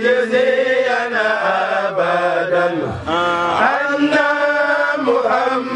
يجزينا أبدا أن محمد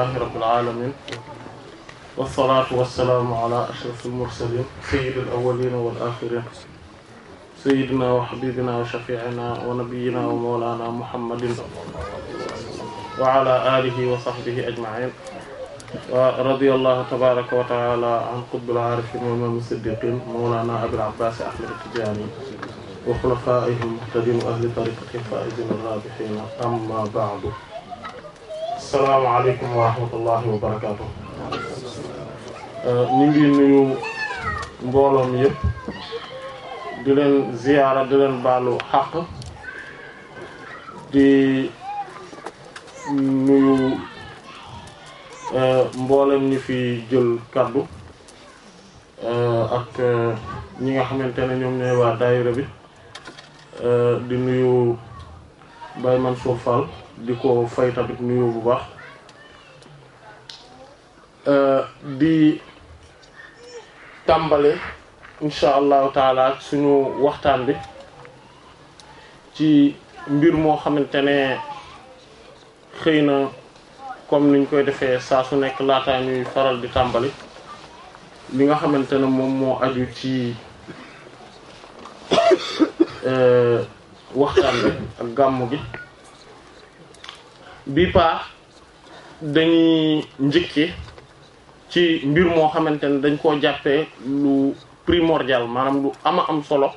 alhamdulillahi rabbil alamin wassalaatu wassalaamu ala ashrafil mursalin sayyidil awwalina wal axirin sayyidina wa habibina wa shafiina wa nabiyina wa mawlana muhammadin wa ala alihi wa sahbihi ajmain wa radiyallahu tabaraka wa taala an qutbil aarifin wal imaam siddiqin mawlana abil abbaas ahmad tijaani wa xulafaa'ihil muhtadiin wa ahli tariiqatihil faa'iziin rabihiin amma ba'du asalaamaaleykum wa rahmatullahi wa barakaatu. Euh, ñu ngi nuyu mbooloo mi yëpp di leen ziyaara di leen baalu xàq di nuyu euh, mboolem ñi fi jël kàddu euh, ak ñi nga xamante ne ñoom ñooy waa daayira bi di nuyu Baye Mansour Fall. di ko fay tamit nuyu bu baax euh, di tàmbale incha allahu taala suñu waxtaan bi ci mbir moo xamante ne xëy na comme niñ koy defee saa su nekk laata ñuy faral di tàmbali li nga xamante ne moom moo aju ci euh, waxtaan bi ak gàmmu gi bi paax dañuy njëkke ci mbir moo xamante ne dañ koo jàppee lu primordial maanaam lu ama am solo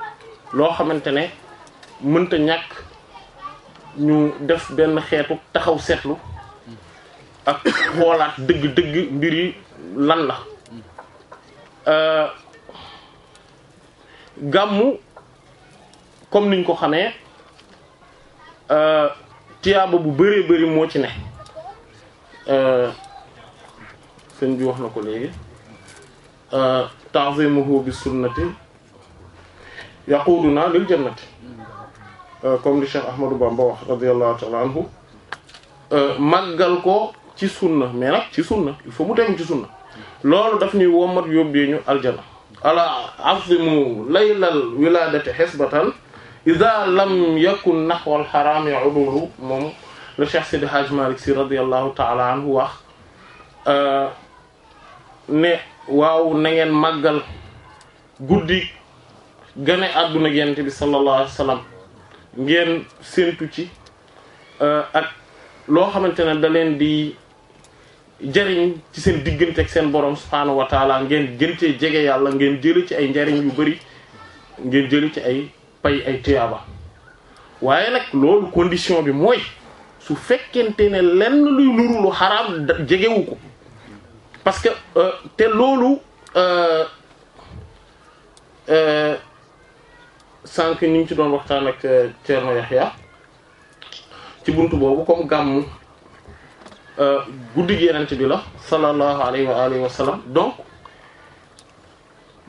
loo xamante ne mënta ñàkk ñu def benn xeetu taxaw seetlu ak xoolaat dëgg-dëgg mbir yi lan la euh, gàmmu comme niñ ko xamee euh, tiyaaba bu bëree bëri moo ci ne euh, sëñ bi wax na ko léegi euh, ta'zimuhu bi sunnati yaquduna lil jannati euh, comme li Cheikh Ahmadou Bamba wax radiyallahu ta'ala anhu màggal ko ci sunna mais nag ci sunna il faut mu tegu ci sunna loolu daf ñuy womat yóbbee ñu aljana ala azimu laylal wiladati hisbatan ida lam yakun naxwal xaraam udulu moom le Cheikh Sidi Hadj Malick Sy radiyallahu taala anhu wax euh, ne waaw nangeen ngeen guddi gane àdduna yonent bi sallallahu alayhi wa sallam ngeen séentu ci euh, ak loo xamante ne daleen di jariñ ci seen diggante seen borom subhaanahu wa taala ngeen gën jege yàlla ngeen jëli ci ay njariñ yu bari ngeen jëli ci ay pay ay tuyaaba waaye nag loolu condition bi mooy su fekkente ne lenn luy nuru lu xaraam jegewu ko parce que euh, te loolu euh, euh, sànq ni ñu ci doon waxtaan ak Thierno Yahya ci bunt boobu comme gàmmu guddi yenent bi la sallallahu alayhi wa alihi wa sallam donc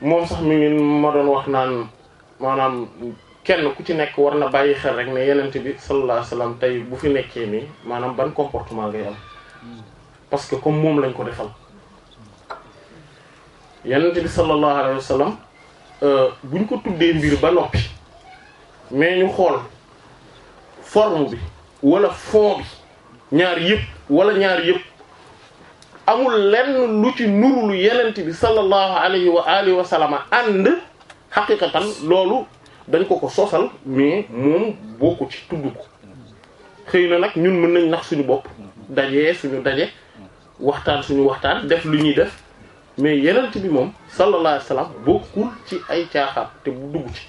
moom sax mi ngi ma doon wax naan maanaam kenn ku ci nekk war na bàyyi xel rek ne yenent bi sallallahu alayhi wasallam tey bu fi nekkee nii maanaam ban comportement ngay am parce que comme moom lañ ko defal yenent bi sallallahu alayhi euh, buñ ko tuddee mbir ba noppi mais ñu xool forme bi wala fond ñaar yëpp wala ñaar yëpp amul lenn lu ci nuru lu yenent bi sallallahu alayhi wa alihi wa sallama ànd xaqiqatan loolu dañ ko ko sosal mais moom boo ko ci tudd ko xëy na nag ñun mën nañ nax suñu bopp dajee suñu daje waxtaan suñu waxtaan def lu ñuy def mais yenent bi moom sallallahu alayhi wasallam bokkul ci ay caaxaan te bu dugg ci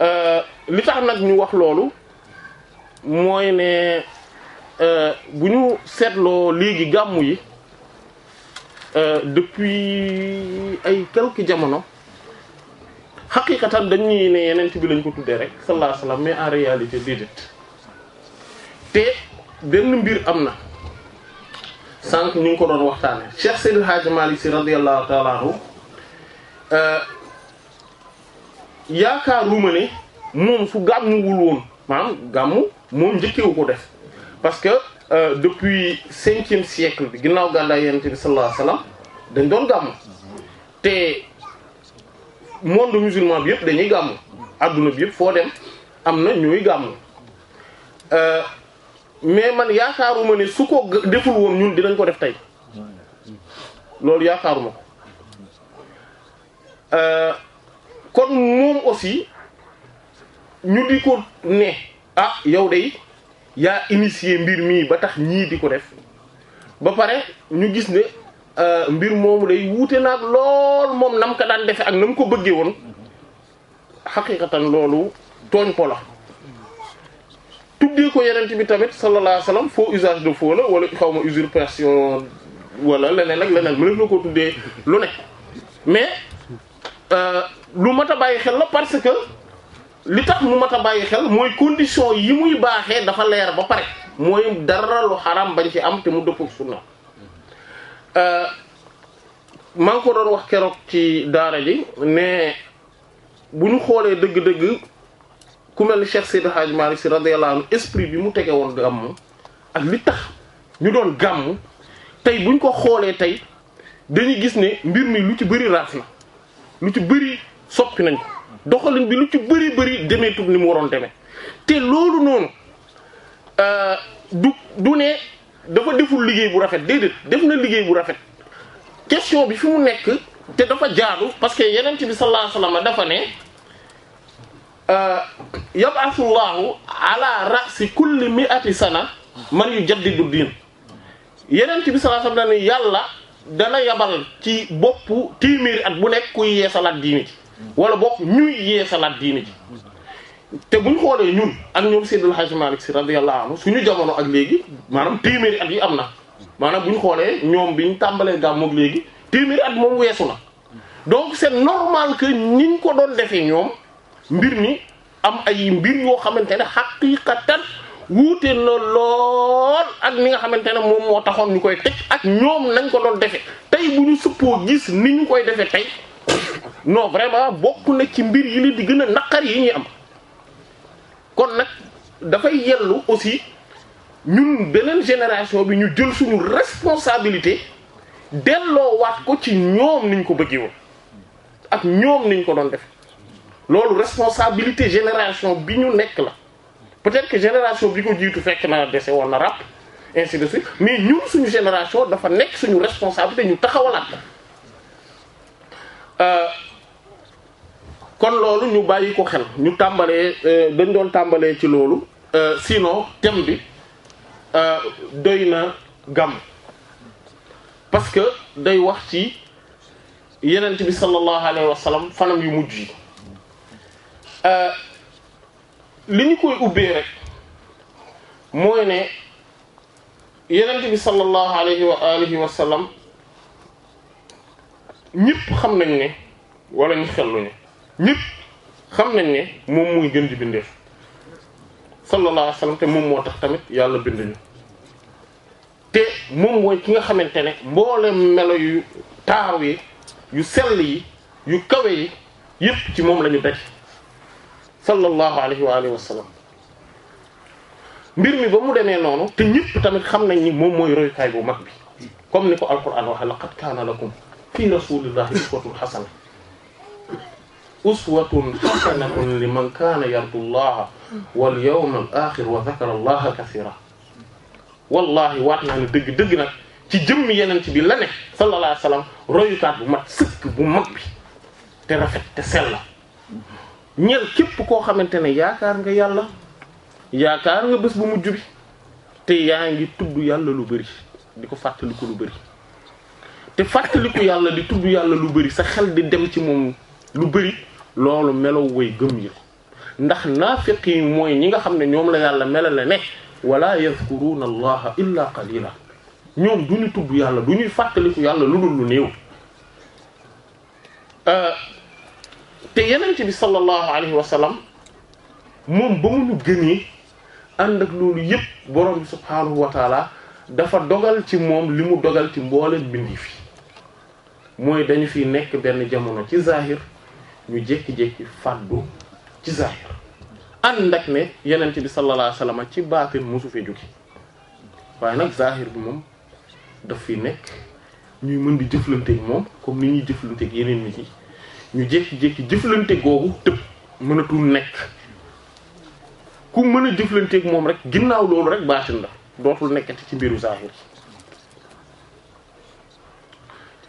euh, li tax nag ñu wax loolu mooy ne euh, bu ñu seetloo léegi gàmmu yi euh, depuis ay quelques jamono xaqiqatan dañu ne yenent bi lañ ko tuddee rek sallallahu alayhi mais en réalité déedéet te benn mbir am na sànq ñu ngi ko doon waxtaane Cheikh Seydil Hadji Malick Sy radiyallahu ta'ala anhu euh, yaakaaruma ne moom su gàmmuwul woon maanaam gàmmu moom njëkkewu ko def parce que euh, depuis cinquième siècle bi ginnaaw gàddaay yenent bi sallallahu alayhi dañ doon gàmmu te monde musulman bi yëpp dañuy gàmm adduna bi yëpp foo dem am na ñuy gàmm euh, mais man yaakaaruma ne su ko deful woon ñun dinañ ko def tey loolu yaakaaruma ko euh, kon moom aussi ñu di ko ne ah yow de yaa initié mbir mii ba tax ñii di ko def ba pare ñu gis ne Euh, mbir moomu day wuute naag lool moom nam ko daan defe ak na mu ko bëggee woon xaqiqatan loolu tooñ ko la tuddee ko yeneen bi tamit sallallahu alayhi wasallam faux usage de faux la wala xaw ma usurpation wala leneen ak leneen mu def na ko tuddee lu ne mais euh, lu mat a bàyyi xel la parce que li tax mu mat a bàyyi xel mooy condition yi muy baaxee dafa leer ba pare mooy dara lu xaraam bañ ci am te mu dëpp sunna Euh, maa ko doon wax keroog ci daara ji mais bu ñu xoolee dëgg-dëgg ku mel ni Cheikh Seydi Hadji Malick Sy radiyallahu anhu esprit bi mu tege woon gàmm ak li tax ñu doon gàmm tey buñ ko xoolee tey dañu gis ne mbir mi lu ci bëri raas na lu ci bëri soppi nañ ko doxalin bi lu ci bëri bëri demeetul ni mu waroon demee te loolu noonu euh, du du ne dafa deful liggéey bu rafet déedéet def na liggéey bu rafet question bi fi mu nekk te dafa jaadu parce que yeneen bi sallallahu alayhi wasallam dafa ne euh, yab'athu Allahu ala ra'si kulli mi'ati sana man yujaddidu diin yeneen bi sallallahu alayhi yàlla dana yabal ci boppu téeméeri at bu nekk kuy yeesalaat diini ji wala bopp ñuy yeesalaat diini ji te buñ xoolee ñun ak ñoom Seydil Hadji Malick Sy radiyallahu anhu suñu jamono ak léegi maanaam téeméeri at yi am na maanaam bu ñu xoolee ñoom bi ñu tàmbalee gàmm ak léegi téeméeri at moom weesu na donc c'est normal niñ ko doon defee ñoom mbir mi am ay mbir yoo xamante ne xaqiqatan wuute na lool ak ni nga xamante ne moom moo taxoon ñu koy teg ak ñoom nañ ko doon defee tey bu ñu suppoo gis ni ñu koy defee tey no vraiment bokk na ci mbir yi li di gën a naqar yi ñuy am kon nag dafay yellu aussi ñun beneen génération bi ñu jël suñu responsabilité delloowaat ko ci ñoom niñ ko bëggee woon ak ñoom niñ ko doon def loolu responsabilité génération bi ñu nekk la peut-être que génération bi ko jiitu fekk na dese woon na ràpp ainsi de suite mais ñun suñu génération dafa nekk suñu responsabilité ñu taxawalaat la kon loolu ñu bàyyi ko xel ñu tàmbalee euh, dañ doon tàmbalee ci loolu euh, sinon thème bi euh, doy na gàmm parce que day wax ci yenent bi sallallahu alayhi wa sallam fanam yu mujj yi li ñu koy ubbee rek mooy ne yenent bi sallallahu alayhi wa alihi wa sallam ñëpp xam nañ ne wala ñu xelluñu ñëpp xam nañ ne moom mooy gën di bindeef sallallahu alayhi wa sallam te moom moo tax tamit yàlla bind ñu te moom mooy ki nga xamante ne mboolem melo yu taaru yi yu sell yi yu kawe yi yëpp ci moom la ñu daj sallallahu alayhi wa alihi wa sallam mbir mi ba mu demee noonu te ñëpp tamit xam nañ ni moom mooy royukaay bu mag bi comme ni ko alquran waxe laqad kaana lakum fi rasulillahi uswatun hasana uswatun hasanatun liman kaana yarju llaha wal yawmal axir wa zakara allaha kasira wallahi waat naa ne dëgg dëgg nag ci jëmm ci bi la ne sallallahu alayhi bu mat sëkk bu mag bi te rafet te sell ñel képp koo xamante ne yaakaar nga yàlla yaakaar nga bés bu mujj bi te yaa ngi tudd yàlla lu bari di ko fàttaliku lu bari te fàttaliku yàlla di tudd yàlla lu bari sa xel di dem ci moom lu bari loolu melow way gëm yi ndax naafiq yi mooy ñi nga xam ne ñoom la yàlla melale ne wala yazkuruna allaha illa qalila ñoom du ñu tudd yàlla du ñuy fàttaliku yàlla lu dul lu néew euh, te yenent bi sallallahu alayhi wa sallam moom ba mu ñu gënee ànd ak loolu yëpp borom bi subhaanahu wa dafa dogal ci moom li mu dogal ci mboolem bindi fi mooy dañu fi nekk benn jamono ci zahir ñu jékki-jékki fàddu ci zahir ànd ak ne yenent bi sallallahu alayhi ci baatin mosu fee jóge waaye nag zahir bi moom daf fi nekk ñuy mën di jëflanteeg moom comme ni ñuy jëflanteeg yeneen nit ñi ñu jékki-jékki jëflante googu tëb mënatul nekk ku mën a jëflanteeg moom rek ginnaaw loolu rek baatin la dootul nekkati ci mbiru zahir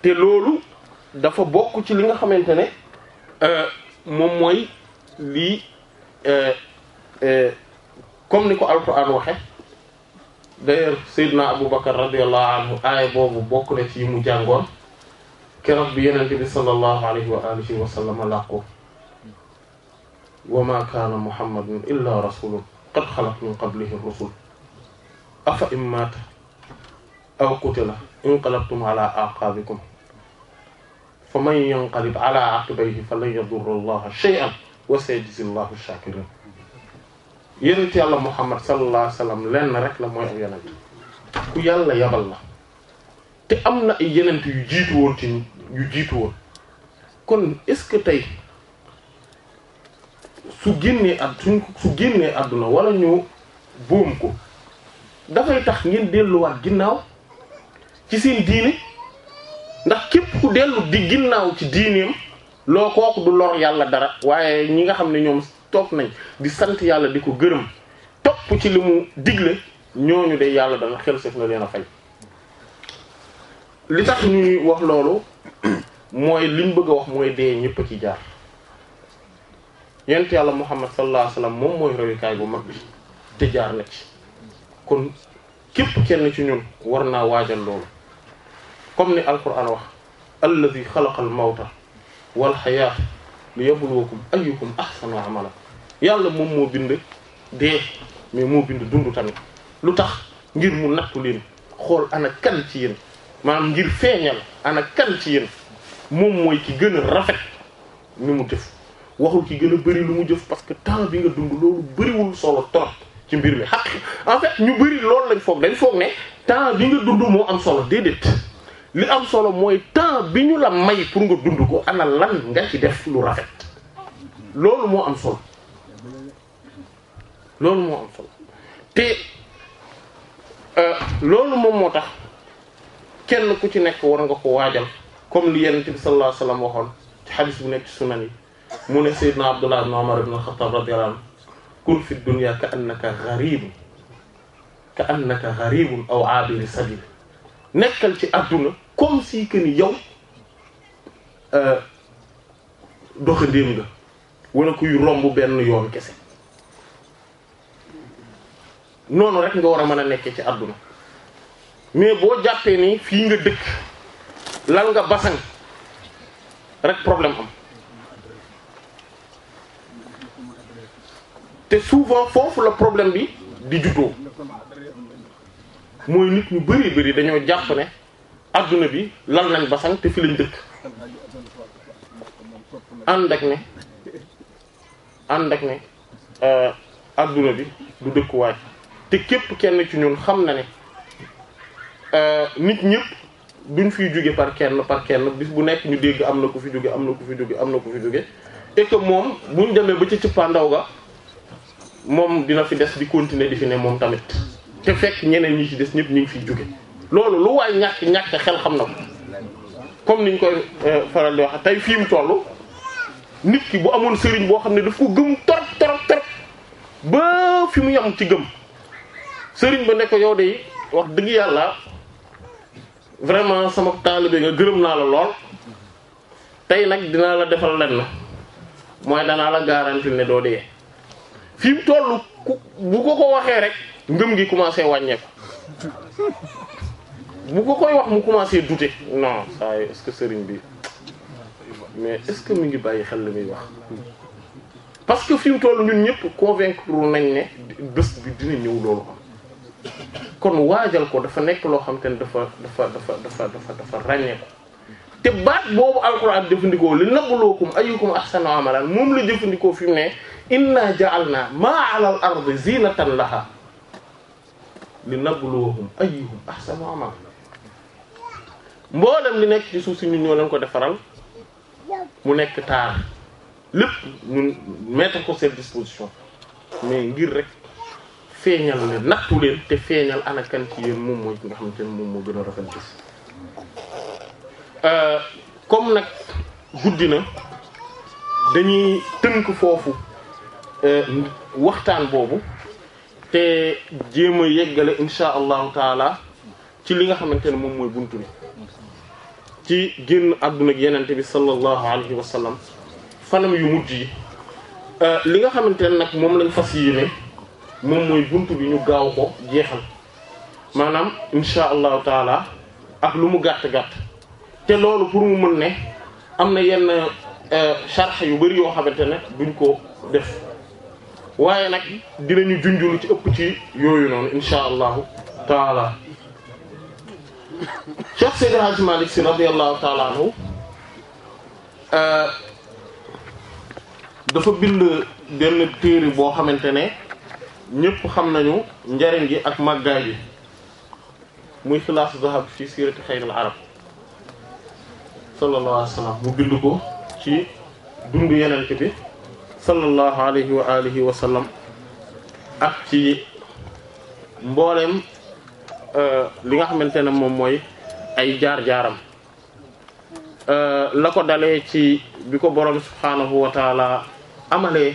te loolu dafa bokk ci li nga xamante ne Euh, moom mooy lii euh, euh, comme ni ko alquran waxe d'ailleurs Seydina Abu Bakar radiyallahu anhu aaya boobu bokk na ci mu jàngoon keroog bi yenente bi sallallahu alayhi wa alihi wa sallam làqu wa ma kaana muhammadun illa rasulun qad xalat min qablihi rusul afa in maata aw qutila inqalabtum ala aqabikum fa man yanqalib ala aqibayhi fa lan yadurra allaha shay'an wa sayajzi allahu shakirin yonent yàlla Muhammad sallallahu alayhi wasallam lenn rek la mooy ak yonent ku yàlla yabal la te am na ay yonent yu jiitu woon ci yu jiitu woon kon est-ce que tey su génnee ad suñ su génnee àdduna wala ñu boom ko dafay tax ngeen delluwaat ginnaaw ci seen diine ndax képp ku dellu di ginnaaw ci diineem loo kooku du lor yàlla dara waaye ñi nga xam ne ñoom toog nañ di sant yàlla di ko gërëm topp ci li mu digle ñooñu de yàlla dana xel sef na leen a fay li tax ñuy wax loolu mooy liñ bëgg a wax mooy dee ñëpp a ci jaar yent yàlla muhammad sallallahu alayhi wasallam moom mooy royukaay bu mag bi te jaar na ci kon képp kenn ci ñun war naa waajal loolu comme ni alquran wax alladi xalaqa al mawta wal xayaata li yabluwakum ayyukum ahsanu amala yàlla moom moo bind dee mais moo bind dund tamit lu tax ngir mu nattu leen xool ana kan ci yéen maanaam ngir feeñal ana kan ci yéen moom mooy ki gën a rafet mi mu jëf waxul ki gën a bëri lu mu jëf parce que temps bi nga dund loolu bëriwul solo trop ci mbir mi xaq en fait ñu bëri lool lañ foog dañ foog ne temps bi nga dund moo am solo déedéet li am solo mooy temps bi ñu la may pour nga dund ko ana lan nga ci def lu rafet loolu moo am solo loolu moo am solo te euh, loolu moom moo tax kenn ku ci nekk war nga ko waajal comme li Yonent bi sallallahu alayhi wasallam waxoon ci xadis bu nekk su sunan yi mu ne Seydina Abdullah ibn Umar ibn al-Khattab radiyallahu anhu kun fi dunya ka annaka gharib ka annaka gharib aw abir sabil nekkal ci adduna comme si que ni yow euh, doxandéem nga wala kuy romb benn yoon kese noonu rek nga war a mën a nekkee ci àdduna mais boo jàppee ni fii nga dëkk lal nga basan rek problème am te souvent foofu la problème bi di juddoo mooy nit ñu bari bari dañoo jàpp ne adduna bi lal nañ ba sang te fi lañ dëkk ànd ak ne ànd ak ne euh, adduna bi du dëkkuwaay te képp kenn ci ñun xam na ne euh, nit ñëpp duñ fiy jóge par kenn par kenn bis bu nekk ñu dégg am na ko fi jóge am na ko fi jóge am na ko fi jóge et que moom buñ demee ba ca cëppaandaw ga moom dina fi des di continuer di fi ne moom tamit te fekk ñeneen ñi ci des ñëpp ñu ngi fiy jóge loolu lu waay ñàkk ñàkk xel xam na ko comme niñ koy euh, faral di wax tey fi mu toll nit ki bu amoon sëriñ boo xam ne daf ko gëm torop torop torop ba fi mu yam ci gëm sëriñ ba ne ko yow de wax dëgg yàlla vraiment sama taalibe nga gërëm naa la lool tey nag dinaa la defal lenn mooy danaa la garantie ne doo dee fi mu toll ku bu ko ko waxee rek ngëm gi commencé wàññeeku. bu ko koy wax mu commencé douter non saa est-ce sëriñ bi mais est-ce que mi ngi bàyyi xel li muy wax parce que fi mu toll ñun ñëpp convaincre nañ ne bés bi dina ñëw loolu am kon waajal ko dafa nekk loo xam te dafa dafa dafa dafa dafa dafa ràññee ko te baat boobu alxuraan jëfandikoo li nabluukum ayyukum ahsanu amalan moom la jëfandikoo fi mu ne inna ja'alna ma 'ala al-ardi zinatan laha li nabluuhum ayyuhum ahsanu amalan mboolem li nekk ci suuf si ñun ñoo leen ko defaral mu nekk taar lépp ñun mettre ko seen disposition mais ngir rek feeñal leen nattu leen te feeñal ana ci yéen moom mooy ki nga xamante moom moo gën a rafet gis euh, comme nag guddi na dañuy tënk foofu euh, waxtaan boobu jéem a yeggale insha allahu ci li nga xamante ne moom mooy buntu bi ci génn àdduna ak yenente bi sallallahu alayhi wa sallam fanam yu mujj yi euh, li nga xamante ne nag moom lañ fas yéene moom mooy bunt bi ñu gaaw ko jeexal maanaam insha allahu taala ak lu mu gàtt-gàtt te loolu pour mu mën ne am na yenn charx euh, yu bari yoo xamante ne duñ ko def waaye nag dinañu junjulu ci ëpp ci yooyu noonu insha allahu taala Cheikh Seydi Hadji Malick Sy radiyallahu ta'ala anhu euh, dafa bind benn téere boo xamante ne ñëpp xam nañu njariñ gi ak màggaay bi muy xilaasu zahab fi siirati xayril arab sallallahu alayhi mu bind ko ci dund yenente bi sallallahu alayhi wa alihi ak ci mboolem li nga xamante ne moom mooy ay jaar-jaaram euh, la ko dalee ci bi ko borom subhaanahu wa taala amalee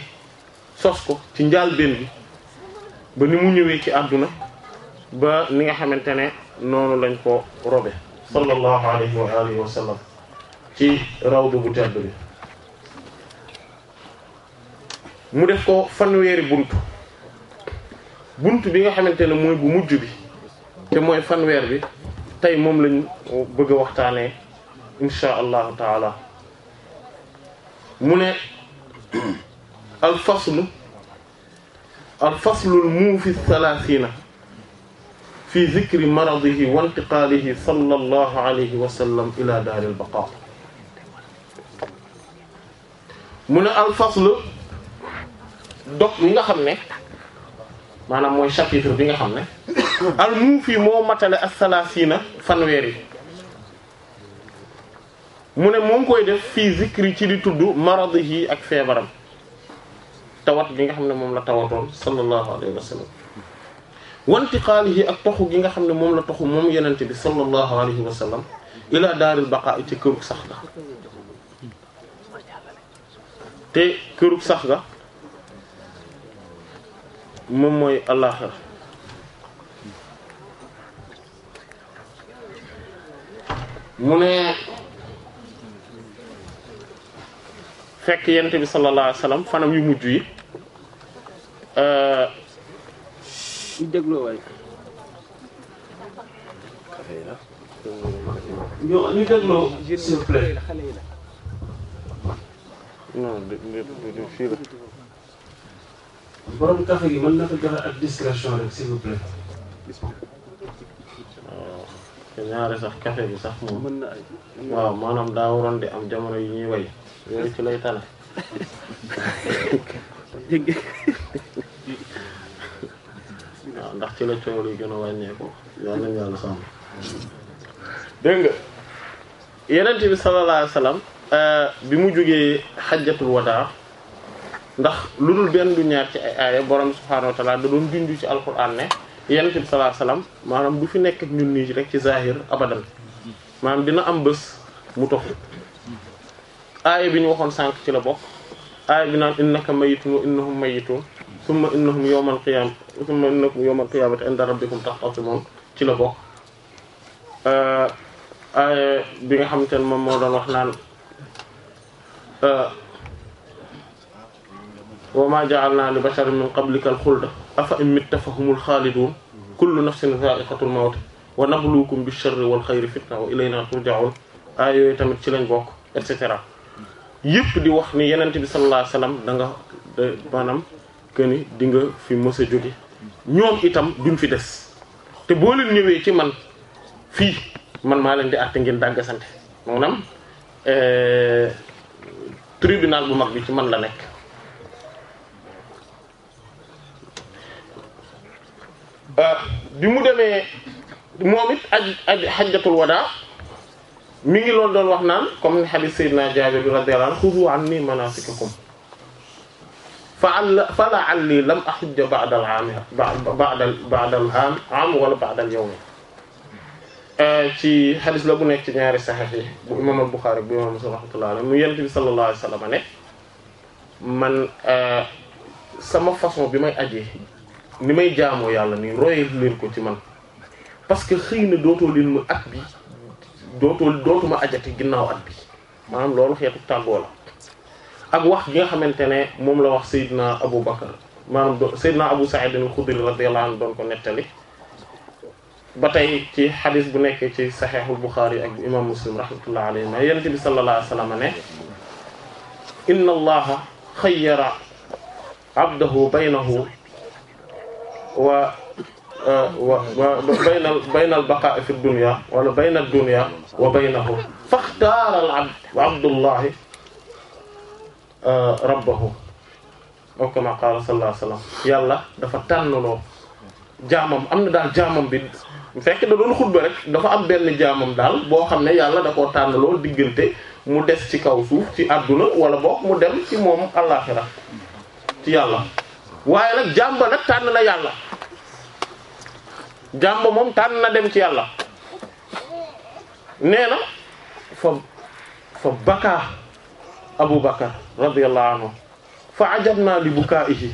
sos ko ci njàlbéen bi ba ni mu ñëwee ci àdduna ba ni nga xamante ne noonu lañ ko robe sallallahu alayhi wa alihi wa sallam bu tedd bi mu def ko fanweeri bunt bi nga xamante ne mooy bu mujj bi te mooy fanweer bi tey moom lañu bëgg a waxtaanee insha taala mu ne al faslu al faslu al muufi thalathina fi zikri maradihi wa intiqalihi sallallahu alayhi ila daari al yi nga xam ne maanaam mooy chapitre bi nga xam ne al muufi moo matale as-salaasiina fanweer yi mu ne moom koy def fii zikri ci di tudd maradihi ak feebaram tawat bi nga xam ne moom la tawatoon sallallahu alayhi wa sallam wantiqaalihi ak toxu gi nga xam ne moom la toxu moom yenente bi sallallahu alayhi wa sallam ila daaril baqaa ci kërug sax ga te këru sax ga moom mooy àllaaxira mu ne fekk yent bi sallallahu alayhi wasallam fanam yu mujj yi ñu dégloo waay borom café gi mën na ko joxe ak discrétion rek s'il vous plaît. waaw oh, ñaare sax café bi sax moom. mën na waaw maanaam daa waroon di am jamono yu ñuy way yooyu ci lay tane. waaw ndax ci la coow yi gën a wàññeeku yal nañu yàlla sàmm. dégg nga Yonent bi sallallahu alayhi euh, bi mu jógee xajjatul wadaa. ndax lu dul benn du ñaar ci ay aaya borom subhaanahu wa da doon junj ci alquran ne yonent bi sallallahu maanaam du fi nekk ñu ñun nii rek ci zahir abadan maanaam dina am bës mu tox aaya bi ñu waxoon sànq ci la bokk aaya bi naan innaka mayyitun wa innahum mayyitun summa innahum yawmal qiyamah summa innakum yawmal qiyamati inda rabbikum taxtasimun ci la bokk aaya bi nga xamante ne moom moo doon wax naan wa ma ja'alna li basharin min qablika al-khulda afa in mitta fa humul khalidun kullu nafsin dha'iqatul mawt wa nabluukum bish-sharri wal khayri fitna wa ilayna turja'un aay yooyu tamit ci lañ bokk et cetera yëpp di wax ni yenent bi sallallahu alayhi wasallam da nga maanaam que ni di nga fi mës jóge ñoom itam duñ fi des te boo leen ñëwee ci man fii man maa leen di àtte ngeen dàggasante maanaam euh, tribunal bu mag bi ci man la nekk Euh, bi mu demee moom it aj aj xajjatul wadaa mi ngi loolu doon wax naan comme ni hadith sayyidina Jaabir radiyallahu anhu xudu anni manasikakum fa la'alli lam ahujja ba'da al-aam ba'da ba'da al-aam wala ba'da al-yawm euh, ci hadith la bu nekk ci ñaari saxiix yi bu imaam al-Buxaari bu imaam Muslim rahmatullahi alayhi mu Yonent bi sallallahu alayhi ne man euh, sama façon bi may ajee ni may jaamoo yàlla nii roy leen ko ci man parce que xëy na dootoo leen ma at bi dootoo dootuma ajati ginnaaw at bi maanaam loolu xeetu tàggoo la ak wax gi nga xamante ne moom la wax Seydina Abu Bakar maanaam do Seydina Abu Sa'id al-Khudri radiyallahu anhu doon ko nettali ba tey ci xadis bu nekkee ci saxeexul ak bu imam Muslim rahmatullah alayhi ma yonent bi sallallahu alayhi ne inna allaha xayyara abdahu baynahu wa wa baynal baynal baqaa'i fi dunya wala baynad dunya wa baynahu faxtaara al abd wa abdullahi euh, rabbahu aw kama qaala sallallahu alayhi yàlla dafa tànnaloo jaamam am na daal jaamam bi fekk da doon xutba rek dafa am benn jaamam daal boo xam ne yàlla da koo tànnaloo diggante mu des ci kaw suuf ci àdduna wala boog mu dem ci moom àllaaxira ci yàlla waaye nag jàmba nag tànn na yàlla jàmba moom tànn na dem ci yàlla nee na fa fa baka Abu Bakar radiyallahu anhu fa ajabna li bukaihi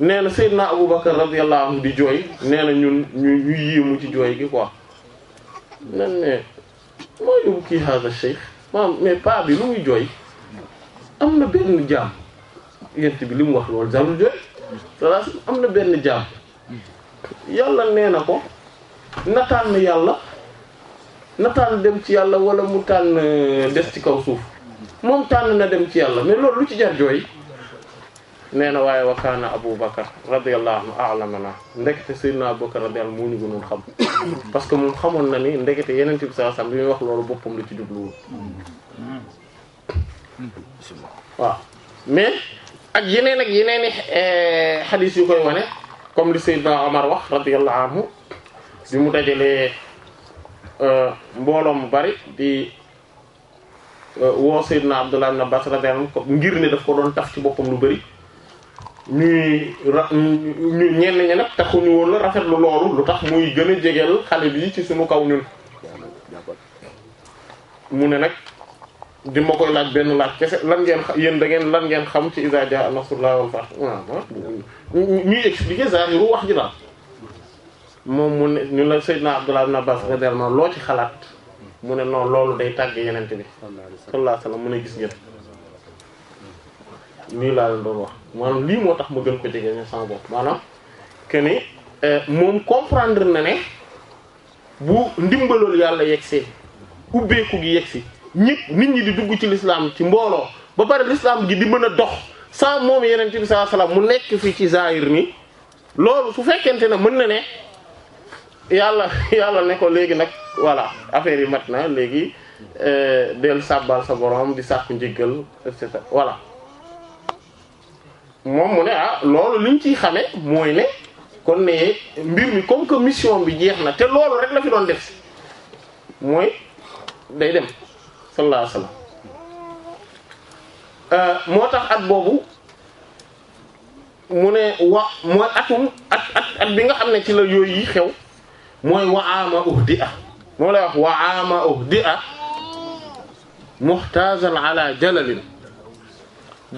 nee na Seydina Abu Bakar radiyallahu anhu di jooy nee na ñun ñu ñu yéemu ci jooy gi quoi nan ne moo yóbbu kii haza cheikh maam mais pa bi lu muy jooy am na benn jaam yent bi li mu wax loolu jarul jooy salaa am na benn jaam yàlla nee na ko na tànn yàlla na dem ci yàlla wala mu tànn euh, des ci kaw suuf moom tànn na dem ci yàlla mais loolu lu ci jar jooy nee na waaye wa kaana Abu Bakar radiyallahu anhu a'lamana ndekete sayyidina Abu Bakar radiyallahu moo ñu gënoon xam parce que moom xamoon na ni ndekete yeneen bi sallallahu alayhi wasallam bi muy wax loolu boppam la ci jubluwul mm. Mm. waaw mais ak yeneen ak yeneen i eh, xadis yu koy wane comme li Seydina Omar wax radiyallahu anhu bi mu dajalee eh, mbooloo mu bari di eh, woo Seydina Abdullah ibn Abbas radiyallahu ngir ne daf ko doon taf ci boppam lu bari ñuy ra ñu ñenn ñi nag taxuñu woon la lu loolu lu tax muy gën a jegeel xale bi ci suñu kaw ñun mu ne nag di ma koy laaj benn laaj kese lan ngeen xam yéen da lan ngeen xam ci iza jaa nasrullahi wal fath ah, ñuy expliquer moom mu ne ñu la Seydina Abdullah ibn Abbas radiyallahu loo ci xalaat mu ne noonu loolu day tàgg yeneen bi sallallahu alayhi wasallam mu ne gis ngeen lii laa leen doon wax maanaam lii moo tax ma gën ko jege ñu sama bopp maanaam que euh, moom comprendre na ne bu ndimbaloolu yàlla yegg see ubbeeku gi yegg ñi nit ñi di dugg ci lislaam ci mbooloo ba pare l'islam gi di mën a dox sans moom yeneen bi sallallahu alayhi wasallam mu nekk fii ci zahir ni loolu su fekkente ne mën na ne yàlla yàlla ne ko léegi nag voilà affaire yu mat na léegi euh, del sàbbal sa borom di sàkku njëggal et cetera voilà moom mu ne ah loolu liñ ciy xame mooy ne kon ne mbir mi comme que mission bi jeex na te loolu rek la fi doon def si mooy day dem sallallahu alayhi euh, moo tax at boobu mu ne wa at at at bi nga xam ne ci la yooyu xew mooy waama uhdi a moom lay wax waama uhdi a muhtazan ala jalalin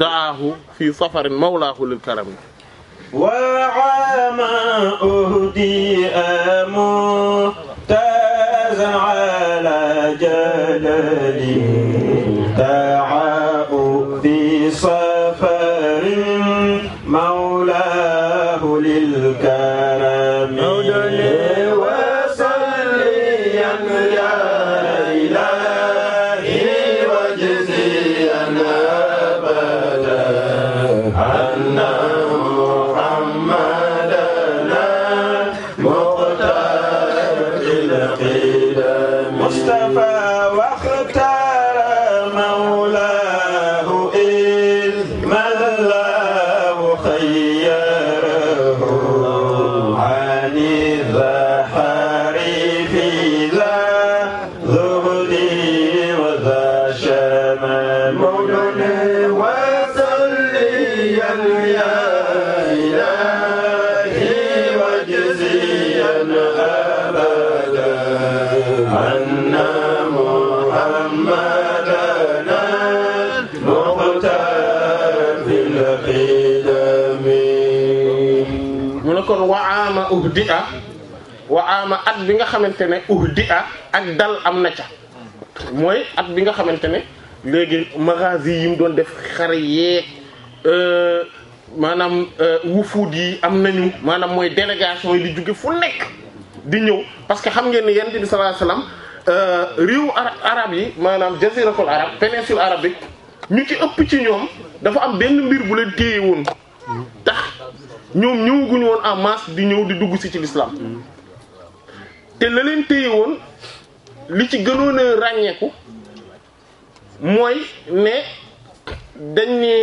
da'ahu fi safarin mawlaahu lil karami waama uhdi a تعاء في صلاة uhdi a wa ama at bi nga xamante ne di a ak dal am na ca mooy at bi nga xamante ne léegi magazi yi mu doon def xare yeeg euh, maanaam euh, wufuud yi am nañu maanaam mooy délégation yi di jóge fu nekk di ñëw parce que xam ngeen ne yonent bi sallallahu alayhi wasallam euh, arab yi maanaam jaziratul arab péninsule arabique ñu ci ëpp ci ñoom dafa am benn mbir bu leen téye woon ñoom ñëwaguñu woon en masse di ñëw di dugg si ci lislaam te la leen téye woon li ci gënoon a ràññeeku mooy ne dañ ne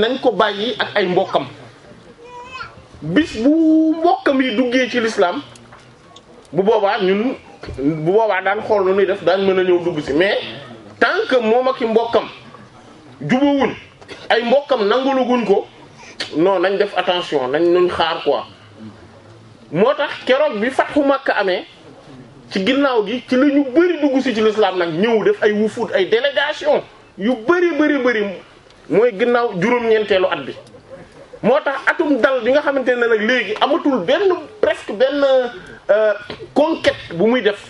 nañ ko bàyyi ak ay mbokkam bis bu mbokkam yi duggee ci lislaam bu boobaa ñun bu boobaa daan xool nu ñuy def daan mën a ñëw dugg si mais tant que moom ak i mbokkam jubawuñ ay mbokkam nanguluguñ ko non nañ def attention nañ nuñ xaar quoi moo tax keroog bi fatxu Makka amee ci ginnaaw gi ci la ñu bëri dugg si ci lislaam nag ñëw def ay wufuut ay délégation yu bëri bari bëri mooy ginnaaw juróom-ñeenteelu at bi moo tax atum dal bi nga xamante ne nag léegi amatul benn presque benn euh, conquête bu muy def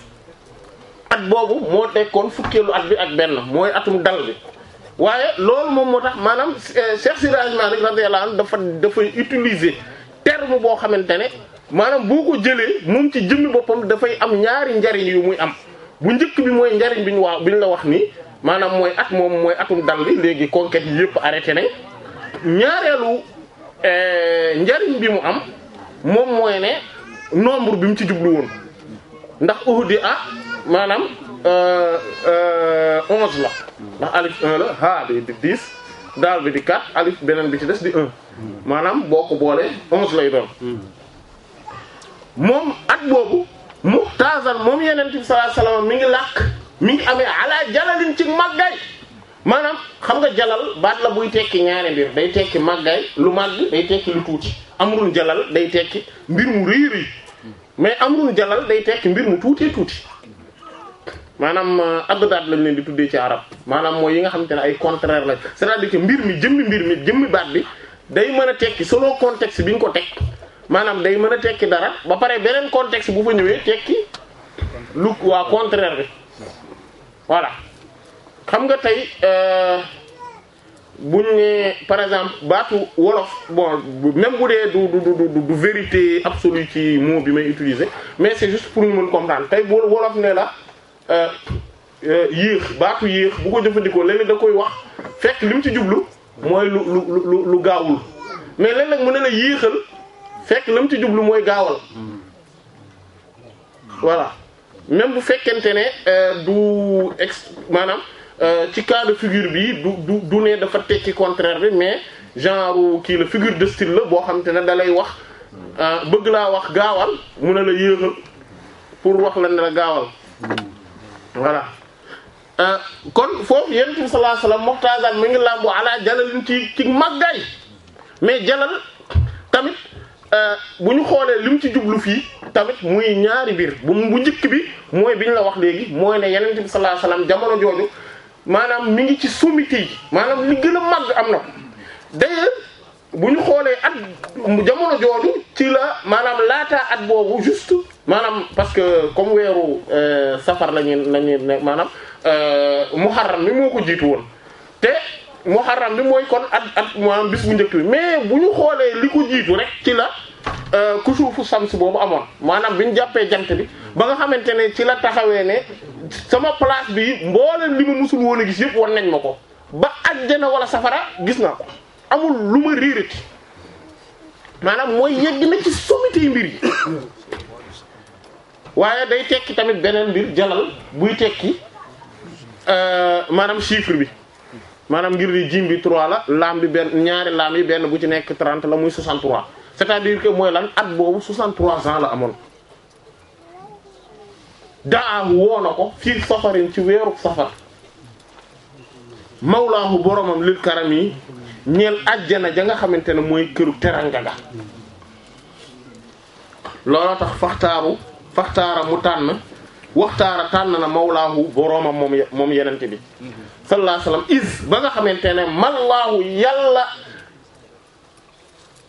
at boobu moo tekkoon fukkeelu at bi ak benn mooy atum dal bi waaye loolu moom moo tax maanaam euh, Cheikh Seydi Hadji Malick radiyallahu anhu dafa dafay utiliser terme boo xamante ne maanaam boo ko jëlee moom ci jëmmi boppam dafay am ñaari njariñ yu muy am bu njëkk bi mooy njariñ bi ñu waaw bi la wax nii maanaam mooy at moom mooy atum dal bi léegi conquête yi yëpp arrêté nañ ñaareelu euh, njariñ bi mu am moom mooy ne nombre bi mu ci jublu woon ndax Uhud ah maanaam Euh, euh, euh, onze la ndax la ha bi di 10 daal bi di 4 beneen bi ci des di 1 maanaam boo ko boolee onze lay doon moom at boobu muxtazan moom yeneen ti sallallahu alayhi wasallam mi ngi làkk mi ngi amee ala jalalin ci màggay maanaam xam nga jalal baat la buy tekki ñaari mbir day tekki màggaay lu màgg day tekki lu tuuti amrun jalal day tekki mbir mu rëy rëy mais amrun jalal day tekki mbir mu tuutee tuuti maanaam euh, abdaat lañ leen di tuddee ci arab maanaam mooy yi nga xamante ne ay contraire la cest ci mbir mi jëmmi mbir mi jëmmi baat bi day mën a tekki solo contexte bi nga ko teg maanaam day mën a tekki dara ba pare beneen contexte bu fa ñëwee tekki lu waa contraire bi voilà xam nga tey euh, buñ ne par exemple baatu wolof bon même bu dee du du du du vérité absolue ci mot bi may utiliser mais c'est juste pour ñu mën comprendre tey bu wolof ne la Euh, euh, yéex baatu yéex bu ko jëfandikoo léeg-léeg da koy wax fekk li mu ci jublu mooy lu lu lu lu gaawul mais léeg-léeg mu ne la yéexal fekk la mu ci jublu mooy gaawal voilà même bu fekkente ne euh, du ex maanaam ci cas de figure bi du du du ne dafa tekki contraire bi mais genre kii la figure de style la boo xam te ne da lay wax bëgg laa wax gaawal mu ne la yéexal pour wax la ne la gaawal. voilà euh, kon foofu yonent bi sallallahu alayhi wasallam muxtazan mi ngi làmbu ala jalalin ci ci màggaay mais jalal tamit euh, bu ñu xoolee li ci jublu fii tamit muy ñaari biir bu bu njëkk bi mooy bi ñu la wax léegi mooy ne yonent bi sallallahu alayhi jamono jooju maanaam mu ngi ci sommité yi maanaam li gën a màgg am na ko d'ailleurs bu ñu xoolee at jamono jooju ci la maanaam laataa at boobu juste maanaam parce que comme weeru euh, safar la ñuy la ñuy ne maanaam euh, muharram mi moo ko jiitu woon te muharram mi mooy kon at at maanaam bis bu njëkk bi mais bu ñu xoolee li ko jiitu rek ci la ku euh, kusuufu sams boobu amoon maanaam bi ñu jàppee jant bi ba nga xamante ne ci la taxawee ne sama place bi mbooleen li ma musul woon a gis yëpp won nañ ma ko ba ajjana wala safara gis naa ko amul lu ma riirati maanaam mooy yegg na ci sommité mbir yi waaye day tekki tamit beneen mbir jalal buy tekki euh, maanaam chiffre bi maanaam ngir di jim bi 3 la laam bi benn ñaari laam yi benn bu ci nekk 30 la muy 63 c'est-à-dire que mooy lan at boobu 63 ans la amoon daa woo na ko fii safarin ci weeru safar mawlaahu boromam lil karam yi ñeel ajjana ja nga xamante ne mooy këru teranga ga looloo tax faxtaaru faxtaara mu tànn waxtaara tànn na mawlaahu boroomam moom moom yenente bi sallallahu alayhi is ba nga xamante ne mallaahu yàlla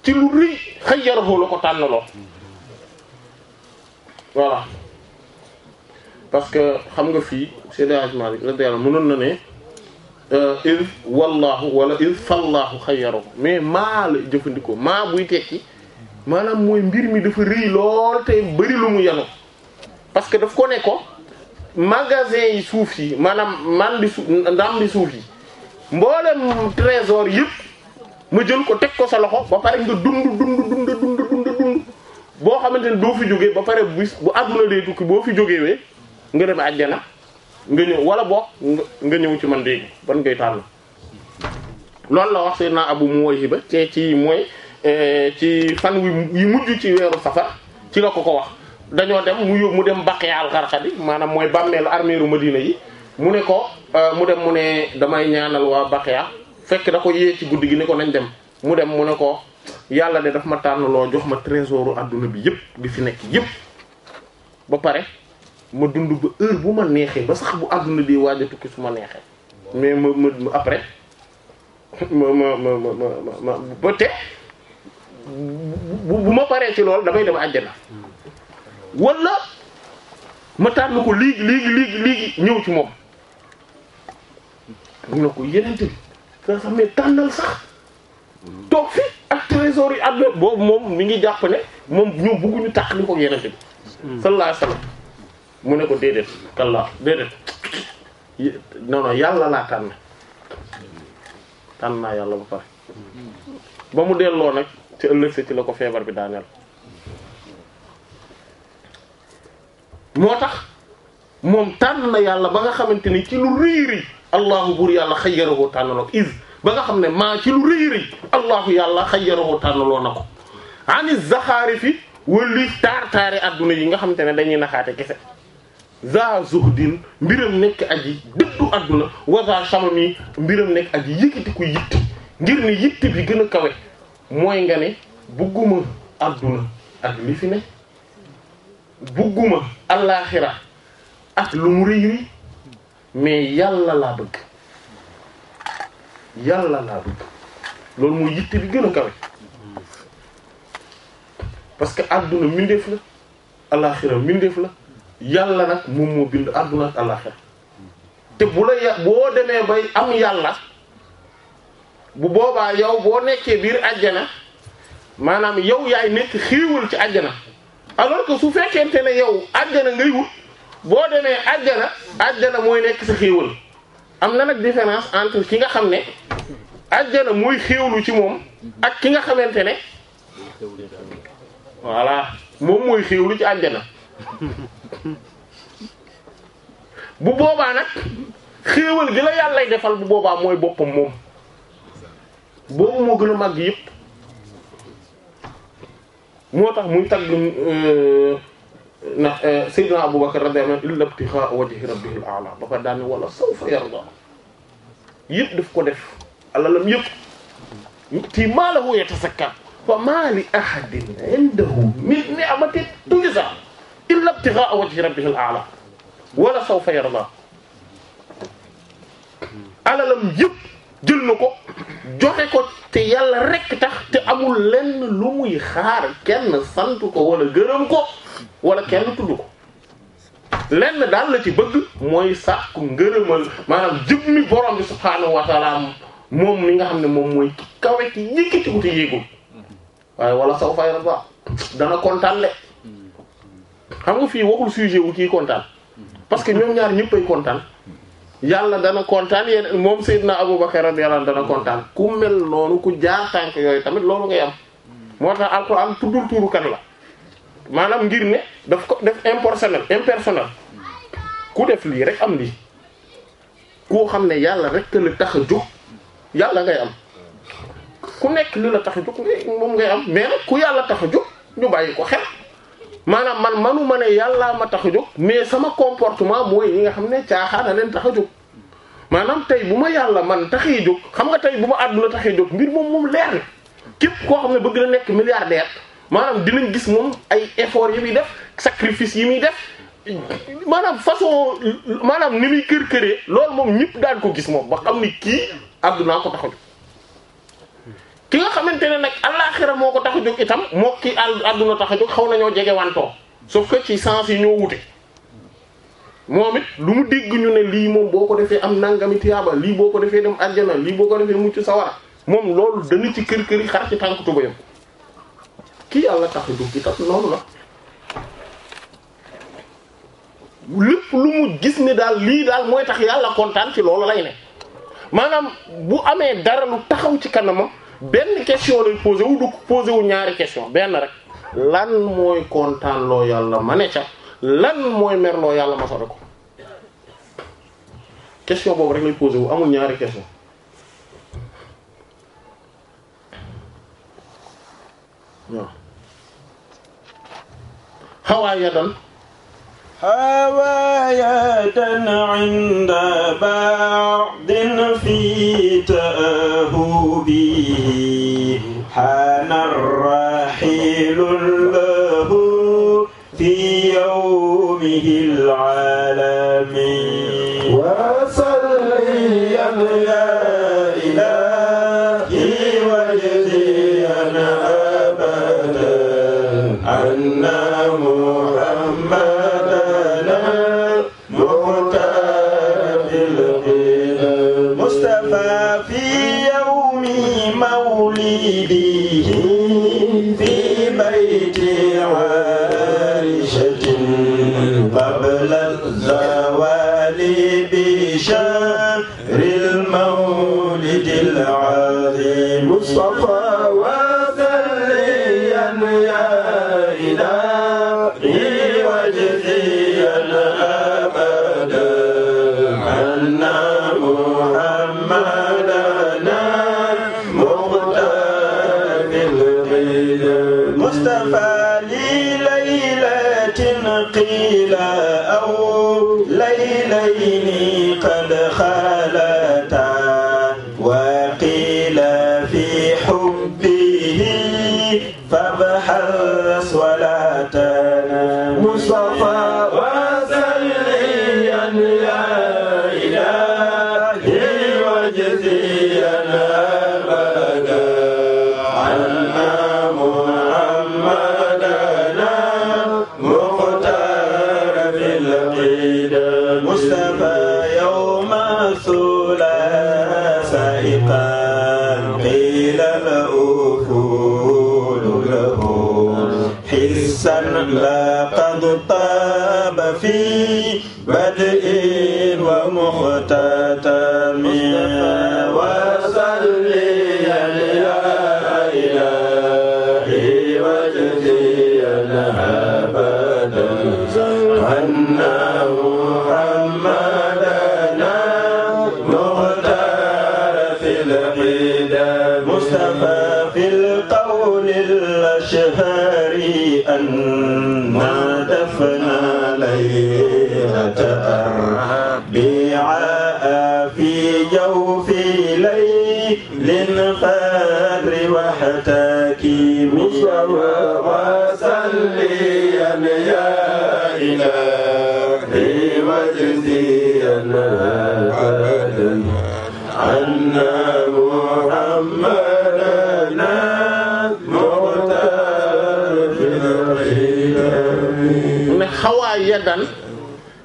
ci lu rëy xayyarahu la ko tànnloo voilà parce que xam nga fii sédagement bi radiàlla mënoon na ne euh, is wallaahu wala is fallaahu xayyarahu mais maa la jëfandikoo maa buy tekki maanaam mooy mbir mi dafa rëy lool te bari lu mu yenu parce que daf ko ne ko magasin yi suuf yi maanaam man di suuf yi mboolem trésor yëpp mu jël ko teg ko sa loxo ba pare nga dund dund dund dund boo xamante ne doo fi jógee ba pare bis bu àdduna dee tukki boo fi jógee wee nga dem àjjana nga ñëw wala book nga ñëw ci man léegi ban ngay tànn loolu la wax Seydina Abu Muwayhiba te ci mooy eh, ci fan wi yu mujj ci weeru safar ci la ko ko wax dañoo dem mu yób mu dem baqee alxarxadi maanaam mooy bàmmeelu armeeru Madina yi mu ne ko euh, mu dem mu ne damay ñaanal waa Baqiya fekk da ko yee ci guddi gi ne ko nañ dem mu dem mu ne ko yàlla de daf ma tànn loo jox ma trésoru adduna bi yëpp di fi nekk yëpp ba pare ma dund ba heure bu ma neexee ba sax bu adduna di waaj a tukki su ma neexee mais ma ma après ma ma ma ma ma bu ma paree ci loolu damay dem àjjana wala ma tànn ko léegi léegi léegi léegi ñëw ci moom mu ne ko yenente bi da sax tànnal sax toog fi ak trésor yi àdduna boobu moom mi ngi jàpp ne moom ñoom bëgguñu tàq li ko yenente bi hmm. sallallahu alayhi wasallam mu ne ko déedéet kalla déedéet non non yàlla laa tànn tànn naa yàlla ba pare hmm. ba mu delloo nag ci ëllëg sa ci la ko feebar bi daaneel moo tax moom tànn na yàlla ba nga xamante ni ci lu riiri allahu buur yàlla xayyarahu tànnaloo ko is ba nga xam ne maa ci lu riiri allahu yàlla xayyarahu tànnaloo na ko ani zaxaari fi wëlli taar-taari adduna yi nga xamante ne dañuy naxaate kese za din mbiram nekk aji dëddu àdduna waza samami mbiram nekk aji yëkkati ku yitt ngir ne yitt bi gën a kawe mooy nga ne bugguma adduna ak li ne bugguma allaaxira ak lu mu rëy rëy mais yàlla laa bëgg yàlla laa bëgg loolu mooy yitte bi gën a kawe parce que adduna mbindeef la allaaxira mbindeef la yàlla nag moom moo bind adduna ak allaaxira te bu la ya boo demee bay am yàlla bu boobaa yow boo nekkee biir àjjana maanaam yow yaay nekk xiiwal ci àjjana alors que su fekkente ne yow àjjana ngay wut boo demee àjjana àjjana mooy nekk sa xéewal am na nag différence entre ki nga xam ne àjjana mooy xéewlu ci moom ak ki nga xamante ne voilà moom mooy xéewlu ci àjjana bu boobaa nag xéewal gi la yàllay defal bu boobaa mooy boppam moom boobu moo gën a màgg yépp moo tax muy tagg euh, ndax euh, Seydina Abubakar radiyallahu anhu illa ibtighaa wajhi rabbihil a'la ba pare daan wala sawfa yarda yëpp daf ko def alalam yëpp ti maa lahu yatasakka fa maa li ahadin indahu min ni'matin tujzaa illa ibtighaa wajhi rabbihil a'la wala sawfa yarda alalam yëpp jël na ko joxe ko te yàlla rekk tax te amul lenn lu muy xaar kenn sant ko wala gërëm ko wala kenn tudd ko lenn daal la ci bëgg mooy sàkku ngërëmal maanaam jub mi borom bi subhaanahu wa moom mi nga xam ne moom mooy ki kawe ki yëkkati ko yéegul waaye wala saw fay ba dana kontaan le xam nga fii waxul sujet wu kii kontaan parce que ñoom ñaar ñëppay kontaan yàlla dana kontaan yéen moom Seydina Abubakar radiyallahu anhu dana kontaan ku mel noonu ku jaar tànk yooyu tamit loolu ngay am moo tax alxuraan tuddul tuuru kan la maanaam ngir ne daf ko def impersonnel impersonnel ku def lii rek am lii koo xam ne yàlla rek la tax a jóg yàlla ngay am ku nekk li la tax a jóg moom ngay am mais nag ku yàlla tax a jóg ñu bàyyi ko xel maanaam man manuma ne yàllaa ma tax a jóg mais sama comportement mooy yi nga xam ne caaxaana leen tax a jóg maanaam tey bu ma yàlla man taxee jóg xam nga tey bu ma àdduna taxee jóg mbir moom moom leer na képp koo xam ne bëgg na nekk milliardaire maanaam dinañ gis moom ay effort yi muy def sacrifice yi muy def maanaam façon maanaam ni muy kër këree loolu moom ñëpp daan ko gis moom ba xam ni kii àddunaa ko tax a jóg ki nga xamante ne nag allaaxira moo ko tax a itam moo ki àdduna tax a jóg xaw nañoo jege wantoo soo ko ci sens yi ñoo wute moom it lu mu dégg ñu ne lii moom boo ko defee am nangami tiyaaba lii boo ko defee dem àjjana lii boo ko defee mucc sawara moom loolu dana ci kër kër yi xar ci tànk tubayam kii yàlla tax a jóg itam noonu la lépp lu mu gis ni daal lii daal mooy tax yàlla kontaan ci loolu lay ne maanaam bu amee dara lu taxaw ci kanamam benn question lañ posé wu du posé wu ñaari question benn rek lan mooy kontaan loo yàlla ma ne lan mooy mer loo yàlla ma sore ko question boobu rek lañ posé wu amul ñaari question waaw xawaa yadan هواية عند بعض في تأهبه حان الرحيل له في يومه العالمي وصليا مصطفى لليلة قيلا وسليا يا إلهي واجزينا أبدا عنا محمدنا المختار من حوى يدا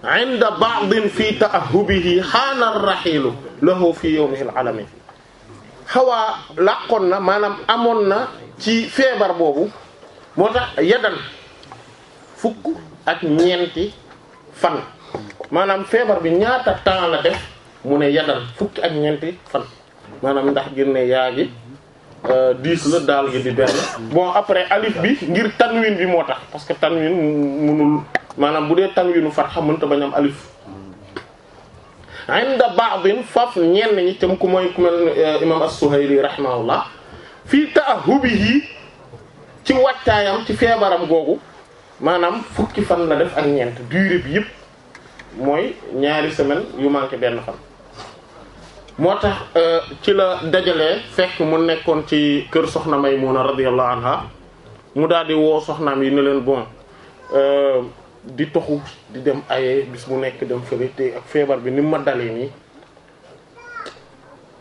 عند بعض في تأهبه حان الرحيل له في يومه العالمي xawaa làqoon na maanaam amoon na ci feebar boobu moo tax yadan fukk ak ñeenti fan maanaam feebar bi ñaata temps la def mu ne yadan fukki ak ñeenti fan maanaam ndax ngir ne yaa gi euh, dix la daal gi di benn bon après alif bi ngir tanwin bi moo tax parce que tanwin munul maanaam bu dee tanwinu fatxa mënta bañ am alif inda ba'din faf ñenn ñi tam ku mooy ku mel euh, imam as-Suhayli rahimahullah fii ta'ahubihi ci wàccaayam ci feebaram googu maanaam fukki fan la def ak ñeent durée bi yëpp mooy ñaari semaine yu manqué benn fan moo tax euh, ci la dajale fekk mu nekkoon ci kër soxna Maymuna radiyallahu anha mu daal di woo soxnaam yi ne leen bon euh, di toxu di dem ayee bis mu nekk dem fële te ak feebar bi ni ma dalee nii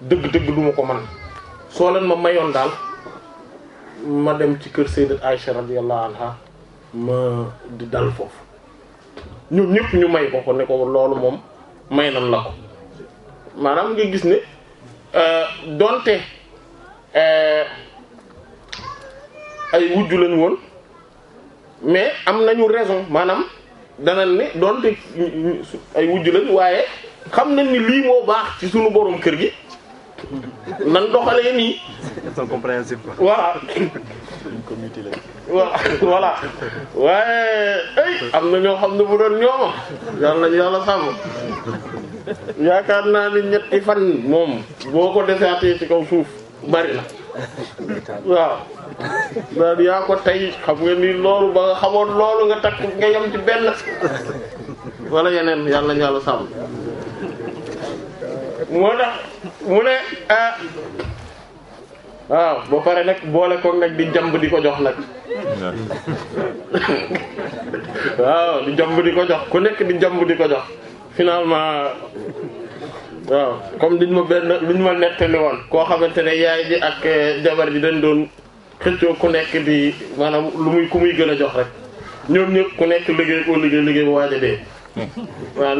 dëgg-dëgg du ma ko man soo leen ma mayoon daal ma dem ci kër Sayyidat Aisha radiyallahu anha ma di dal foofu ñun ñëpp ñu may ko ko ne ko loolu moom may nan la ko maanaam nga gis ne euh, donte euh, ay wujju lañ woon mais am nañu raison maanaam dana ne donte ay wujju lañ waaye xam nañ ni lii moo baax ci sunu borom kër gi nan doxalee nii. c'est incompréhensible quoi. waaye ay am na ñoo xam ne bu doon ñooma yàlla nañu yàlla sàmm yaakaar naa ni ñetti fan moom boo ko desaatee ci kaw suuf bari na waaw daal yaa ko tey xam nga ni loolu ba nga xamoon loolu nga takk nga yem ci benn wala yeneen yàlla nañu yàlla sàmm moo tax mu ne ah waaw ba pare nag boole koog nag di jàmb di ko jox nag waaw di jàmb di ko jox ku nekk di jàmb di ko jox finalement waaw comme liñ ma benn liñ ma nettali woon koo xamante ne yaay ji ak eh, jabar ji dañ doon xëccoo ku nekk di maanaam lu muy ku muy gën a jox rek ñoom ñëpp ku nekk liggéey koo liggéey liggéey bu waaj a dee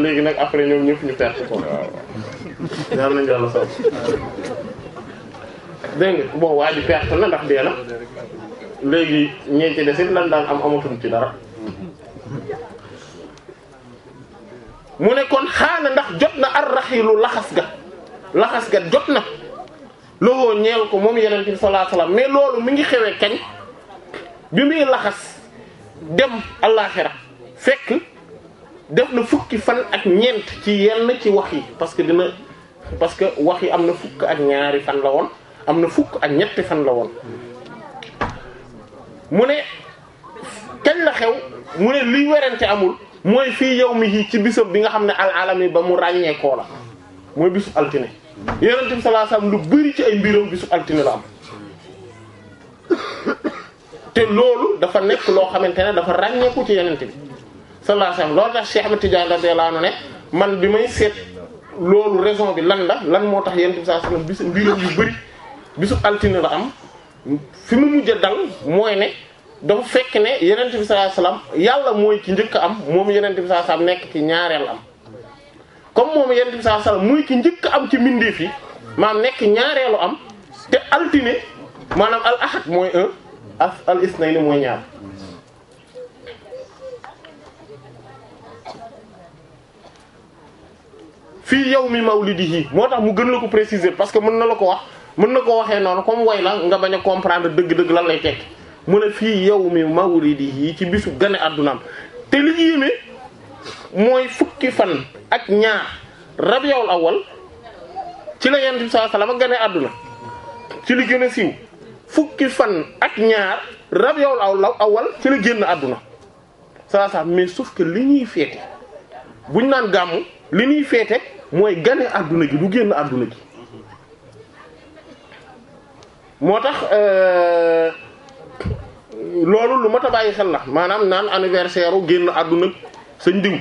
léegi nag après ñoom ñëpp ñu perte ko yàlla nañu yàlla sàmm dégg nga bon waa ji perte na ndax dee na léegi ñeenti ci desit lan daan am amatuñ ci dara mu ne kon xaana ndax jot na ar raxilu laxas ga laxas ga jot na loxoo ñeel ko moom yeneen bi sallallahu alayhi wasallam mais loolu mi ngi xewee kañ bi laxas dem àllaxira fekk def na fukki fan ak ñeent ci yenn ci wax yi parce dina parce que wax yi am na fukk ak ñaari fan la woon am na fukk ak ñetti fan la woon mu ne kañ la xew mu ne liy werante amul mooy fii yawmihi ci bisam bi nga xam ne al ba mu ràññeekoo la mooy bisu altine yonent bi sallallahu lu bari ci ay mbiram bisu altine la am te loolu dafa nekk loo xamante ne dafa ràññeeku ci yonent bi sallallahu alayhi wasallam loolu tax Cheikh Ahmed Tidiane radiyallahu ne man bi may seet loolu raison bi lan la lan moo tax yonent bi sallallahu alayhi wasallam bis mbiram yu bëri bisu altine la am fi mu mujj dal mooy ne dafa fekk ne yonent bi sallallahu alayhi yàlla mooy ci njëkk am moom yonent bi sallallahu alayhi nekk ci ñaareel am comme moom yonent bi sallallahu alayhi wasallam muy ki njëkk am ci mbindeef yi maanaam nekk ñaareelu am te altine maanaam al ahad mooy un al isnayni mooy ñaar. fii mi yawmi mawlidihi moo tax mu gën la ko préciser parce que mën na la ko wax mën na ko waxee noonu comme way la nga bañ a comprendre dëgg-dëgg lan lay tekki mu ne fii yawmi mawlidihi ci bisu gane addunaam te li ñu yéeme mooy fukki fan ak ñaar rabiul awal ci la yonent bi sallallahu alayhi wasallam ci li gën a siiw fan ak ñaar rabiul awal la génn adduna sallallahu alayhi wasallam mais sauf que li ñuy féete buñ naan gàmmu li ñuy feete mooy gane àdduna gi du génn àdduna gi moo tax euh, loolu lu mat a bàyyi xel la maanaam naan anniversaire u génn àdduna sañ diw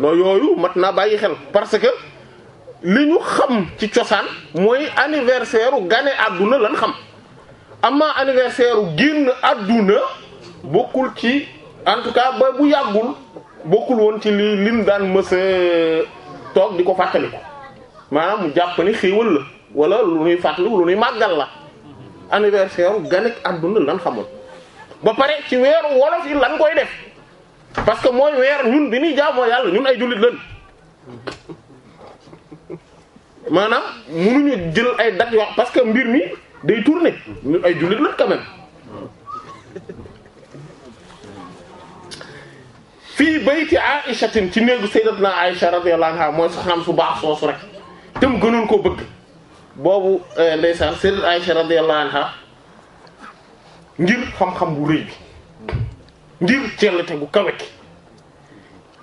loo yooyu mat naa bàyyi xel parce que li ñu xam ci cosaan mooy anniversaire u gane àdduna lan xam amaa anniversaire u génn àdduna bokkul ci en ba bu yàggul bokkul woon ci li lim daan mës toog di ko fàttaliku maanaam mu jàpp ni xéewal la wala lu nuy fàttaliku màggal la anniversaire ganek àdduna lan xamoon ba pare ci weeru wolof yi lan koy def parce que mooy weer ñun bi ñuy jaamoo yàlla ñun ay jullit lan maanaam munuñu jël ay date yoo parce que mbir mi day tourner ñun ay jullit lan quand fii bayti Aïchatin ci néegu sayyidatuna Aïcha radiyallahu anha mooy soxnaam su baax soosu rek te mu gënoon koo bëgg boobu eh, ndeysaan sayyidat Aïcha radiyallahu anha ngir xam-xam bu rëy bi ngir cellte gu kawe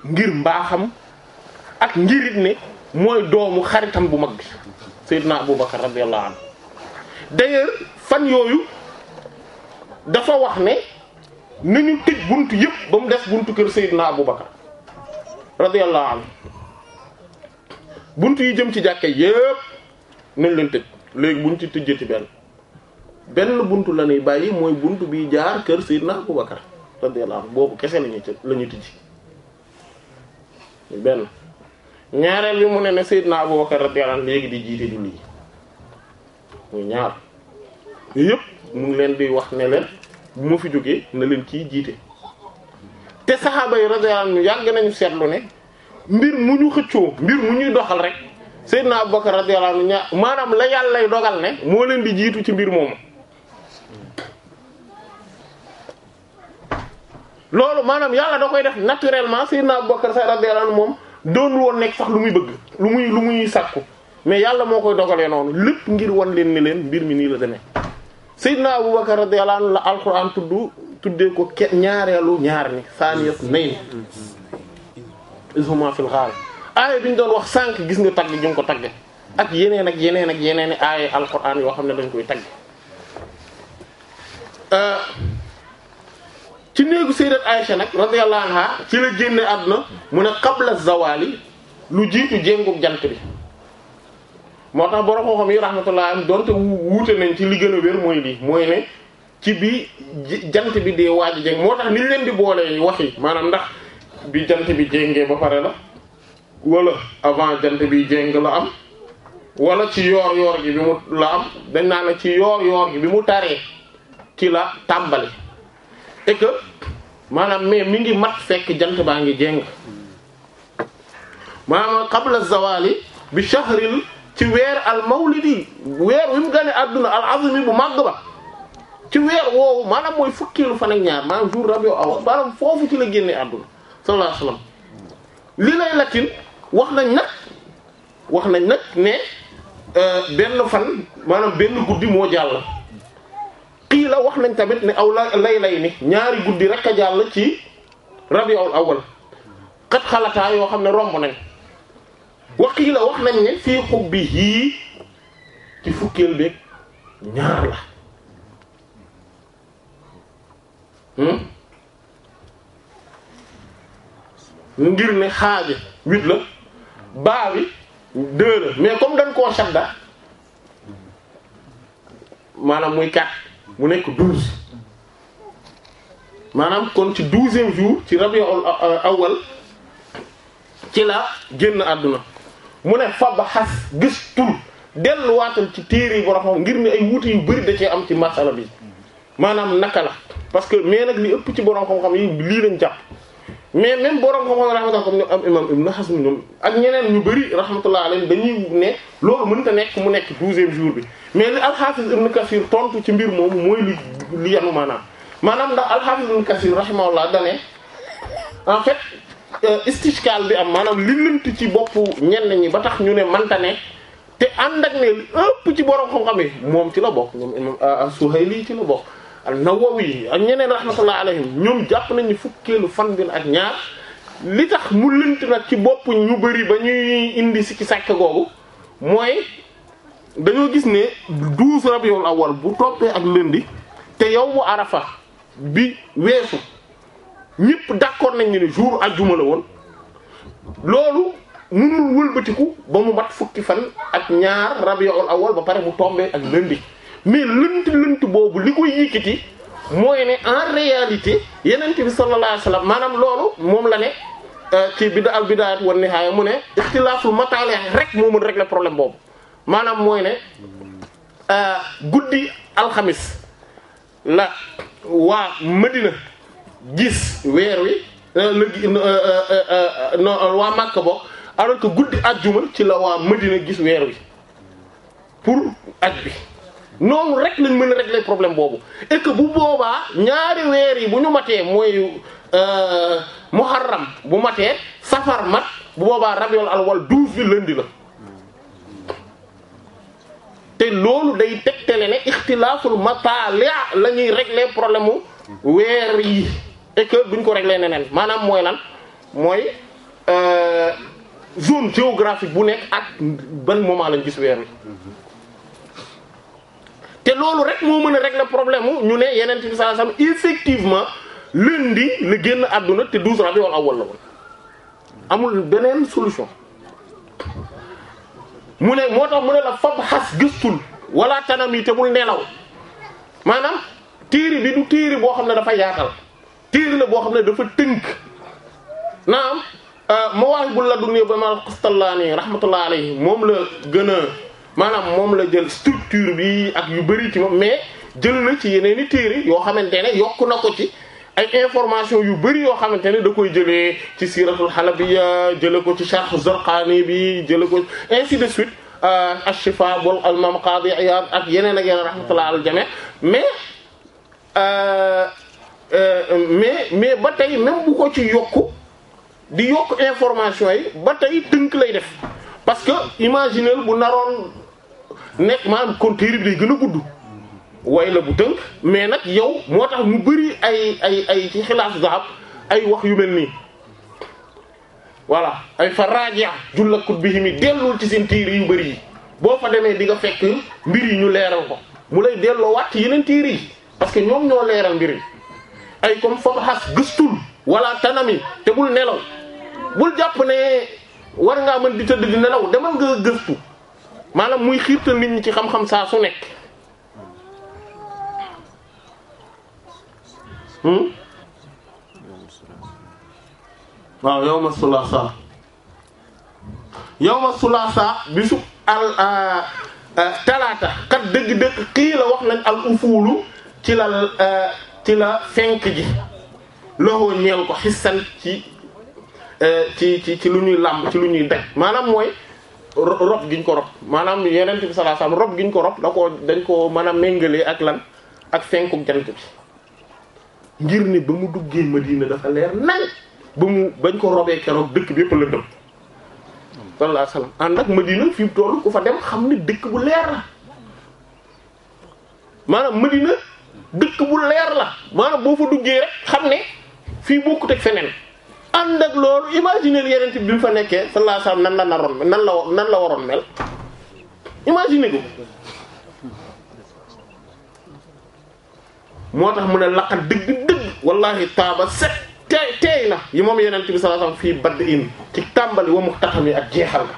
ngir mbaaxam ak ngir it ne mooy doomu xaritam bu mag bi sayyidna Abubakar radiyallahu anhu d'ailleurs fan yooyu dafa wax ne nañu tëj buntu yëpp ba mu des bunt kër Seydina Aboubacar radiyallahu anhu bunt yi jëm ci jàkke yëpp nañ leen tëj léegi buñ ci benn benn bunt la ñuy bàyyi mooy bunt bi jaar kër Seydina Aboubacar radiyallahu anhu boobu kese lañuy tëj la ñuy tëj benn ñaareel bi mu ne ne Seydina Aboubacar radiyallahu anhu léegi di jiite julli yi muy ñaar yëpp mu leen di wax ne leen. bu ma fi jógee na leen kii jiite te saxaaba yi radiyallahu anhu yàgg nañu seetlu ne mbir mu ñu xëccoo mbir mu ñuy doxal rek Seydina Abubakar radiyallahu anhu ña maanaam la yàlla lay dogal ne moo leen di jiitu ci mbir moomu loolu maanaam yàlla da koy def naturellement Seydina Abubakar sa radiyallahu anhu moom doonul woon nekk sax lu muy bëgg lu muy lu muy sàkku mais yàlla moo koy dogalee noonu lépp ngir wan leen ni leen mbir mi nii la deme Seydina Abubakar radiyallahu anhu la alquran tudd tuddee ko ñaareelu ñaar ni saaniyat nayn izhuma fil ghar aaya bi doon wax sànq gis nga tagg ñu ngi ko tagg ak yeneen ak yeneen ak yeneen i aaya alquran yoo xam ne dañ koy tagg euh, ci néegu sayyidat Aisha nag radiyallahu anha ci la génne àdduna mu ne qabla zawali lu jiitu jéngug jant bi moo tax borom xam-xam yi rahmatullah am donte wuute nañ ci li gën a wér mooy lii mooy ne ci bi jant bi dee waaj a moo tax liñ leen di boolee wax yi maanaam ndax bi jant bi jéngee ba pare la wala avant jant bi jéng am wala ci yoor yoor gi bi mu la am dañ naa ne ci yoor yoor gi bi mu taree ci la tàmbali et que maanaam mais mi ngi mat fekk jant baa ngi jéng maa qabla zawali bi shahril ci weer al mawlidi weer wi mu gane àdduna al azmi bu màgg ba ci weer woowu maanaam mooy fukkeelu fan ak ñaar maanaam jour rabiul awwal maanaam foofu ci la génnee adduna sallallahu alayhi wasallam li lay latin wax nañ nag wax nañ nag ne euh, benn fan maanaam benn guddi moo jàll xii la wax nañ tamit ne aw la lay lay ni ñaari guddi rek a jàll ci rabiul awwal xat xalataa yoo xam ne romb nañ waqiila wax nañ ne fii yii ci fukkeel beeg ñaar la hmm? ngir ne xaabi huit la baa bi deux mais comme dañ koo shadda maanaam muy quatre mu nekk douze maanaam kon ci douzième jour ci rabiul awwal ci la génn àdduna mu ne fab xas gis gëstul delluwaatal ci téere yi raxam ngir ne ay wuute yu bari da cee am ci masala bi maanaam naka la parce que mais nag li ëpp ci borom xam-xam yi lii lañ jàpp mais même borom xam-xam rahmatullah comme ñoom am imam Ibn Hazm ñoom ak ñeneen ñu bari rahmatullah alayhi dañuy ne loolu mënta nekk mu nekk douzième jour bi mais li al-Hafiz Ibn Kathir tontu ci mbir moomu mooy li li yanu maanaam maanaam ndax al-Hafiz Ibn Kathir rahimahullah dane Euh, istishkaal bi am maanaam li lënt ci bopp ñenn ñi ba tax ñu ne manta ne te ànd ak ne ëpp ci borom xam-xam yi moom ci la bokk ñoom imam euh, as lii ci la bokk an yi ak ñeneen rahmatullah alayhim ñoom jàpp nañu fukkeelu fan bi ak ñaar li tax mu lënt nag ci bopp ñu bari ba ñuy indi si ci sàkk googu mooy dañoo gis ne douze rabiul awwal bu toppee ak lëndi te yow mu arafa bi weesu ñëpp d'accord nañ ne jour aljuma la woon loolu mënul wëlbatiku ba mu mat fukki fan ak ñaar rabiul awal ba pare mu tombé ak lundi mais lënt lënt boobu li koy yëkkati mooy ne en réalité yenent bi sallallahu alayhi maanaam loolu moom la ne euh, ci bida al bidaat wan nihaaya mu ne ixtilaaful matale rek moo mën régler problème boobu maanaam mooy ne euh, guddi alxamis la waa Medina gis weer wi euh, euh, euh, non waa Makka bokk alors que guddi àjjuma ci la waa Madina gis weer wi pour aj bi noonu rek lañ mën a régler problème boobu et que bu boobaa ñaari weer yi bu ñu matee mooy muharram bu matee safar mat bu boobaa rabiul awwal douze bi lundi la te loolu day tegtale ne ixtilaaful mataali' la ñuy problème mu weer yi et que duñ ko régler neneen maanaam mooy lan mooy euh, zone géographique bu nekk ak ban moment lañ gis weer wi te loolu rek moo mën a régler problème ñu ne yeneen ci saa sam effectivement lundi la génn àdduna te douze rabiul awwal la woon amul beneen solution mu ne moo tax mu ne la fab xas gëstul wala tanam yi te bul nelaw maanaam téere bi du téere boo xam ne dafa yaatal téere la boo xam ne dafa tënk naam euh, Mawaahibul Ladunniya ba maanaam Qastallaani rahmatullahi alayhi moom la gën a maanaam moom la jël structure bi ak yu bari ci moom mais jël na ci yeneen i téere yoo xamante ne yokk na ko ci ay information yu bari yoo xamante ne da koy jëlee ci siratul Halabiyya jële ko ci Sharh Zarqaani bi jële ko ainsi de suite euh, Ash-Shifa bol al-Imam Qadi Iyad ak yeneen ak yeneen rahmatullahi al jami mais euh, Euh, mais mais ba tey même bu ko ci yokk di yokk information yi ba tey dënk lay def parce que imaginel bu naroon nekk maanaam kon téere bi day gën a gudd way la bu tënk mais nag yow moo tax mu bëri ay ay ay ci xilaas zahab ay wax yu mel nii voilà ay fa raja julla kut bi himi delloo ci seen téere yu bari yi boo fa demee di nga fekk mbir yi ñu leeral ko mu lay delloo yi yeneen téere yi parce que ñoom ñoo leeral mbir yi ay comme fabaxas gëstul wala tanami te nelaw bul jàpp ne war mën di tëdd di nelaw demal nga gëstu maanaam muy xiirtal nit ci xam-xam saa su nekk hmm? waaw yow ma sulaasa yow ma sulaasa bisu al talaata kat dëgg-dëgg kii la wax nañ al ufuulu ci la ci la fenk ji loxoo ñeel ko xissan ci euh, ci ci ci lu ñuy làmb ci lu ñuy daj maanaam mooy rob giñ ko rob maanaam yeneen bi sallallahu alayhi wasallam rob giñ ko rob da koo dañ koo mën a méngalee ak lan ak fenku jant bi ngir ne ba mu duggee Madina dafa leer nañ ba mu bañ ko robee keroog dëkk bi yëpp la dem sallallahu alayhi wasallam ànd ak Madina fi mu toll ku fa dem xam ne dëkk bu leer la maanaam Madina dëkk bu leer la maanaam boo fa duggee rek xam ne fii bokkut ak feneen ànd ak loolu imaginer yeneen bi mu fa nekkee sallallahu alayhi wasallam nan la naroon nan la nan la waroon mel imaginer ko moo tax mu ne laqan dëgg-dëgg wallahi taaba set tey teey na yi moom yeneen bi sallallahu alayhi wasallam fii badd in ci tàmbali wa mu taxam yi ak jeexal nga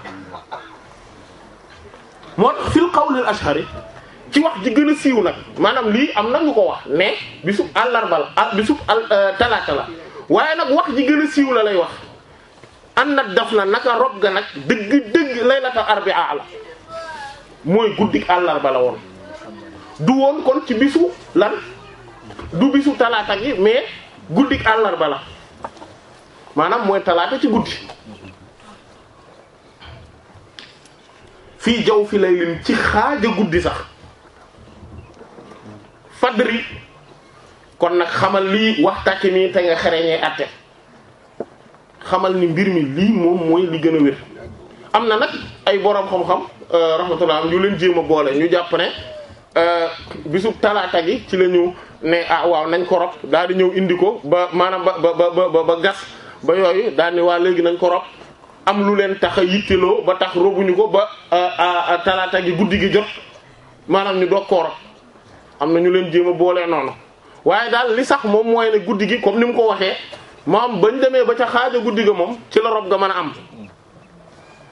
moo tax fil qawlil ashhari ci wax ji gën a siiw nag maanaam lii am na ñu ko wax ne bisu àllarbal ak bisu al euh, talaata la waaye nag wax ji gën a siiw la lay wax an nag daf na naka rob ga nag dëgg dëgg laylatal arbia la mooy guddik la woon du woon kon ci bisu lan du bisu talaata gi mais guddik àllarba la maanaam mooy talaata ci guddi fii jaw fi lay lim ci xaaja guddi sax fadri kon nag xamal lii waxtaki mi te nga xereñee atte xamal ni mbir mi lii moom mooy li gën a wér am na nag ay boroom xam-xam euh, rahmatullah ñu leen jéem a boole ñu jàpp ne euh, bisub talaata gi ci la ñu ne ah waaw nañ ko rob daal di ñëw indi ko ba maanaam ba ba ba gas ba yooyu daal ni waa léegi nañ ko rob am lu leen tax a yitteloo ba tax robuñu ko ba euh, talaata gi guddi gi jot maanaam ñu doog ko am na ñu leen jéem a boolee noonu waaye daal li sax moom mooy ne guddi gi comme ni mu ko waxee maam bañ demee ba ca xaaja guddi ga moom ci la rob ga mën a am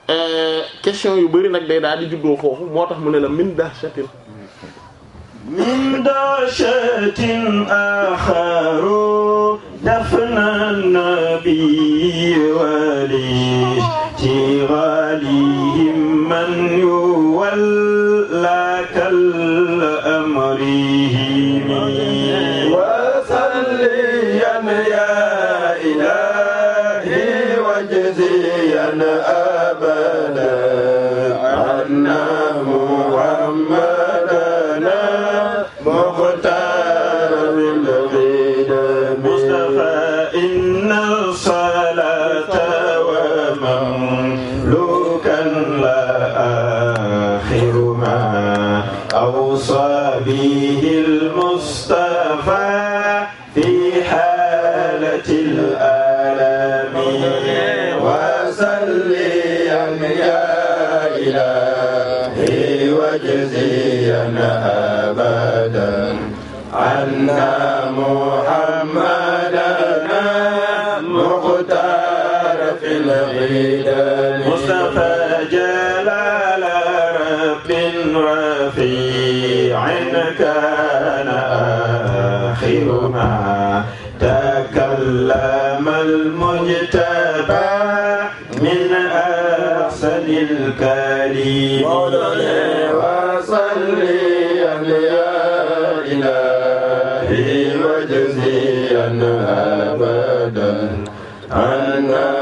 euh, question yu bari nag day daal di juddoo foofu moo tax mu ne la min dahshatin min dahshatin akharu nabi wali ci walihim man yuwalla kal شفيع كان آخر ما تكلم المجتبى من أحسن الكلم وصلي يا إلهي وجزيا أبدا عنا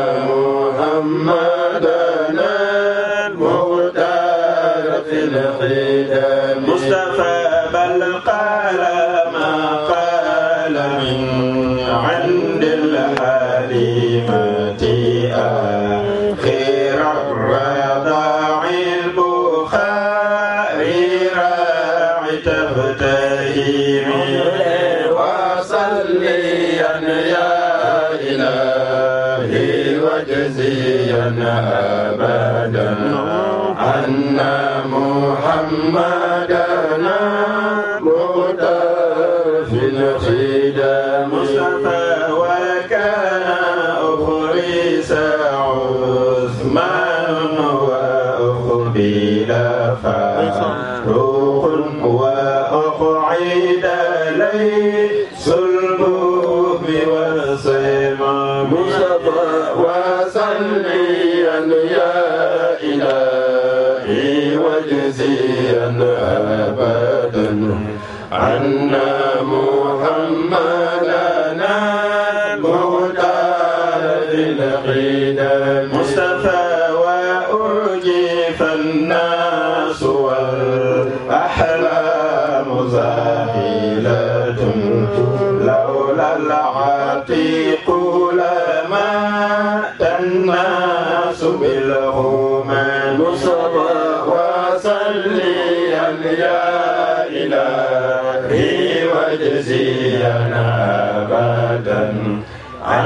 إله وجزيا أبدا عنا محمد anna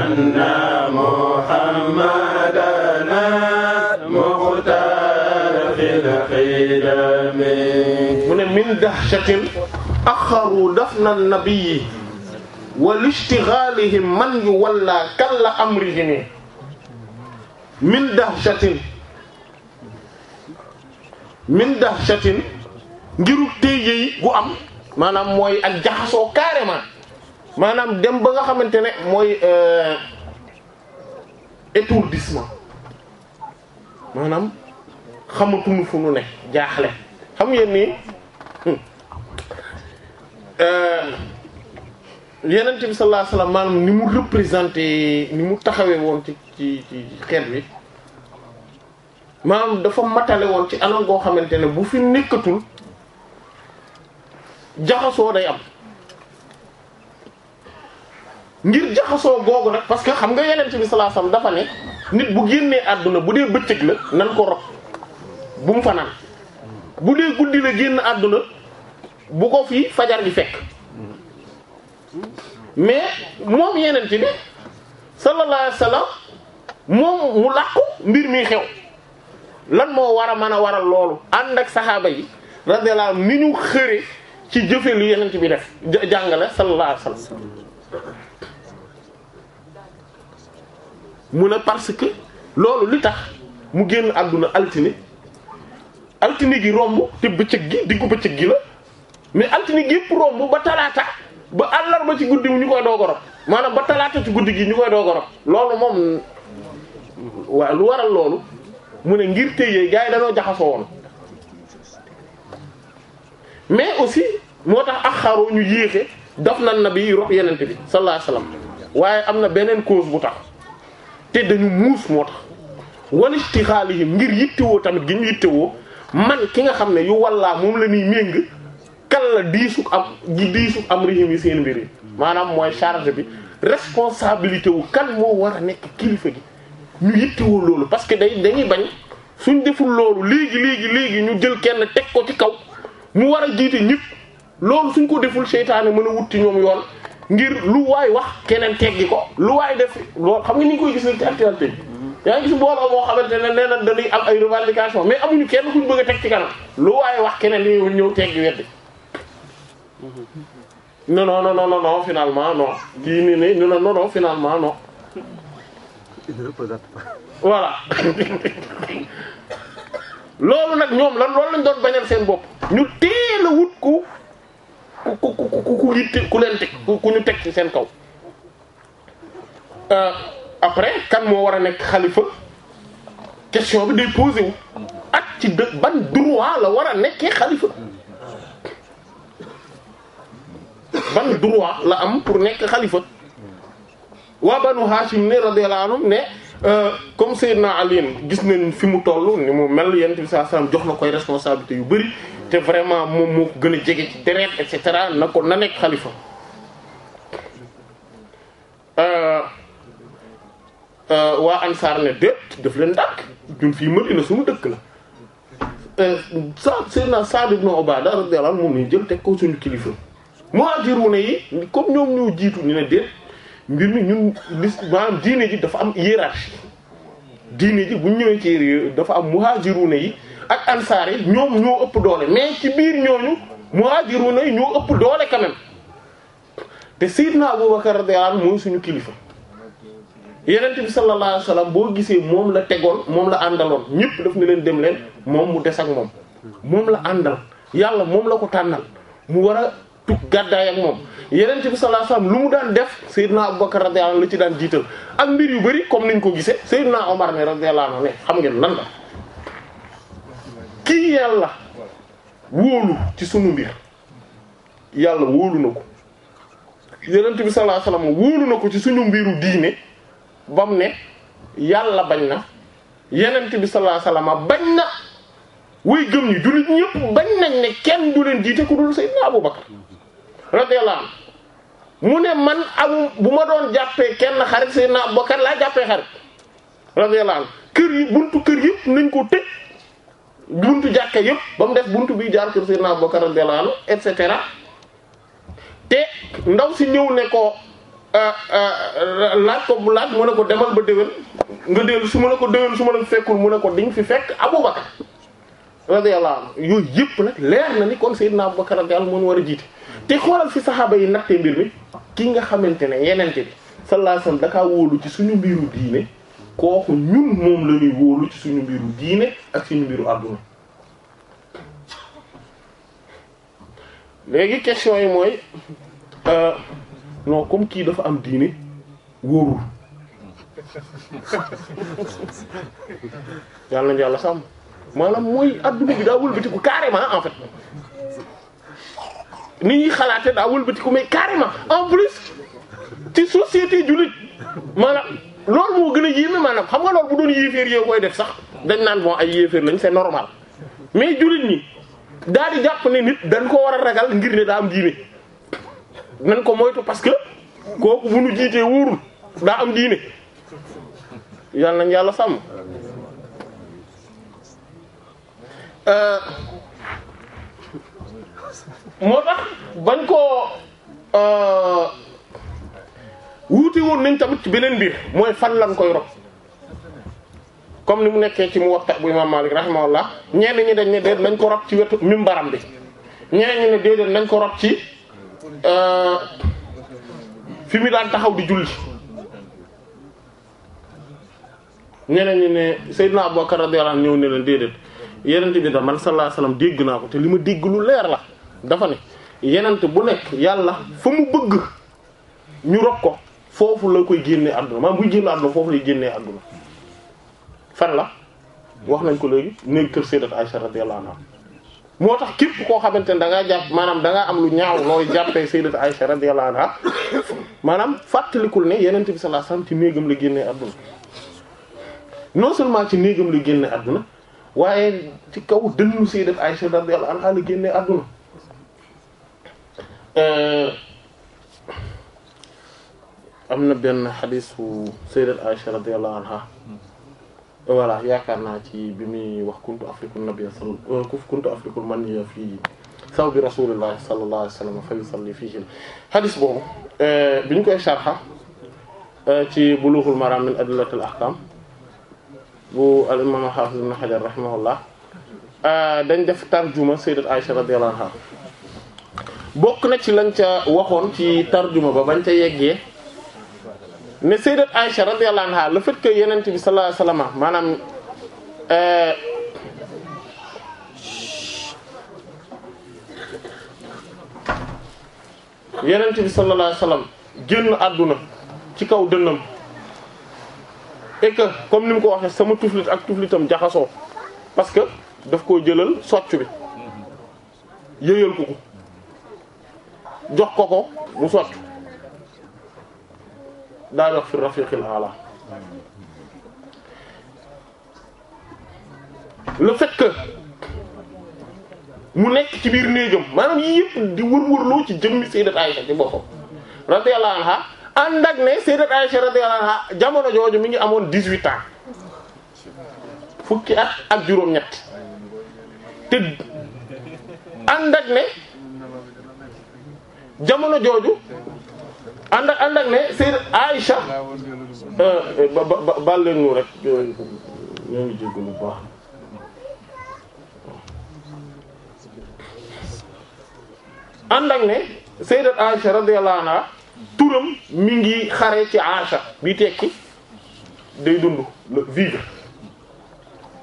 mu ne min dahshatin axaru dafna nabiyyi wa lishtighaalihim man yuwalla kalla amrihim min dahshatin min dahshatin ngiruk téye yi gu am maanaam mooy ak jaxasoo carrément maanaam dem ba nga xamante ne mooy euh, étourdissement maanaam xamatuñu fu nu ne jaaxle xam ngeen ni euh, Yonent bi sallallahu alayhi maanaam ni mu représenté ni mu taxawee woon ci ci ci xeet wi maanaam dafa matale woon ci anam goo xamante ne bu fi nekkatul jaxasoo day am. ngir jaxasoo googu nag parce que xam nga yeneen bi sallallahu dafa ne nit bu génnee àdduna bu dee bëccëg la nan ko rob bu mu fanaan bu dee guddi la génn àdduna bu ko fii fajar gi fekk mais moom yeneen bi sallallahu alayhi wasallam moom mu làqu mbir mi xew lan moo war a mën a waral loolu ànd ak saxaaba yi radiyallahu anhum ni ñu xëre ci jëfe lu yeneen bi def jàngale sallallahu alayhi mu ne parce que loolu li tax mu génn àdduna altine altine gi romb te bëccëg gi diggu bëccëg gi la mais altine gi yëpp romb ba talaata ba àllarba ci guddi ñu koy doog a maanaam ba talaata ci guddi gi ñu koy doog a rob loolu moom lu waral loolu mu ne ngir téye gars yi dañoo jaxasoo woon mais aussi moo tax ak xaroo ñu yéexe daf na nabi rob yenente bi sallallahu alayhi wasallam waaye am na beneen cause bu tax te dañu muus moo tax walistixaalihim ngir yittewoo tamit gi ñu yittewoo man ki nga xam ne yu wallaa moom la ñuy méng kan la diisu am gi diisu am rihim yi seen mbir maanaam mooy charge bi responsabilité wu kan moo war a nekk kilifa gi ñu yittewoo loolu parce que day dañuy bañ suñ deful loolu léegi léegi léegi ñu jël kenn teg ko ci kaw mu war a jiite ñëpp loolu suñ ko deful seytaane mën a wut ñoom yoon ngir lu waay wax keneen teggi ko lu waay def loolu xam nga ni koy gis nii ci actualité bi yaa ngi gis mbooloo moo xamante ne nee na dañuy am ay revendication mais amuñu kenn kuñ bëgg a teg ci kanam lu waay wax keneen li ñëw ñëw teggi weddi non non non non non finalement non kii nii nii non finalement non. voilà loolu nag ñoom lan loolu lañ doon bañal seen bopp ñu teel wut ku. ku ku ku ku ku leen teg ku ñu teg ci seen kaw euh, après kan moo war a nekk xalifa question bi day posé wu ci dë ban droit la war a nekkee xalifa ban droit la am pour nekk xalifa waa banu Hashim ne radiyallahu anhum ne euh, comme na Ali gis nañ fi mu toll ni mu mel yent bi sallallahu alayhi jox na koy responsabilité yu bari te vraiment moom moo gën a jege ci deret et na ko na nekk xalifa euh, euh, waa ansaar ne déet daf leen dàkk ñun fii Madina suma dëkk la euh, sa Seydina Sa'd ibn Ubaada radiyallahu anhu moom lañ jël te ko suñu kilifa muhaajiruuna yi comme ñoom ñoo jiitu ñu ne mbir mi ñun li maanaam diine ji dafa am hiérarchie diine ji bu ñu ñëwee ci dafa am muhaajiruuna yi ak ansaar yi ñoom ñoo ëpp doole mais ci biir ñooñu muhajiruna yi ñoo ëpp doole quand même te sayyidna Abubakar radiyallahu anhu mooy suñu kilifa yenent bi sallallahu alayhi boo gisee moom la tegoon moom la àndaloon ñëpp daf ne leen dem leen moom mu des ak moom moom la àndal yàlla moom la ko tànnal mu war a tug gàddaay ak moom yenent bi sallallahu alayhi lu mu daan def sayyidna Abubakar radiyallahu anhu la ci daan jiital ak mbir yu bari comme ñu ko gisee sayyidna Omar ne radiyallahu xam ngeen lan kii yàlla wóolu ci sunu mbir yàlla wóolu na ko yonent bi sallallahu alayhi wóolu na ko ci suñu mbiru diine ba mu ne yàlla bañ na yonent bi sallallahu alayhi wasallam bañ na way gëm ñi jullit ñëpp bañ nañ ne kenn du leen jiite ku dul Seydina Abu Bakar radiyallahu mu ne man am bu ma doon jàppee kenn xarit Seydina Abu Bakar laa jàppee xarit radiyallahu kër yi buntu kër yëpp nañ ko tëj buntu jàkka yëpp ba mu def bunt bi jaar kër Seydina Abubakar radiyallahu anhu et cetera te ndaw si ñëw ne ko euh, euh, laaj ko bu laaj mu ne ko demal ba déwén nga dellu su ma ne ko déwén su ma la fekkul mu ne ko diñ fi fekk Abubakar radiyallahu anhu yooyu yëpp nag leer na ni kon Seydina Abubakar radiyallahu anhu moo war a jiite te xoolal fi saxaaba yi naxte mbir mi ki nga xamante ne yenente bi sallallahu alayhi wasallam dakaa wóolu ci suñu mbiru diine kooku ñun moom la ñuy wóolu ci suñu mbiru diine ak suñu mbiru àdduna léegi question yi mooy euh, noo comme kii dafa am diine wóorul yàlla nañu yàlla sàmm maanaam mooy adduna bi daa wëlbatiku carrément en fait nit ñi xalaate daa wëlbatiku mais carrément en plus ci société jullit maanaam loolu moo gën a yéeme maanaam xam nga loolu bu doon yéeféer yow koy def sax dañ naan bon ay yéeféer lañ c'est normal mais jullit ñi daal di ne nit dañ ko war a ragal ngir ne daa am diine nañ ko moytu parce que kooku bu am diine yàlla yàlla sàmm euh, moo tax bañ koo euh, wuute woon nañ tamit ci beneen mbir mooy fan lan koy rob comme ni mu nekkee ci mu waxta bu imam Malik rahimahullah ñenn ñi dañ ne déedéet nañ ko rob ci wetu mimbaram bi ñeneen ñi ne déedéet nañ ko rob ci euh, fi mu daan taxaw di julli ñeneen ñi ne Seydina Abu Bakar radiyallahu anhu ñëw ne leen déedéet yenente bi da man sallallahu dégg naa ko te li ma dégg lu leer la dafa ne yenent bu nekk yàlla fa mu bëgg ñu rob ko foofu la koy génnee àdduna maanaam buy génn àdduna foofu lay génne àdduna fan la wax nañ ko léegi néeg kër Sayyidat Aisha radiyallahu anha moo tax képp koo xamante ne da ngaa jàpp maanaam da am lu ñaaw looy jàppee Sayyidat Aisha radiyallahu anha maanaam fàttalikul ne Yonent bi sallallahu alayhi wasallam ci néegam la génnee àdduna non seulement ci néegam la génne àdduna waaye ci kaw dënnu Sayyidat Aisha radiyallahu anha la génnee àdduna. Euh, am na benn xadis bu sayyidat Aisha radiyallahu anha voilà yaakaar naa ci bi muy wax kuntu afrikul nabiyya sal euh, kuntu afrikul maniyya fii saw bi rasulillahi sallallahu alayhi wa sallam fa yusalli fiihi xadis boobu euh, bi ñu koy sharxa euh, ci bulughul maram min adillatil ahkam bu al imam al-hafiz ibn hajar rahimahullah dañ def tarjuma sayyidat Aisha radiyallahu anha bokk na ci lañ ca waxoon ci tarjuma ba bañ ca yeggee ne sayyidat Aisha radiyallahu anha le fait que yonent bi sallallahu alayhi maanaam euh, yonent bi sallallahu alayhi wasallam génn àdduna ci kaw dënnam et que comme li mu ko waxee sama tuflit ak tuflitam jaxasoo parce que daf koo jëlal soccu bi yëyal ko ko jox ko ko mu soccu daal di wax fi rafiqil ala le fait que mu nekk ci biir néegam maanaam yii yëpp di wër-wërloo ci jëmmi sayyidat Aisha ci boppam radiyallahu anha ànd ak ne sayyidat Aisha radiyallahu anha jamono jooju mi ngi amoon dix-huit ans fukki at ak juróom-ñett te ànd ne jamono jooju ànd ak ànd ak ne Sayyidat Aïcha euh, ba ba baal leen ñu rek ñoo ngi jégg bu baax ànd ak ne Sayyidat Aïcha radiyallahu anha turam mi ngi xare ci Aïcha bi tekki day dund le vivre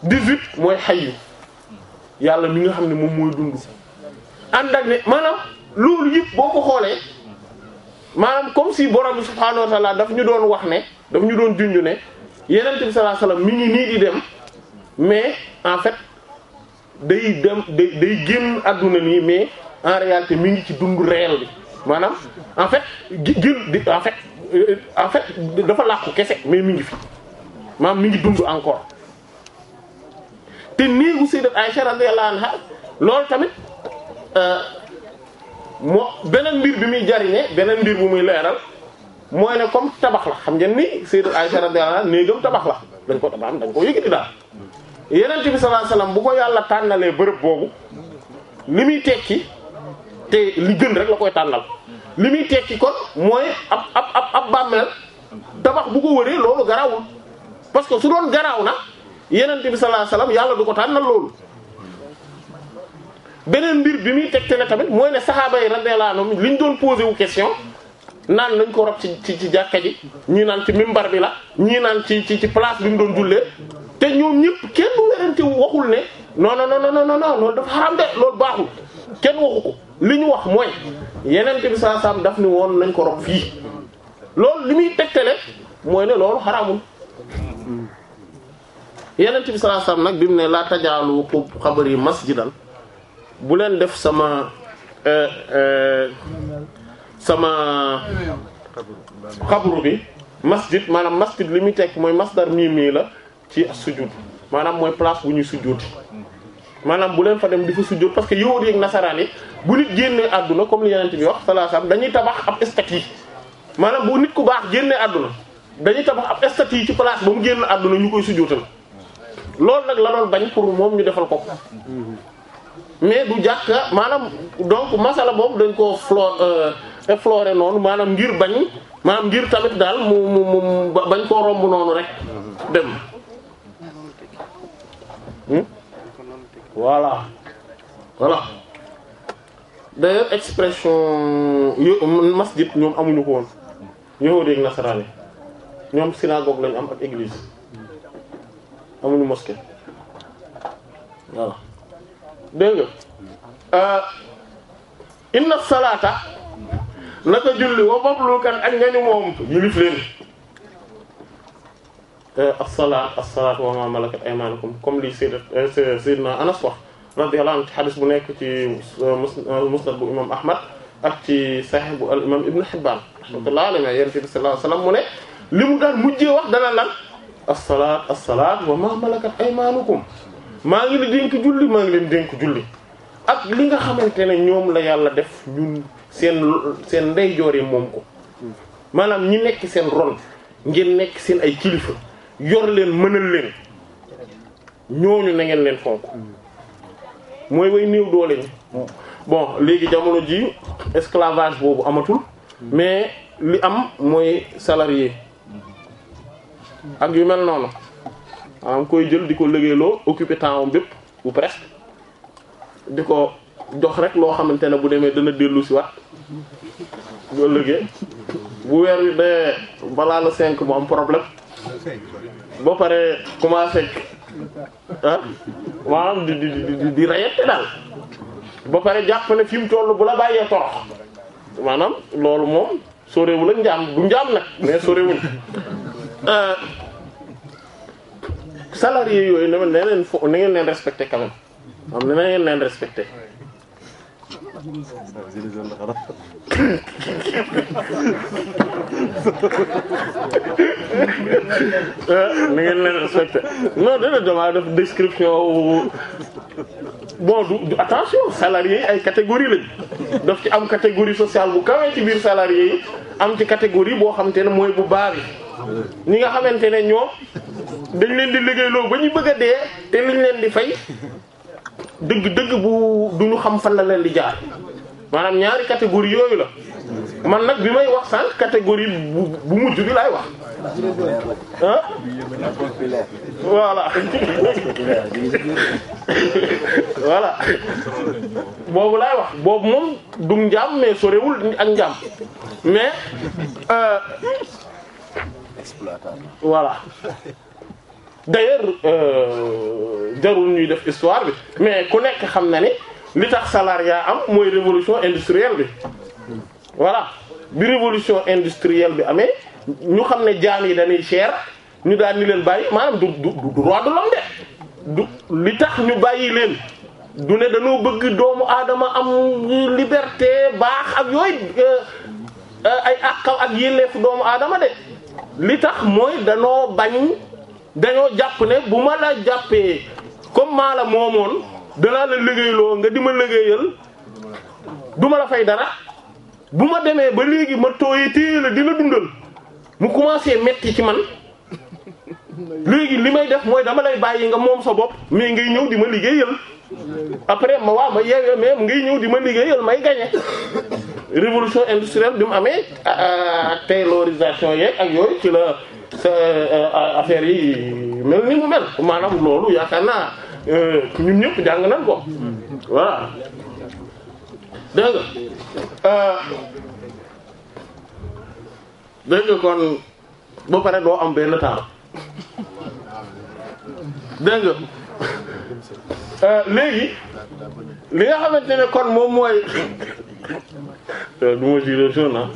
dix-huit mooy xayyu yàlla mi nga xam ne moom mooy dund ànd ak ne maanaam loolu yëpp boo ko xoolee maanaam comme si borom bi subhaanahu wa taala daf ñu doon wax ne daf ñu doon junj ne yenent bi sallallahu alayhi mi ngi nii di dem mais en fait day dem day day génn àdduna nii mais en réalité mi ngi ci dund réel bi maanaam en fait génn di en fait dafa làqu kese mais mi ngi fi maanaam mi ngi dund encore te néegu sayyidat Aisha radiyallahu anha loolu tamit euh, moo beneen mbir bi muy jariñe beneen mbir bu muy leeral mooy ne comme tabax la xam ngeen ni Sayyidatu Aisha radiyallahu anha néegam tabax la dañ ko tabax dañ ko yëkkati daal yenent bi sallallahu alayhi wasallam bu ko yàlla tànnalee bërëb boobu li muy tekki te li gën rek la koy tànnal li muy tekki kon mooy ab ab ab ab bàmmeel tabax bu ko wëree loolu garaawul parce que su doon garaaw na yenent bi sallallahu alayhi wasallam yàlla du ko tànnal loolu beneen mbir bi muy tegtale tamit mooy ne saxaaba yi radiyallahu anhum li ñu doon posé wu question naan lañ ko rob ci ci ci jàkka ji ñii naan ci mimbar bi la ñii naan ci ci ci place bi mu doon jullee te ñoom ñëpp kenn du werante waxul ne non non non non non non loolu dafa xaram de loolu baaxul kenn waxu ko li ñu wax mooy yeneen bi saa saam daf ni woon nañ ko rob fii loolu li muy tegtale mooy ne loolu xaraamul. yeneen bi saa saam nag bi mu ne laa tajaalu ko xabar yi masjidan bu leen def sama euh, euh, sama xabru bi masjid maanaam masjid li muy tekk mooy mii mii la ci sujud maanaam mooy place bu ñuy sujud maanaam bu leen fa dem di fa sujud parce que yahudi ak nasaraan yi bu nit génnee àdduna comme li yenente bi wax salaasam dañuy tabax ab statue maanaam boo nit ku baax génnee àdduna dañuy tabax ab yi ci place ba mu génn àdduna ñu koy sujudal loolu nag la doon bañ pour moom ñu defal ko mais du jàkka maanaam donc masala boobu dañ koo flor euh, effloré noonu maanaam ngir bañ maanaam ngir tamit daal mu mu mu bañ koo romb noonu rek dem hmm? voilà voilà d'ailleurs expression yo masjid ñoom amuñu ko woon yahudi ak nasaraan ñoom synagogue lañ am ak église amuñu mosquée voilà dégg nga euh, inna salaata naka julli wa bablukan ak nga ñu moom yilif leen euh, as-salaat wa ma malakat aymanukum comme li euh, sayyidina Anas wax radiyallahu anhu ci xadis bu nekk ci musnad bu imam Ahmad ak ci sahih bu al imam Ibn Hibban rahmatullahi alayhi yonent bi sallallahu alayhi wasallam mu ne li mu daan mujjee wax dana lan as-salaat as-salaat wa ma malakat aymanukum maa ngi leen dénk julli maa ngi leen dénk julli ak li nga xamante ne ñoom la yàlla def ñun seen seen ndeyjoor yi moom ko maanaam ñi nekk seen ron ngeen nekk seen ay kilifa yor leen mënal leen ñooñu na ngeen leen fonk mooy way néew doole bon léegi jamono ji esclavage boobu amatul mais li am mooy salarié ak yu mel noonu maanaam koy jël di ko liggéeyloo occuper temps bépp bu presque di ko jox rek loo xamante ne bu demee dana dellu si wat bu ëllëgee bu weer wi dee balaa la cinq mu problème ba pare commencé ah maanaam di di di di rayette daal ba pare jàpp ne fi mu toll bu la bàyyee torox maanaam loolu moom sóoreewul ak njaam du njaam nag mais sóoreewul euh, salarié yooyu ne na leen fo na ngeen leen respecté quand même xam ne na ngeen leen respecté. Euh, na ngeen leen respecté non dana damaa def description bon du, du attention salarié yi ay catégorie lañ daf ci am catégorie sociale bu kawee ci biir salarié yi am ci catégorie boo xamante ne mooy bu baax bi ñi nga xamante ne ñoom dañ leen di liggéeyloo ba ñu bëgg a dee te liñ leen di fay dëgg dëgg bu duñu xam fan la leen di jaar maanaam ñaari catégorie yooyu la man nag bi may wax sànq catégorie bu bu mujj bi laay wax. ah. voilà. boobu laay wax boobu moom du njaam mais sorewul ak njaam mais. Euh, exploitation. d'ailleurs euh, jarul ñuy def histoire bi mais ku nekk xam na ni li tax salariat am mooy révolution industrielle bi voilà bi révolution industrielle bi amee ñu xam ne jaam yi dañuy cher ñu daan ni leen bàyyi maanaam du du du droit de l'homme de li tax ñu bàyyi leen du ne dañoo bëgg doomu aadama am liberté baax ak yooyu euh, euh, ay àqaw ak yelleefu doomu aadama de li tax mooy danoo bañ dañoo jàpp ne bu ma la jàppee comme maa la moomoon danaa la liggéeyloo nga di ma liggéeyal du ma la fay dara bu ma demee ba léegi ma tooyee téye la di la dundal mu commencé metti ci man léegi li may def mooy dama lay bàyyi nga moom sa bopp mais ngay ñëw di ma liggéeyal. après ma waaw ma yeew mais ngay ñëw di ma liggéeyal may gagné révolution industrielle bi mu amee ah, ah, ak taylorisation yeeg ak yooyu ci la sa euh, yi mel ni mu mel maanaam loolu yaakaar naa euh, ñun ñëpp jàng nañ ko voilà dégg nga euh, dégg kon ba pare doo am benn temps dégg nga Euh, léegi li nga xamante ne kon moom mooy euh, du ma juré jaune ah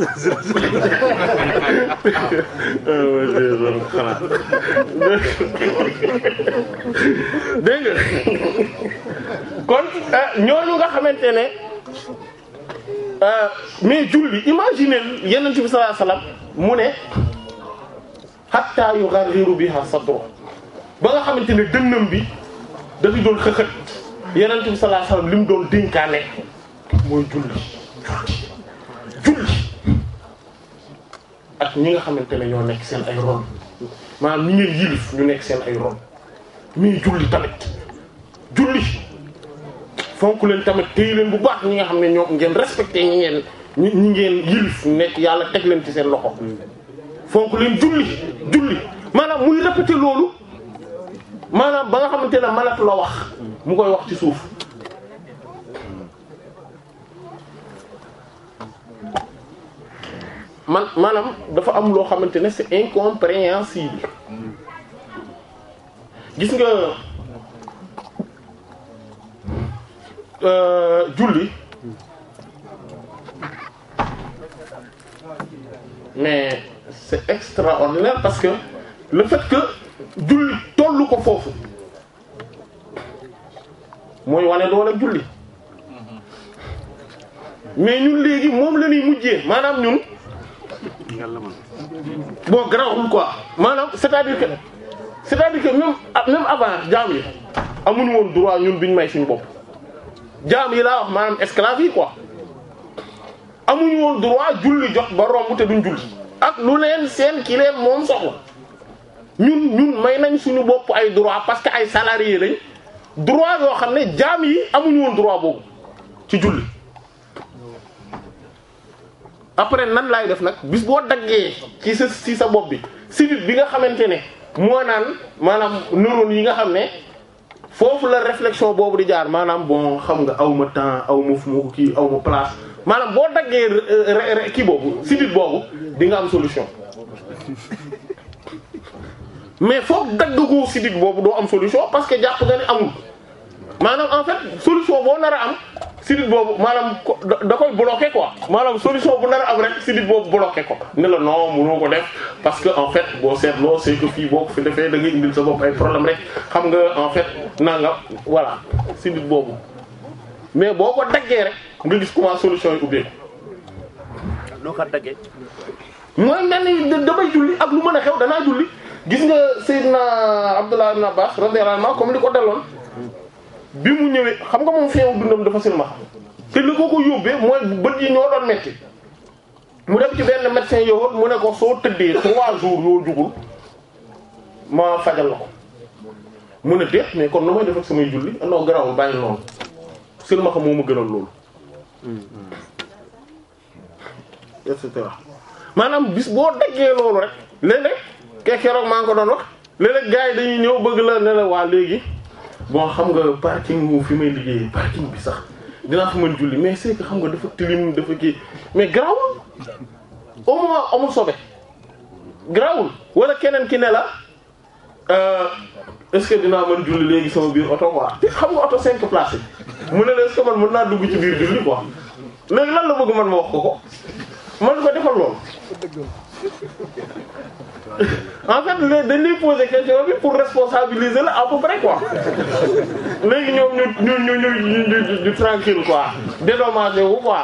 ma juré jaune nga kon euh, ñooñu nga xamante ne mais julli imaginer yeneen bi sallallahu alayhi wasallam mu ne hatta yughriru biha sadru ba nga xamante ne dënnam bi dafa doon xëxët yonent bi sallallahu alayhi wasallam li mu doon dénkaane mooy julli julli ak ñi nga xamante ne ñoo nekk seen ay ron maanaam ñi ngeen yilif ñu nekk seen ay ron mii julli tamit julli fonk leen tamit téye leen bu ñi nga xam ne ñoo ngeen respecté ñi ngeen ñi ngeen yilif nekk yàlla teg leen ci seen loxo fonk leen julli julli maanaam muy répété loolu maanaam ba nga xamante ne malak la wax mu koy wax ci suuf man maanaam dafa am loo xamante ne c'est incompréhensible gis nga euh, julli mais c'est extraordinaire parce que le fait que julli tollu ko foofu mooy wane doole julli mais ñun léegi moom la ñuy mujjee maanaam ñun bon grawul quoi maanaam c'est-à-dire que c'est-à-dire que même même avant jaam yi amuñu woon droit ñun ñu may suñ bopp jaam yi laa wax maanaam esclave yi quoi amuñu woon droit julli jox ba romb te duñ julli ak lu leen seen ki moom soxla ñun ñun may nañ suñu bopp ay droit parce que ay salarié lañ droit yoo xam ne jaam yi amuñu woon droit boobu ci julli après nan laay def nag bis boo daggee ci sa sa bopp bi civil bi nga xamante ne moo naan maanaam neurones yi nga xam ne foofu la reflexion boobu di jaar maanaam bon xam nga aw ma temps aw ma fu kii aw ma maanaam boo daggee euh, kii boobu civil boobu di nga am solution mais foo foog daggagoo sidit boobu doo am solution parce que jàpp nga ne amul maanaam en fait solution boo nar a am sidit boobu maanaam da koy bloqué quoi maanaam solution bu nar a am rek sidit boobu bloqué ko ne la non mënoo ko def parce que en fait boo seetloo c'est que fii boo ko fi defee da nga indil sa bopp ay problème rek xam nga en fait nangam voilà sidit boobu mais boo ko daggee rek nga gis comment solution yi ubbee loo ko daggee mooy mel ak lu mën a xew danaa gis nga Seydina Abdullah ibn Abbas radiyallahu anhu comme li ko daloon bi mu ñëwee xam nga moom feewu dundam dafa silma te li ko ko yóbbee mooy bët yi ñoo doon metti mu dem ci benn médecin yowoot mu ne ko soo tëddee trois jours yoo jugul ma fajal la ko mu ne déet mais kon lu may def ak samay julli ah noonu silma xam moo ma gënal loolu mm-hmm. et cetera maanaam bis boo daggee loolu rek léeg-léeg ke keroog maa ngi ko doon wax léeg-léeg yi dañuy ñëw bëgg la ne waa léegi bon xam nga parking mu fi may liggéey parking bi sax dinaa fi mën julli mais c'est que xam nga dafa tilim dafa kii mais garaawul au moins amul sobe garaawul wala keneen ki ne la euh, est-ce que dinaa mën julli léegi sama biir oto quoi te xam nga oto cinq places yi mu ne la man mën naa dugg ci biir julli quoi léegi lan la bëgg man ma wax ko ko man ko defal loolu en fait dañ lay poser question bi pour responsabiliser la à peu près quoi léegi ñoom ñu ñu ñu ñu tranquille quoi dédommagé wu quoi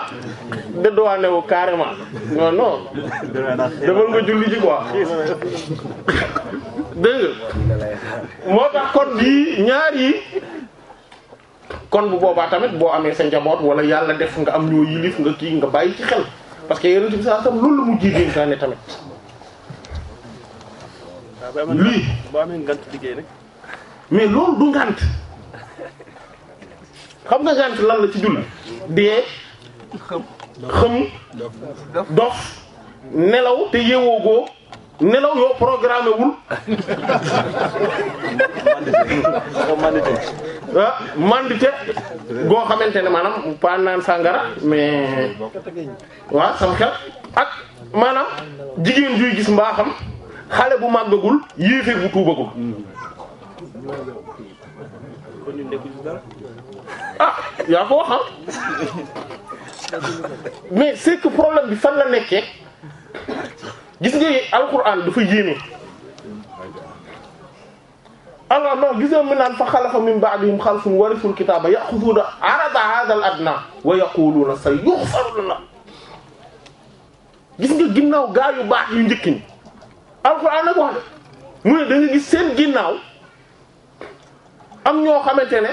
dédouané wu carrément non non demal nga julli ji quoi dégg moo tax kon yii ñaar kon bu boobaa tamit boo amee sa njaboot wala yàlla def nga am ñoo yilif nga kii nga bàyyi ci xel parce que yeneen saa sam loolu la mujjee dénkaane tamit lii mais loolu du ngant xam nga ngant lan la ci dund dee xëm dof nelaw te yeewoogoo nelaw yoo programmé wul ah, goo xamante ne maanam paa naan sàngara mais waaw sama xel ak maanaam jigéen juy gis mbaaxam xale bu màggagul yéeféer bu tuubagul ah yaa ko wax mais c'est problème bi fan la nekkee gis nga alquran dafa yéeme alors non gis nga mu naan fa xalafa min ba'dihim xalfun warisul kitaaba yaxuduuna arada hada al adna wa yaquluuna sa yuxfaru gis nga ginnaaw gaa baax yu njëkk alxuraan nag wax de mu ne da gis seen ginnaaw am ñoo xamante ne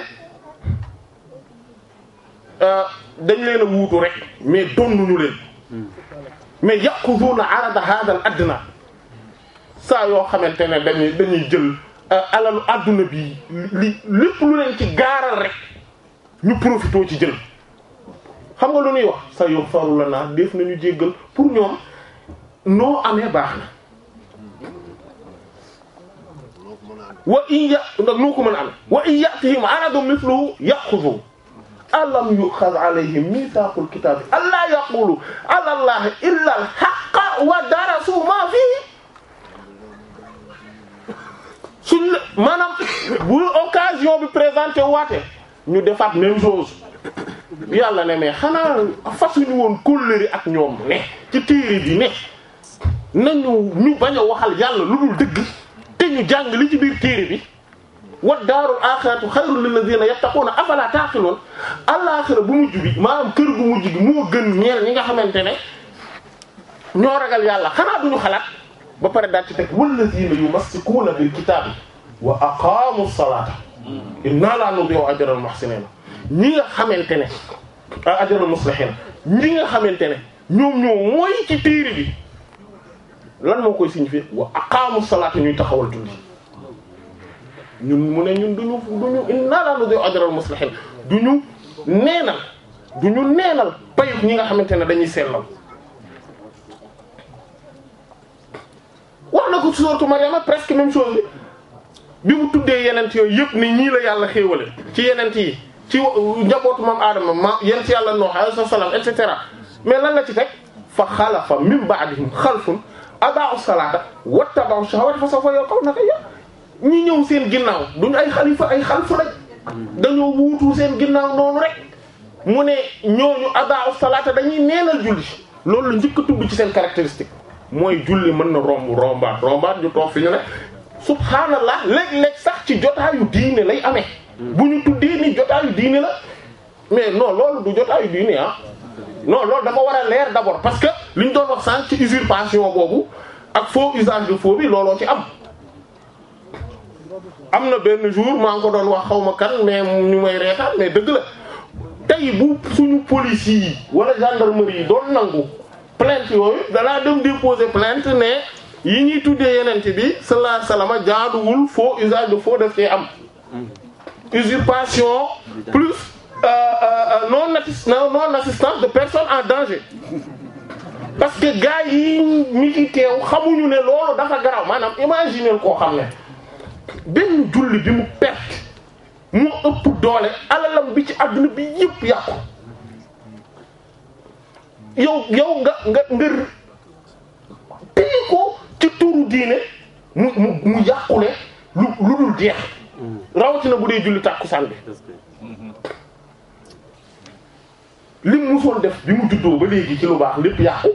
euh, dañ leen a rek mais donnuñu leen mais yàquduna arada hada al adna yoo xamante ne dañuy dañuy jël euh, alalu àdduna bi li lépp lu leen ci gaaral rek ñu profité ci jël xam nga lu ñuy wax sa yow faru naa def nañu jéggal pour ñoom noo amee baax na wa in ya nu ko mën a wa in ya'tihim aradun mithluhu ya'khudhu alam yu'khadh alayhim mithaqul kitabi alla yaqulu ala illa al haqqa wa darasu ma fihi suñ la maanaam bu occasion bi présenté waate ñu defaat même chose yàlla ne mais xanaa fasuñu woon kóllëre ak ñoom ne ci téere bi ne nañu ñu bañ waxal yàlla lu dul dëgg te ñu jàng ci biir téere bi wa daarul axiratu xayrun lillazina yattaquuna afala taaqiluun alaaxira bu mujj bi maanaam kër bu mujj bi moo gën ñeel ñi nga xamante ne ñoo ragal yàlla xanaa xalaat ba pare daal ci teg wallazina yumassikuuna bil kitaabi wa aqaamu salaata inna laa nudii'u ajral muhsiniin ñi nga xamante ne ajral muslihiin nga xamante ne ñoom ñoo mooy ci téere bi lan moo koy signifier wa aqaamu salaata ñuy taxawal julli ñun mu ne ñun duñu duñu inna la nudi'u ajral muslihin duñu neenal duñu neenal payut ñi nga xamante ne dañuy sellal wax na ko suuratu Maryama presque même chose bi bi mu tuddee yenent yooyu yëpp ni ñii la yàlla xéewale ci yenent yi ci njabootu maam aadama ma yent yàlla noox alayhi salaam et mais lan la ci teg fa xalafa min ba'dihim xalfun abaa salaata wattabaw shahawat fa sawfa yalqawna xayya ñu ñëw seen ginnaaw duñu ay xalifa ay xalfu lañ dañoo wuutu seen ginnaaw noonu rek mu ne ñooñu abaa salaata dañuy neenal julli loolu la njëkk a tudd ci seen caractéristique mooy julli mën na romb rombaat rombaat ñu toog fi ñu ne subhaanallah léeg-léeg sax ci jotaayu diine lay amee bu ñu tuddee ni jotaayu diine la mais non loolu du jotaayu diine ah non loolu dafa war a leer d'abord parce que li ñu doon wax sànq ci usurpation boobu ak faux usage de faux bi looloo ci am. am na benn jour maa ngi ko doon wax xaw ma kan mais ñu may reetaan mais dëgg la tey bu suñu police yi wala gendarmerie yi doon nangu plainte yooyu dalaa dem déposer plainte ne yi ñuy tuddee yeneen bi sallallahu alayhi wasallam jaaduwul faux usage de foo def cee am hmm. usurpation plus Euh, euh, euh, non non assistance de personne en danger parce que gars yi ñu xamuñu ne loolu dafa garaaw maanaam imaginer koo xam ne benn julli bi mu perte mu ëpp doole alalam bi ci àdduna bi yëpp yàqu yow yow nga nga ngër pili ko ci turu diine mu mu mu lu lu dul jeex mm. rawatina bu dee julli tàkkusaan bi li mu musoon def bi mu juddoo ba léegi ci lu baax lépp yàqu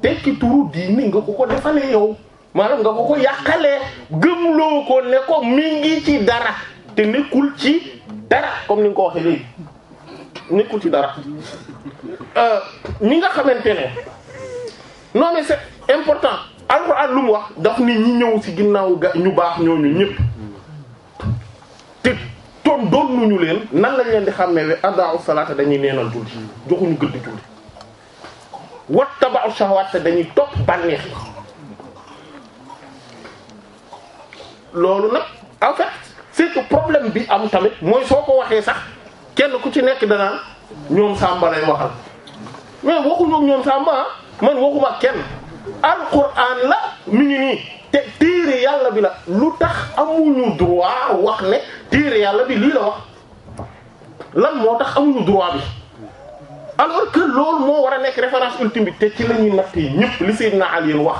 tekki turu ni nga ko ko defalee yow maanaam nga ko ko yàqalee gëmloo ko ne ko mi ngi ci dara te nekkul ci dara comme ni nga ko waxee léegi nekkul ci dara euh, ñi nga xamante ne non mais c'est important alxuraan lu mu wax daf ni ñi ñëw ci ginnaaw ga ñu baax ñooñu ñëpp te doon doonnuñu leen nan lañ leen di xàmmeewe adaa'u salaata dañuy neenal julli joxuñu gëdd julli wattaba'u shahawaat te dañuy topp bànneex yi loolu nag en fait c'est que problème bi am tamit mooy soo ko waxee sax kenn ku ci nekk danaan ñoom Samba lay waxal mais waxuñu ñoom Samba man waxuma kenn alquran la mi ngi nii. te téere yàlla bi la lu tax amuñu droit wax ne téere yàlla bi lii la wax lan moo tax amuñu droit bi alors que loolu moo war a nekk reference ultime te ci la ñuy natt yi ñëpp li Seydina Ali wax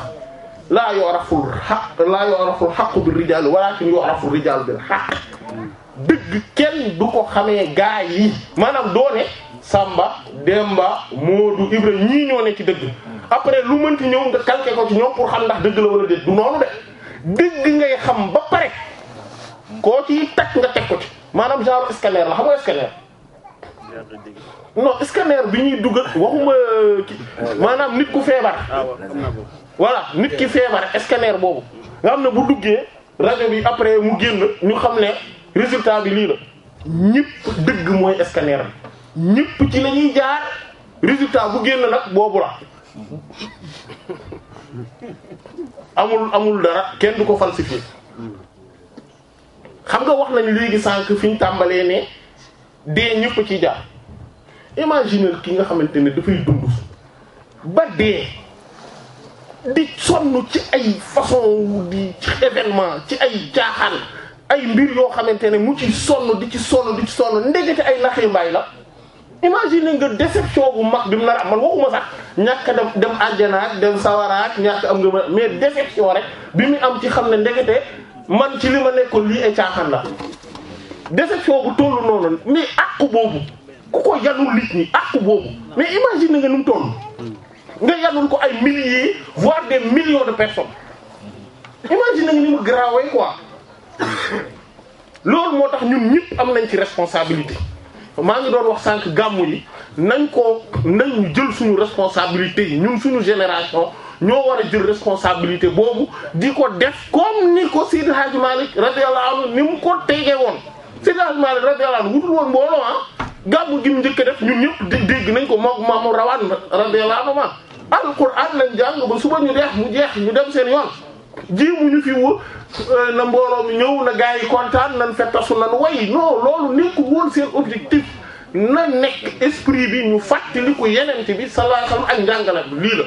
laa yooraful xaq laa yooraful xaqu bi rijaal walakin yooraful rijaal bil xaq dëgg kenn du ko xamee gaa yi maanaam doone Samba Demba Moodu Ibra ñii ñoo ne ci dëgg après lu mënti ñëw nga calqué ko ci ñoom pour xam ndax dëgg la wala déet du noonu de dëgg ngay xam ba pare koo ci takk nga teg ko ci maanaam genre scanner la xam nga scanner. non scanner bi ñuy dugal waxuma maanaam nit ku feebar. voilà nit ki feebar scanner boobu. nga xam ne bu duggee rajo après mu génn ñu xam ne résultat bi lii la ñëpp dëgg mooy scanner bi ñëpp ci la ñuy jaar résultat bu génn nag boobu la. amul amul dara kenn du ko falsifier xam nga wax nañ léegi sànq fi ñu tàmbalee ne dee ñëpp ci jaar imaginer ki nga xamante ne dafay dund ba dee di sonn ci ay façon di ci événement ci ay jaaxal ay mbir yoo xamante ne mu ci sonn di ci sonn di ci sonn ndegete ay naxi la imagine nga déception bu mag bi mu nar a man waxuma sax ñàkk dem dem dem sawaraak ñàkk am nga ma mais rek bi mu am ci xam ne ndekete man ci li ma nekkoon lii ay caaxaan la déception bu tollu noonu mais àqu boobu ku ko yanul nit ñi àqu boobu mais imagine nga nu mu toll nga yanul ko ay milliers voire des millions de personnes imagine nga ni mu grawee quoi loolu moo tax ñun ñëpp am nañ ci responsabilité maa ngi doon wax sànq gàmmu yi nañ ko nañ jël suñu responsabilité yi ñun suñu génération ñoo war a jël responsabilité boobu di ko def comme ni ko Seydi Hadji Malick radiyallahu anhu ni mu ko tegee woon Seydi Hadji Malick radiyallahu anhu wutul woon mbooloo ah gàmmu gi mu njëkk def ñun ñëpp dégg nañ ko moom maamu rawaan radiyallahu anhu ma ah, alquran lañ jàng ba suba ñu deex mu jeex ñu dem seen yoon jéemu ñu fi woo euh, na mbooloo mi ñëw na gaa yi kontaan nan fettasu nan way non loolu nekku woon seen objectif na nekk esprit bi ñu fàttaliku yenent bi sallallahu alayhi wasallam ak njàngala bi lii la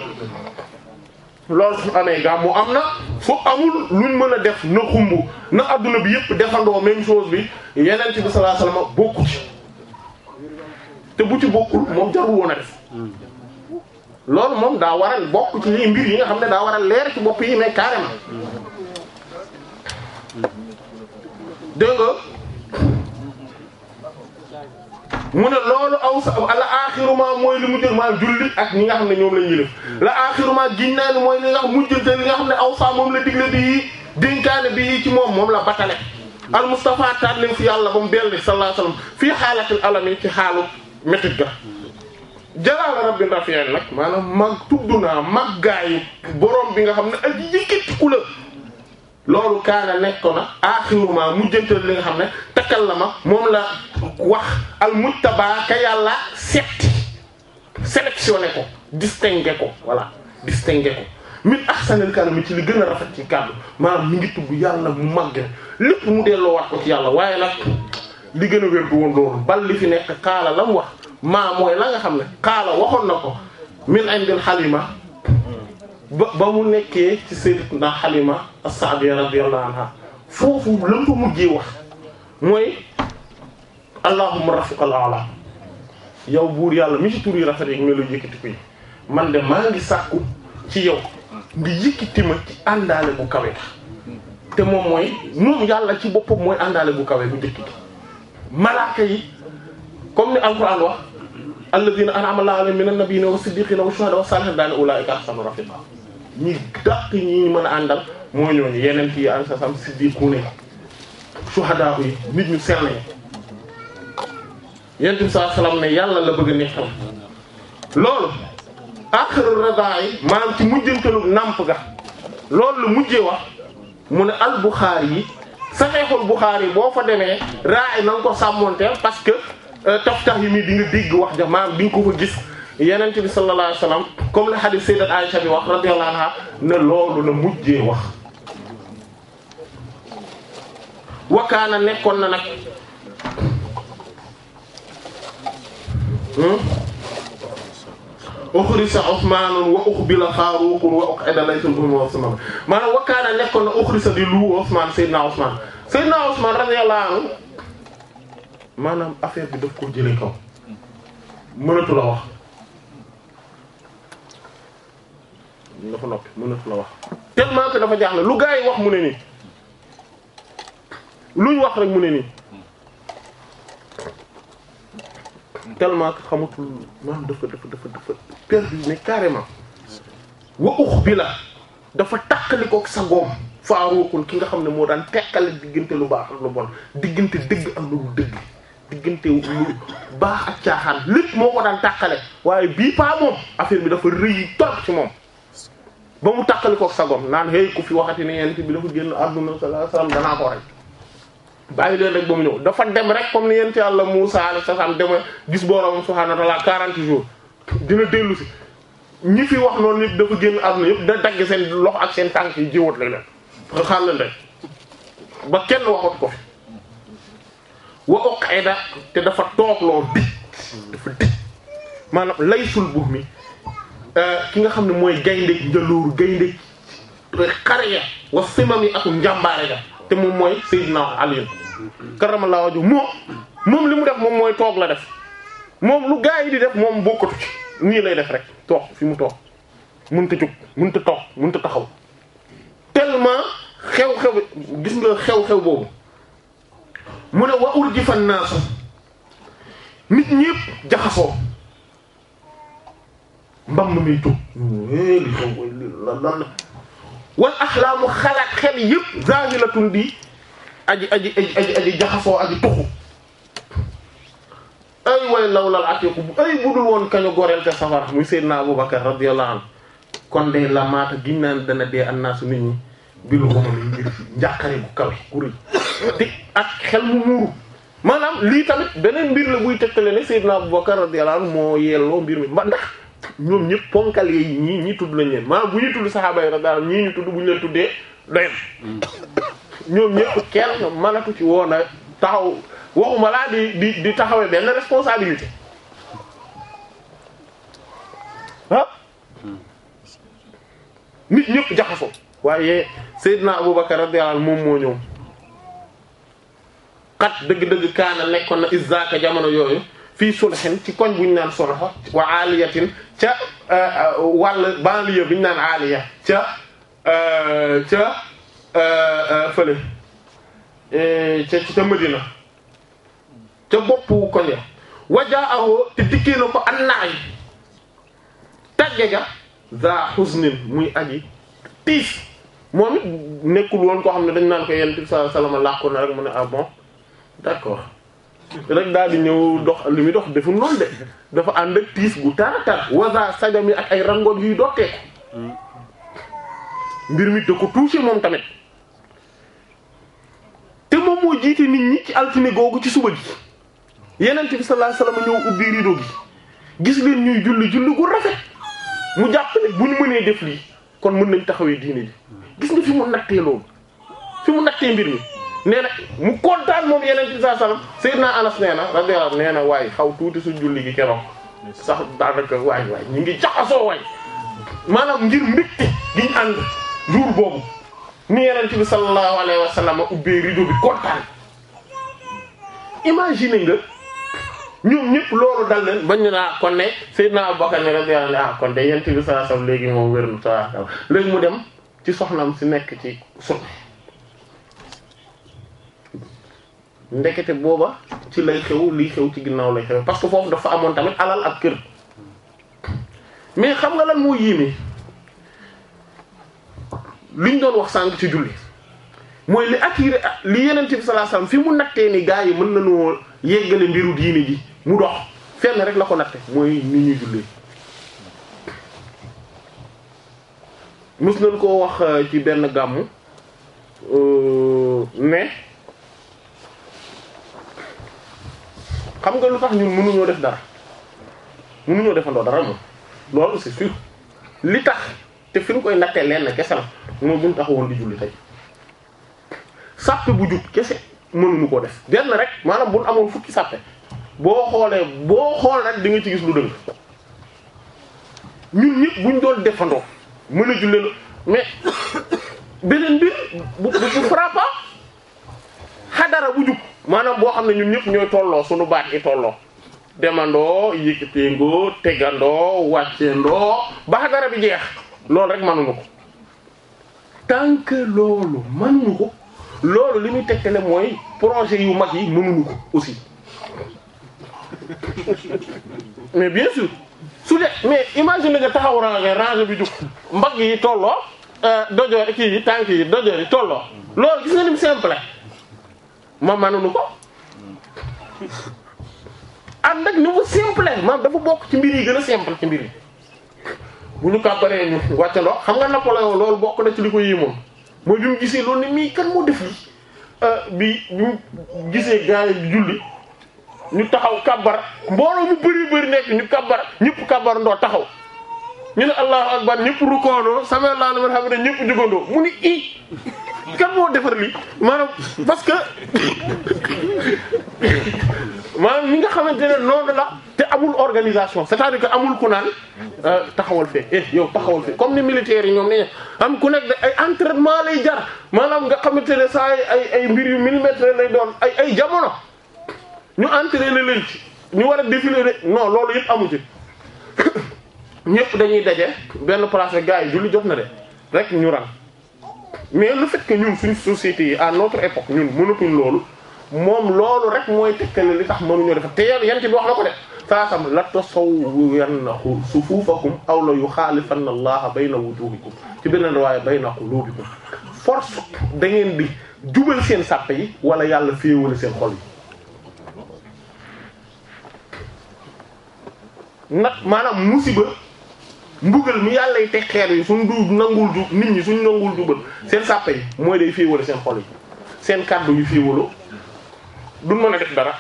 loolu su amee gàmmu am na fu amul luñ mën a def na xumb na adduna bi yëpp defandoo même chose bi yenent bi sallallahu alayhi wasallam bokku te bu ci bokkul moom jarul woon a def loolu moom daa waral bokk ci lii mbir yi nga xam ne daa waral leer ci bopp yi mais carrément dégg nga mu ne loolu aw sa la axiruma mooy li mujjël maa ak ñi nga xam ne ñoom la ñuy la axiruma giñ naa ni mooy li nga xam li nga xam ne aw sa moom la digle bi dénkaane bi ci moom moom la batale al Mustafa taat leen fi yàlla ba mu delli sallallahu alayhi wasallam fii xaalatil alami ci xaalu métit ga jalaala rabbi rafi'an nag maanaam mag tudd naa maggaayu borom bi nga xam ne ak yëkkatiku la loolu kaana nekk na aaxiruma mujjantal li nga xam ne takallama moom la wax al mujtabaa ka yàlla setti sélectionné ko distingué ko voilà distingué ko min ahsanil kalam ci li gën a rafet ci kàddu maanaam mi ngi tudd yàlla mu màgg lépp mu delloo wax ko ci yàlla waaye nag li gën a wér bu woon loolu bal li fi nekk kaala la mu wax maa mooy la nga xam ne xaala waxoon na ko min indil xalima ba ba mu nekkee ci sayyidatuna xalima as-sa'diyya radiyallahu anha foofu la ko mujjee wax mooy allahumma rafiqal a'la yow buur yàlla mi ci tur rafet yi melu yëkkati ko yi man de maa ngi sàkku ci yow nga yëkkati ma ci àndaale bu kawe te moom mooy moom yàlla ci boppam mooy àndaale bu kawe bu njëkk gi malaaka yi comme ni alxuraan wax alladhina an'ama Allahu alayhim minan nabiyyin wa siddiqina wa shuhada wa salihin daana ulaa'ika ahsanu rafiqa ñi dàq ñi mën a àndal mooy ñooñu yeneen yi am sa sam siddiqu ne shuhada yi nit ñu sell yi yonent bi sallallahu alayhi ne yàlla la bëgg a neexal loolu axiru radaa yi maanaam ci mujjantalu nàmp ga loolu mujjee wax mu ne al Bukhari yi saxeexul Bukhari yi boo fa demee raa na nga ko sàmmonteel parce Euh, taftahi mi di nga dégg wax ja maanaam nga ko fa gis yenent bi sallallahu alayhi wasallam comme la hadith sayyidat Aisha bi wax radiyallahu anha ne loolu la mujjee wax wakaana nekkoon na nag hmm? uxrisa Usmaanun wa uxbila Faaruqun wa uqida di lu Usmaan Seydina Usmaan Seydina Usmaan radiyallahu anhu maanaam affaire bi daf koo jële kaw mënatu la wax dafa noppi mënatu la wax tellement dafa jaaxle lu gaa yi wax mu ne nii luñ wax rek mu ne nii tellement que xamatul maanaam dafa dafa dafa dafa perdu ne carrément wa ux bi la dafa takkali kook sa goom faaruukul ki nga xam ne moo daan tekkale diggante lu baax ak lu bon diggante dëgg ak lu dëgg diggante lu baax ak caaxaan lépp moo ko daan tàqale waaye bii paa moom affaire bi dafa rëy torop ci moom ba mu tàqali kook sagom naan hey ku fi waxati ne yent bi dafa génn àdduna sallallahu alayhi wasallam danaa ko rek bàyyi leen rek ba mu dafa dem rek comme ni yent yàlla Musa alayhi salaam dema gis boroom subhaanahu wa ta'ala quarante jours dina dellu si ñi fi wax noonu yëpp dafa génn àdduna yëpp da dagg seen loxo ak seen tànk yi jiwat la leen xàllal rek ba kenn waxat ko wa uqida te dafa toog loo dij dafa dij maanaam laysul buhmi euh, ki nga xam ne mooy gaynde njëluur gaynde xare ya wa simam yi ak njàmbaare ga te moom mooy Seydina Ali karamallahu wajhu moom moom li mu def moom mooy toog la def moom lu gaa yi di def moom bokkatu ci nii lay def rek toog fi mu toog mënut a jóg mënut a toog mënut a taxaw tellement xew-xew gis nga xew-xew boobu mu ne wa urjifa naasu nit ñëpp jaxasoo mbam mu muy tuub li xew koy wal axlaamu xalaat xel yëpp zaahilatun di aji aji aji aji jaxasoo aji tuxu ay way lawlal atiku bu ay budul woon kañu goreel te safara muy Seydina Abubakar radiyallahu anhu kon de la maata giñ naan dana dee annaasu nit ñi bilu xamam yi ngir njàqare bu kawe kuréel te ak xel mu muuru maanaam lii tamit beneen mbir la buy tëkkale ne Seydina Abubakar radiyallahu anhu moo yelloo mbir mi mba ndax ñoom ñëpp ponkal yi ñii ñii tudd lañ leen maanaam bu ñu tudd saxaaba yi radiyallahu ñii ñu tudd bu ñu leen tuddee doyam ñoom ñëpp kenn manatu ci woon taxaw waxuma laa di di di taxawee benn responsabilité ah nit ñëpp jaxasoo waaye Seydina Abubakar radiyallahu moom moo ñëw xat dëgg-dëgg kaana nekkoon na izaka jamono yooyu fii sulhin ci koñ ñu naan sulha wa aliyatin ca euh, euh, wàll banlieue biñ naan aliya ca euh, fële ca ca ca boppu koñ ya wajaa ahoo te dikkee na ko an naay tàgge ga za huznin muy aji tiis moom it nekkul woon koo xam ne dañ naan ko yent bi sallallahu alayhi wasallam làqu mu ne ah d'accord rek daal di ñëw dox li muy dox deful noonu de dafa ànd ak tiis gu tar tar wasa sajam yi ak ay rangoon yuy dotteeku mbir mi da ko touché moom tamit te moom moo jiite nit ñi ci altine googu ci suba ji yenente bi sallallahu alayhi wasallam ñëw ubbi rido gi gis leen ñuy julli julli gu rafet mu jàpp bu ñu mënee def lii kon mën nañ taxawee diine ji gis nga fi mu nattee loolu fi mu nattee mbir mi nee na mu kontaan moom yeneen bi saa sallam Seydina Anas nee na radiyallahu nee na waaye xaw tuuti suñ julli gi keroog sax daanaka waay waay ñu ngi jaxasoo waay maanaam ngir mbégte gi ñu ànd jour boobu ni yeneen bi sallallahu alayhi wa sallam ubbee rideau bi kontaan imagine nga ñoom ñëpp loolu dal leen bañ ñu naa ah kon ne Seydina Abubakar ne radiyallahu ah kon de yeneen bi sallallahu léegi moom wér na tawakkal léegi mu dem ci soxnam si nekk ci suuf ndekete booba ci lay xew liy xew ci ginnaaw lay xew parce que foofu dafa amoon tamit alal ak kër mais xam nga lan moo yéeme liñ doon wax sànq ci julli mooy li attiré li yeneen bi sallallahu alayhi wasallam fi mu nattee ni gars yi mën na nañoo yeggale mbiru diini ji mu dox fenn rek la ko natte mooy ni ñuy jullee. mës nañ koo wax ci benn gàmm euh, ne. xam nga lu tax ñun mënuñoo def dara mënuñoo defandoo dara moom loolu c'est sûr li tax te fi ñu koy nattee lenn kese la mooy bu ñu taxawoon di julli sàppe bu jub kese mënuñu koo def benn rek maanaam bu ñu amoon fukki sàppe boo xoolee boo xool rek di nga ci gis lu dëng ñun ñëpp buñ doon defandoo mën a julli la mais beneen mbir bu bu frappant xadara bu jub maanaam boo xam ne ñun ñëpp ñooy tolloo suñu baat yi tolloo demandoo yëkkateengoo teggandoo wàcceendoo ba dara bi jeex loolu rek mënuñu ko tànk que loolu mënuñu ko loolu li muy tegtale mooy projet yu mag yi mënuñu ko aussi mais bien sûr su dee mais imagine nga taxaw ranger ranger bi jug mbagg yi tolloo euh, dojoor kii yi tànk yi dojoor yi tolloo loolu gis nga ni mu simple ma manunu ko ànd ak ni mu simple maam dafa bokk ci mbir yi gën a simple ci mbir yi bu ñu kàpparee ñu wàccandoo xam nga Napoléon loolu bokk na ci li ko yéemoon moom bi mu gisee loolu ni mii kan moo def li euh, bi bi mu gisee gaa julli ñu taxaw kàbbar mbooloo mu bëri bëri nekk ñu kàbbar ñëpp kàbbar ndoo taxaw ñu ne allahu akbar ñëpp rukoondoo sama laa na man xam ne ñëpp jugandoo mu ni i kan moo defar lii maanaam parce que maanaam ñi nga xamante ne noonu la te amul organisation c'est-à-dire que amul ku naan euh, taxawal fee eh yow taxawal fee comme ni militaire yi ñoom ne am ku nekk ay entraînement lay jar maanaam nga xamante ne saa ay ay mbir yu millimètre lay doon ay ay jamono ñu entraîné leen ci ñu war a défiler non loolu yëpp amu ci ñëpp dañuy daje benn place gars yi julli jot na de rek ñu ran mais lu fait que ñun suñ société yi à notre époque ñun mënatuñ loolu moom loolu rek mooy tekkale li tax mënuñoo def te yan ci bi wax na ko de saasam la tasawwirannahu sufuufakum aw la yuxaalifanna allaha bayna wujuhikum ci beneen waaye bayna qulubikum force dangeen bi jubal seen sàppe yi wala yàlla féewale seen xol yi nag maanaam musiba mbugal mi yàlla yi teg xeer yi suñ du nangul du nit ñi suñ nangul du seen sàppe yi mooy fii féewale seen xol yi seen kàddu yu féewaloo duñ mën a def dara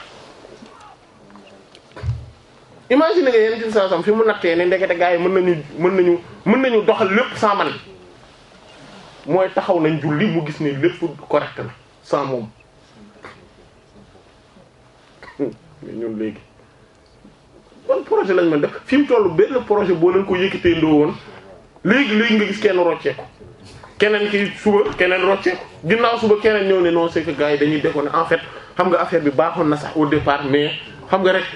imagine nga yenn ci saasam fi mu nattee ne ndekete gaa yi mën nañu mën nañu mën nañu doxal lépp sans man mooy taxaw nañ julli mu gis ne lépp correct na sans moom ñun léegi kon projet lañ mën def fi mu toll benn projet boo leen ko yëkkatee ndoo woon léegi léegi nga gis kenn rocceeku keneen ki suba keneen rocceeku ginnaaw suba keneen ñëw ne non c'est que yi dañuy déconné en fait xam nga affaire bi baaxoon na sax au départ mais xam nga rek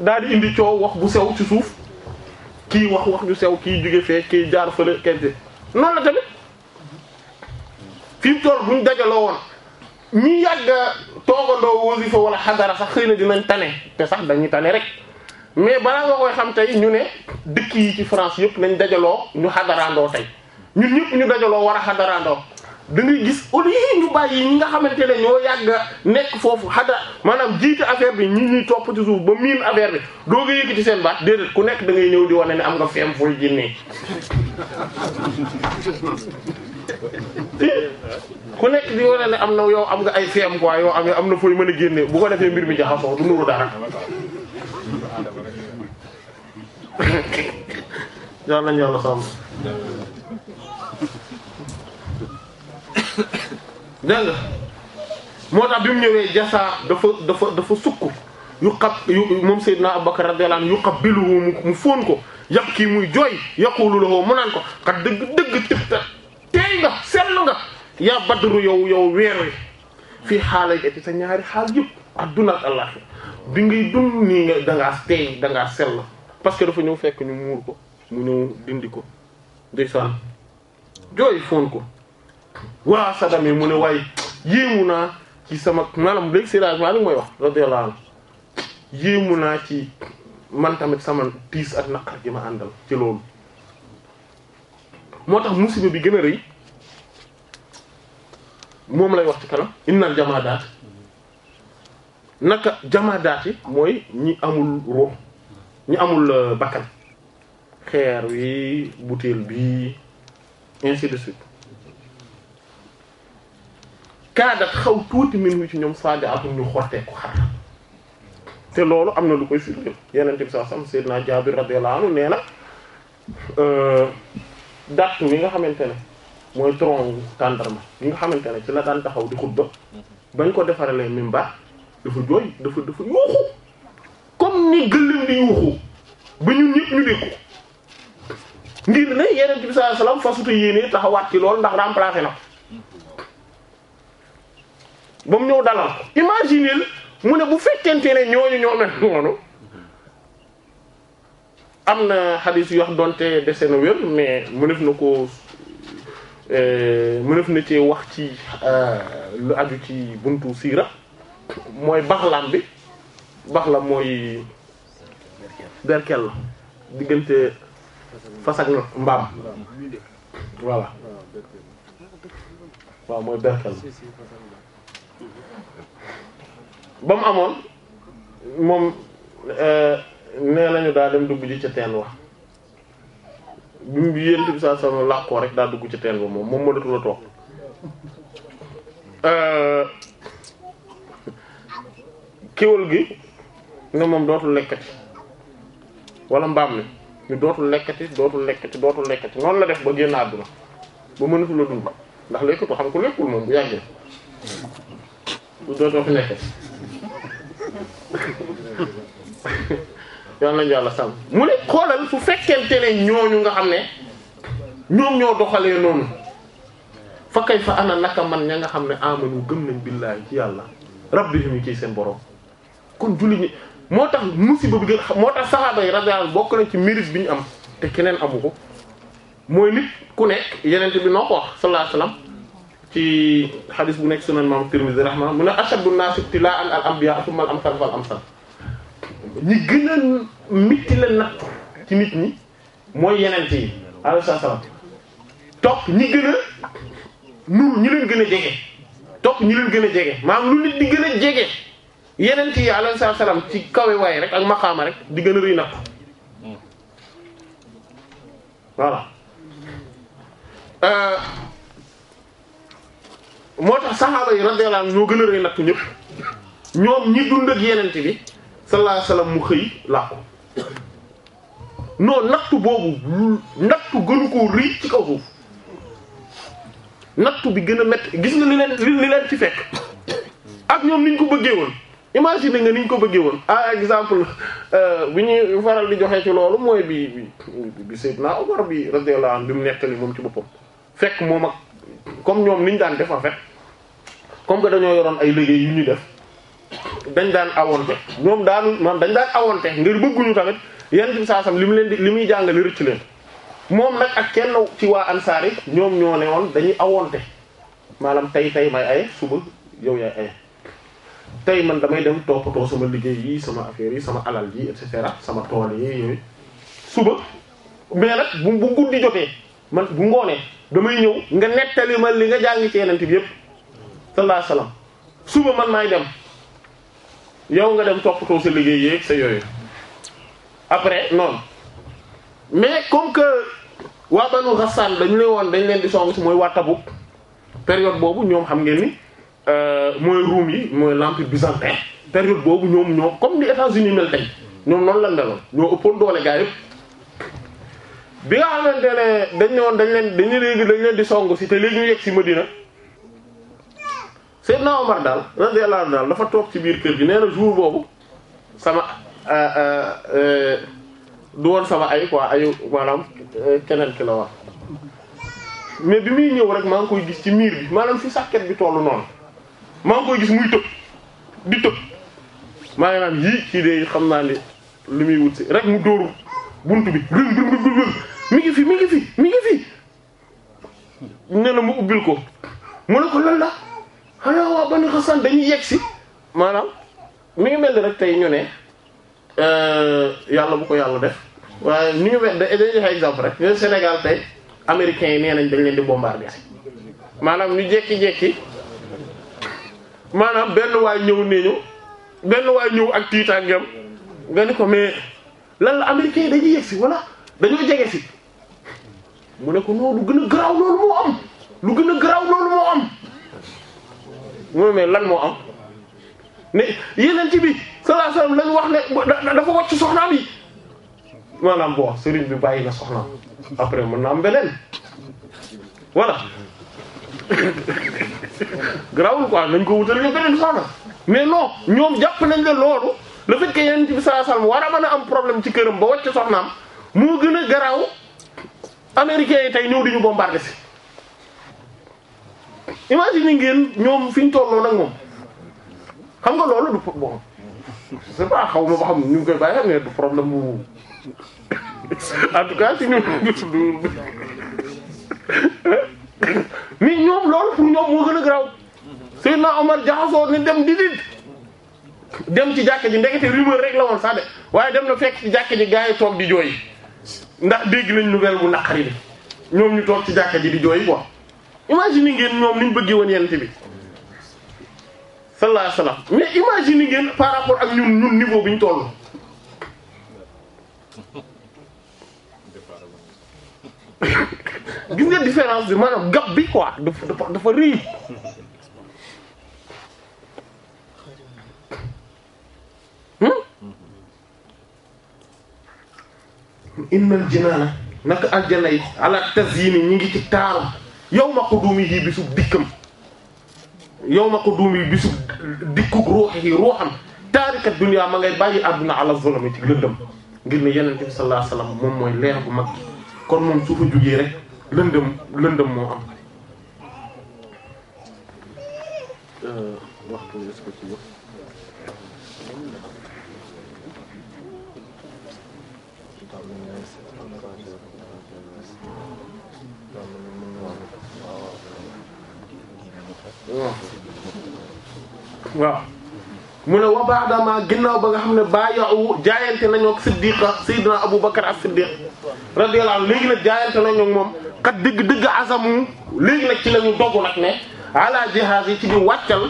daal di indi coow wax bu sew ci suuf kii wax wax ju sew kii jóge fee kii jaar fële kenn noonu la tamit fi mu toll buñ dajaloo woon ñi yàgg a toogandoo wasifa wala xadara sax xëy na dinañ tane te sax dañuy tane rek. mais balaa nga koy xam tey ñu ne dëkk yi ci France yëpp nañ dajaloo ñu xadaraandoo tey ñun ñëpp ñu dajaloo war a xadaraandoo da gis au lieu ñu bàyyi ñi nga xamante ne ñoo yàgg nekk foofu xada maanaam jiite affaire bi ñi ñuy ba miin affaire bi doo nga yëkkati seen baat ku nekk da ngay ñëw di wane ne am nga feem fooy génnee ku nekk di wane ne am na yow am nga ay feem quoi yow am am na fooy mën a génnee bu ko defee mbir mi jaxasoo du nuru dara yàlla nañu yàlla sàmm. dégg nga moo tax bi mu ñëwee jasaa dafa dafa dafa sukk yu xab yu moom Seydina Abubakar radiyallahu anhu yu xab bilu mu mu fóon ko yàq kii muy jooy yaqulu lahu mu naan ko xat dëgg dëgg tëb ta teey nga seetlu nga yaa badru yow yow weer wi fii xaala yi sa ñaari xaal yëpp adduna ak bi ngay dund nii nga teey dangaa sell parce que dafa ñëw fekk ñu muur ko mu ñëw dindi ko ndeysaan jooy foon ko waa yi mu ne waaye yéemu naa ci sama maanaam léegi sédage maa li mooy wax radiyallahu anhu yéemu naa ci man tamit sama tiis ak naqar gi ma àndal ci loolu moo tax musiba bi gën a rëy moom lay wax ci kanam innal jamaa daat naka jamaa daat yi mooy ñi amul ruux ñu amul euh, bakkan xeer wi butéel bi ainsi de suite kaadat xaw tuuti min wu ci ñoom faaga atum ñu xotteeku ko xar te loolu am na lu koy firndeel yeneen bi saa sam Seydina Jaabir radiyallahu anhu nee na euh, date mi nga xamante ne mooy tronc tàndarma yi nga xamante ne ci la daan taxaw di xutba bañ ko defaralee mimbar dafa jooy dafa dafa yuuxu comme ni gëllëm di yuuxu ba ñun ñëpp ñu dégg ko ngir ne yeneen bi sallallahu alayhi wasallam fasuta yéenee taxawaat ci loolu ndax remplacé na ba mu ñëw dalal ko imaginez mu ne bu fekkente ne ñooñu ñoo mel noonu am na xadiis yu wax donte dese na wér mais mënef na ko euh, mënef wax ci euh, lu aju ci buntu siira mooy baxlam bi bax la mooy berkel la diggante fas ak mbaam waaw mooy berkel ba mu amoon moom euh, nee nañu daa dem dugg ji ca teen wa bi mu yéen bi saa sama làqoo rek daa dugg ca teen ba moom moom mënatu la toog euh, kéwél gi ne moom dootul lekkati wala mbaam mi ñu dootul lekkati dootul lekkati dootul lekkati noonu la def ba génn àdduna ba mënatu la dund ndax lekkatu xam ko lekkul moom bu yàggee bu dootoo fi nekkee yàlla nañu yàlla mu ne xoolal fu fekkente ne ñooñu nga xam ne ñoom ñoo doxalee noonu fa kay fa ana naka man ña nga xam ne amanu gëm nañ billaahi ci yàlla rabbihim ci seen borom kon julli ñi moo tax musiba bi gën moo tax saxaaba yi radiyallahu bokk na ci mérite bi ñu am te keneen amu ko mooy nit ku nekk yeneen bi noo ko wax sallallahu alayhi wasallam ci xadis bu nekk sunan maam Tirmidhi rahma mu ne ashaddu naasi ibtilaa'an al anbiyaa thumma al amsal fal amsal ñi gën a mitti la natt ci nit ñi mooy yenente yi topp ñi gën a ñi leen gën a jege topp ñi leen gën a jege maanaam lu nit di gën a jege yeneen yi alayhi salaam ci kawe waay rek ak maxaama rek di gën a rëy napp voilà euh, moo tax saxaaba yi radiyallahu anhum ñoo gën a rëy napp ñëpp ñoom ñi dund ak yeneen bi sallallahu alayhi wasallam mu xëy làqu non nattu boobu nattu gënu koo rëy ci kaw foofu nattu bi gën a métti gis nga li leen li leen ci fekk ak ñoom niñ ko bëggee woon imagine nga niñ ko bëggee woon ah exemple euh, bi ñuy faral di joxe ci loolu mooy bi bi Seydina Omar bi radiyallahu anhu bi mu nettali moom ci boppam fekk moom ak comme ñoom niñ daan def en fait comme que dañoo yoroon ay liggéey yu ñuy def dañ daan awonte ñoom daan man dañ daan awonte ngir bëgguñu tamit yan ci saasam li mu leen di li muy jàngale rëcc leen moom nag ak kenn ci waa ansaari ñoom ñoo ne woon dañuy awonte maanaam tey tey may aye suba yow yaay aye tey man damay dem toppatoo sama liggéey yi sama affaire yi sama alal yi et cetera sama tool yi yooyu suba mais nag bu bu guddi jotee man bu ngoonee damay ñëw nga nettali man li nga jàng ci yeneen yëpp sallallahu alayhi wasallam suba man maay dem yow nga dem toppatoo sa liggéey yeeg sa yooyu après noonu mais comme que waa Banu Ghassan dañu lay woon dañu leen di song si mooy waa Tabuk période boobu ñoom xam ngeen ni. Euh, mooy ruum yi mooy l'empire byzantin période boobu ñoom ñoo comme ni États-Unis mel tey ñoom noonu la meloon ñoo ëppoon doole gaa yëpp bi nga xamante ne dañ ne woon dañ leen dañu léegi dañ leen di song si te léegi ñu yegg si Medina Seydina Omar daal radiyallahu anhu daal dafa toog ci biir kër gi nee na jour boobu sama euh, euh, du woon sama ay quoi ayu maanaam keneen ki la wax mais bi muy ñëw rek maa ngi koy gis ci miir bi maanaam fi sàkket bi tollu noonu maa ngi koy gis muy tëb di tëb maa ngi naan yii kii de xam naa ne li muy wut si rek mu dóoru bunt bi rëng rëng ngi fi mi ngi fi mi la mu ubbil ko mu ne ko lan la xanaa waa Banu Xasaan dañuy yegg si maanaam mi ngi mel ni rek tey ñu ne euh, yàlla bu ko yàlla def waaye ni ñu mel da dañuy exemple rek ñu Sénégal tey américains yi nee nañ dañ leen di bombarder maanaam ñu jekki-jekki maanaam benn waay ñëw nee ñu benn waay ñëw ak tiitaangeem nga ni ko mais lan la américain yi dañuy yegg si wala dañoo jege si mu ne ko non lu gën a garaaw loolu moo am lu gën a garaaw loolu moo am mu ne mais lan moo am ne yeneen ci bi sallallahu alayhi wasallam lañ wax ne dafa wàcc soxnaam yi maanaam boo sëriñ bi bàyyi na soxnaam après mën na am beneen voilà ko quoi nañ ko wutal ñu beneen soxna mais non ñoom jàpp nañ la loolu le fait que yonent bi sallallahu war a man a am problème ci këram ba wàcc soxnaam moo gën a garaaw américains yi tey ñëw di ñu bombarder si. imagine ngeen ñoom fi ñu tolloo nag moom xam nga loolu du bon c'est pas xaw ma ba xam ñu ngi koy bàyyi mais du problème bu en tout cas si ñun. mi ñoom loolu pour ñoom moo gën a garaaw Seydina Omar jaxasoo ne dem di dit dem ci jàkka ji ndekete rumeur rek la woon sax de waaye dem na fekk ci jàkka ji gars yi toog di jooy ndax dégg nañ nouvelle bu naqari bi ñoom ñu toog ci jàkka ji di jooy quoi imagine ngeen ñoom niñ bëggee woon yent bi sallallahu alayhi wasallam mais imagine ngeen par rapport ak ñun ñun niveau bi gis nga différence bi maanaam gab bi quoi dafa dafa dafa rëy hmm? innal jinaana naka aljana yi ala tazyini ñi ngi ci taaru yawma qudumihi bisub dikkam yawma qudumihi bisub dikkuk ruuhihi ruuham taarikat ma ngay bàyyi àdduna ala zulmi ci lëndëm ngir ne yonent bi sallallahu alayhi mooy leer bu mag kon moom su fa jugee lëndëm lëndëm moo am euh, waxtu est-ce wax waaw mu ne wa ba'dama ginnaaw ba nga xam ne baayawu jaayante nañoo ak siddiq sayyidina Abu Bakr as-Siddiq radiyallahu anhu léegi nag jaayante nañoo ak moom kat dëgg dëgg asamu léegi nag ci lañu ñu dogu nag ne ala yi ci di wàccal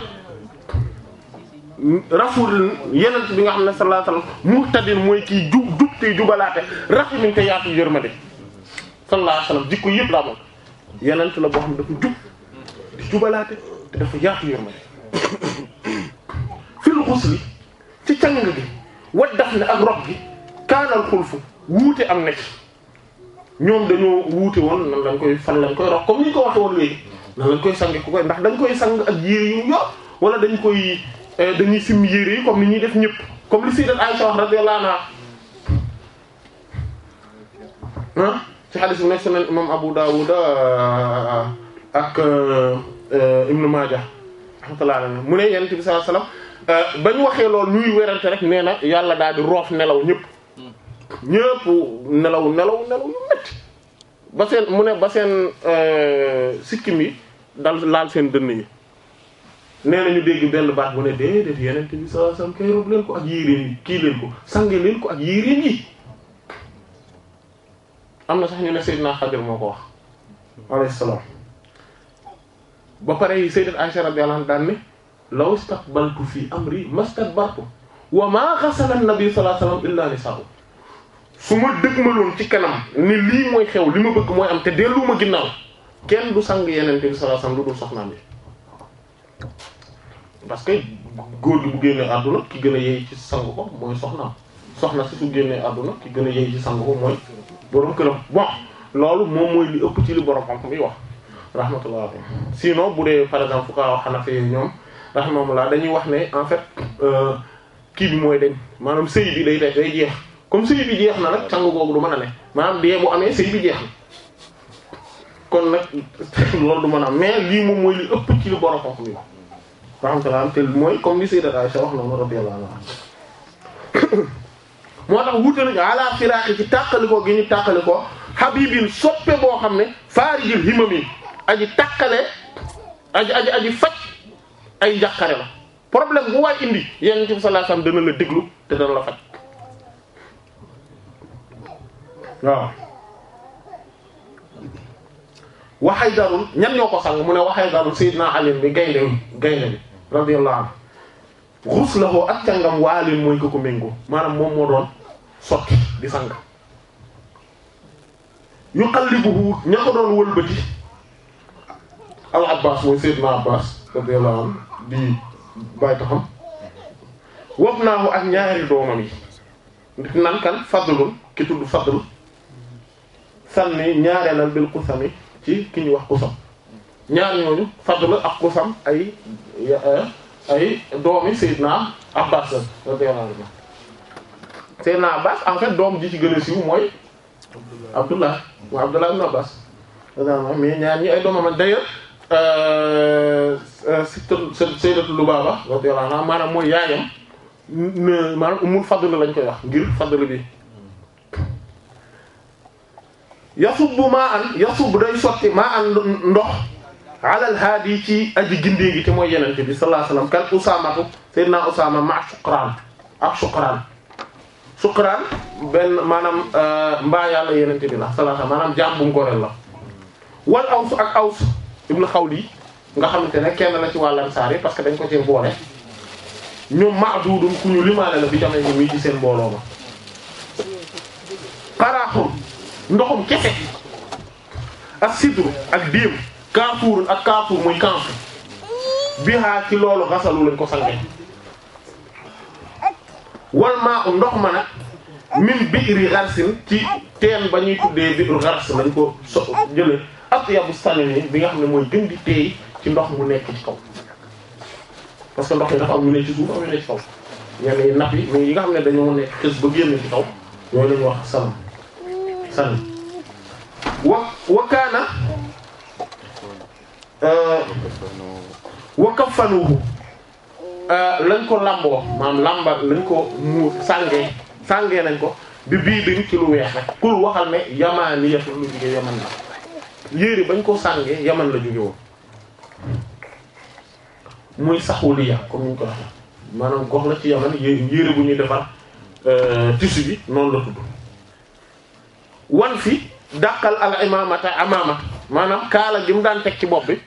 rasul yenent bi nga xam ne sallallahu alayhi wasallam muhtadin mooy kii jub jub tey jubalaate rahimin te yaatu yërmande sallallahu alayhi wasallam jikko yëpp laa moom yenent la boo xam ne dafa jub di jubalaate te dafa yaatu yërmande xus bi ci càng gi waddaf ne ak rob gi kaanal xulfu wuute am na ñoom dañoo wuute woon nan dañ koy fan lañ koy rox comme ni ñu koy sang ku ndax dañ koy sang ak yére yu ñu yor wala dañ koy euh, dañuy simmi yére yi comme ni ñuy def ñëpp comme li sayyidat Aisha wax radiyallahu anha ah ci hadith bi nekk sunan imam Abu Dawud euh, ak euh, Ibn Majah mu ne yonent bi sallallahu alayhi Euh, ba ñu waxee loolu ñuy werante rek nee na yàlla daal di roof nelaw ñëpp ñëpp nelaw nelaw nelaw yu métti ba seen mu ne ba seen euh, sikkim yi dal laal seen dënn yi nee na ñu dégg benn baat bu ne déedéet yenente bi sallallahu leen ko ak yéréen kii leen ko sange leen ko ak yéréen yi am na sax ñu ne Seydina Xadir moo ko wax alayhi salaam ba pare yi Sayyidat Aisha radiyallahu anha daan ne law istaqbaltu fi amri mastakbartu wa maa xasala nabi sallallahu alayhi wasallam illa nisaa su ma dëgmaloon ci kanam ni lii mooy xew li ma bëgg mooy am te dellu ma ginnaaw kenn du sang yeneen bi sallallahu alayhi wasallam lu dul soxnaam yi parce que góor gi bu génnee àdduna ki gën a yey ci sang ko mooy soxnaam soxna si su génnee àdduna ki gën a yey ci sang ko mooy borom këram bon loolu moom mooy li ëpp ci li borom xam-xam yi wax rahmatullah sinon bu dee par exemple fu ko ñoom. rahimahullah dañuy wax ne en fait euh, kii bi mooy dañ maanaam sëy bi day day day jeex comme sëy bi jeex na nag sangu googu du mën a ne maanaam dee bu amee sëy bi jeex na kon nag loolu du mën a am mais lii moom mooy li ëpp ci li borom xam ni rahmatullah te mooy comme li sayyidat Aisha wax noonu radiyallahu anha moo tax wuute nañu ala firaaqi ci tàqalikoo gi ñu tàqalikoo habibin soppe boo xam ne faarijil himami aji tàqale aji aji ay njàqare la problème bu waay indi yonent bi sallallahu alayhi wasallam dana la déglu te dana la faj waaw waxay darul ñan ñoo ko sang mu ne waxay darul sayyidina Ali bi gaynde gaynde bi radiyallahu anhu xuslahu ak cangam waalin mooy ko ko maanaam moom moo doon sotti di sang yuqallibuhu ña ko doon wëlbati al Abbas mooy sayyidina Abbas radiyallahu anhu di bàyyi taxam wab naahu ak ñaari doomam yi nan kan fadlul ki tudd fadl sànni ñaareelal bil kusami ci ki ñu wax kusam ñaar ñooñu fadl ak kusam ay eh, ay doomi Seydina Abbas radiyallahu anhu Seydina Abbas en fait doom ji ci gën a mooy Abdullah wa Abdullah ibn Abbas mais ñaar ñi ay doomam d'ailleurs Euh, euh, sayyidatu Lubaaba radiyallahu anha maanaam mooy yaayam maanaam umul fadl lañ koy wax ngir fadl bi yasubbu maa an yasubbu day sotti maa an ndox alal haadi ci aji gindee gi te ma suqraan ak suqraan suqraan benn maanaam euh, mbaa bi la sallallahu alayhi wasallam maanaam jaam wal aws ak aws xaw xawli nga xamante ne kenn la ci wàll ansaar yi que dañ ko cee boole ñoom maadudum ku ñu limaale la bi jamono yi muy ci seen mbooloo ma. paraaxum ndoxum kese ak sidru ak diim kaafuurun ak kaafuur muy kaafu bihaa ci loolu xasalu lañ ko sange wal maa ndox ma nag min bi'ri xarsin ci teen ba ñuy tuddee bi'ru xars lañ ko so atyabu sanani bi nga xam ne mooy gën di teey ci ndox mu nekk ci kaw parce que ndox yi dafa am ñu ne ci suuf am yi nga xam ne dañoo nekk xës ba génn ci kaw ñoo lañu wax san san wa wakaana wa kafanuhu euh, euh, lañ ko lamboo maanaam lamba lañ ko muur sàngee sàngee nañ ko bi bii dañ ci lu weex rek pour waxal ne yamaani yëpp lu jigéen yaman yére bañ koo sàngee yaman la jóge woon muy saxuliya comme ni ñu ko waxee maanaam gox la ci yaman yére bu ñuy defar euh, tissu bi noonu la tudd wan fi dàqal al imamata amama maanaam kaala gi mu daan teg ci bopp bi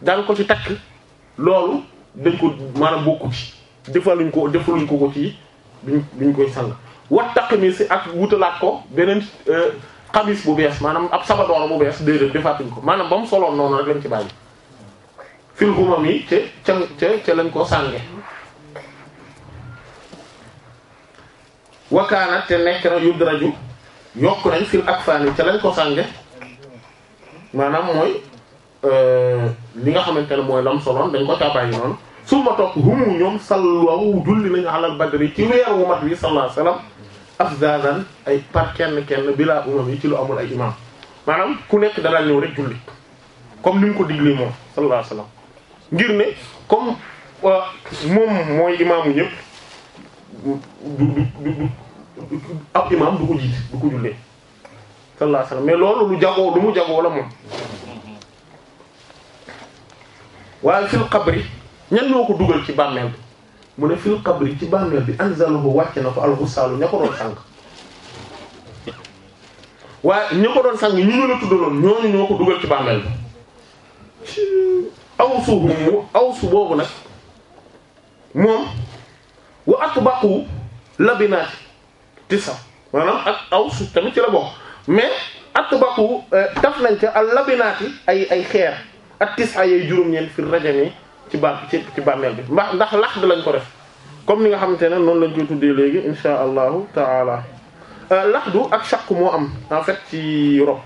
daan ko ci takk loolu dañ ko maanaam bokku ci defaluñ ko defaluñ ko ko ci duñ duñ koy sàng wat taq mi si ak wutalaat ko beneen euh, xamis bu bees maanaam ab sabadoora bu bees déedéet defaatuñ ko maanaam ba mu soloon noonu rek lañ ci bàyyi fil humam yi ca ca lañ ko sànge wakaana te nekk na yudraju yokk nañ fil akfani ca lañ ko sànge maanaam mooy euh, li nga xamante ne mooy lam soloon dañ ko caa bàyyi noonu su toog humu ñoom salwaw julli nañu alal badri ci weer wu mat bi sallallahu alayhi afzazan ay par kenn kenn bilaa umam yi ci lu amul ay imam maanaam ku nekk danaa ñëw rek julli comme ni mu ko diglee moom sallallahu alayhi wasallam ngir ne comme euh, moom mooy imaamu ñëpp du du du ab imaam du ko jiit du ko jullee sallallahu mais loolu lu jagoo lu mu jagoo la moom waaye fil xabri ñan ñoo ko dugal ci bàmmeel mu ne fil qabri ci bàmmeel bi anzaluhu wàcce na ko alxusaalu ña ko doon sànq waaye ña ko doon sànq ñu ñu la tuddaloon ñooñu ñoo ko dugal ci bàmmeel bi awsu mu awsu boobu nag moom wa atbaqu labinaat tisa maanaam ak awsu tamit ci la bokk mais atbaqu taf eh, nañ ca al labinaati ay ay xeer ak tisa yay juróom-ñeent fi rajami ci ba ci ci bàmmeel bi mbax ndax laxd lañ ko def comme ni nga xamante ne noonu lañ koy tuddee léegi insha allahu taala euh, laxdu ak shaq moo am en fait ci rob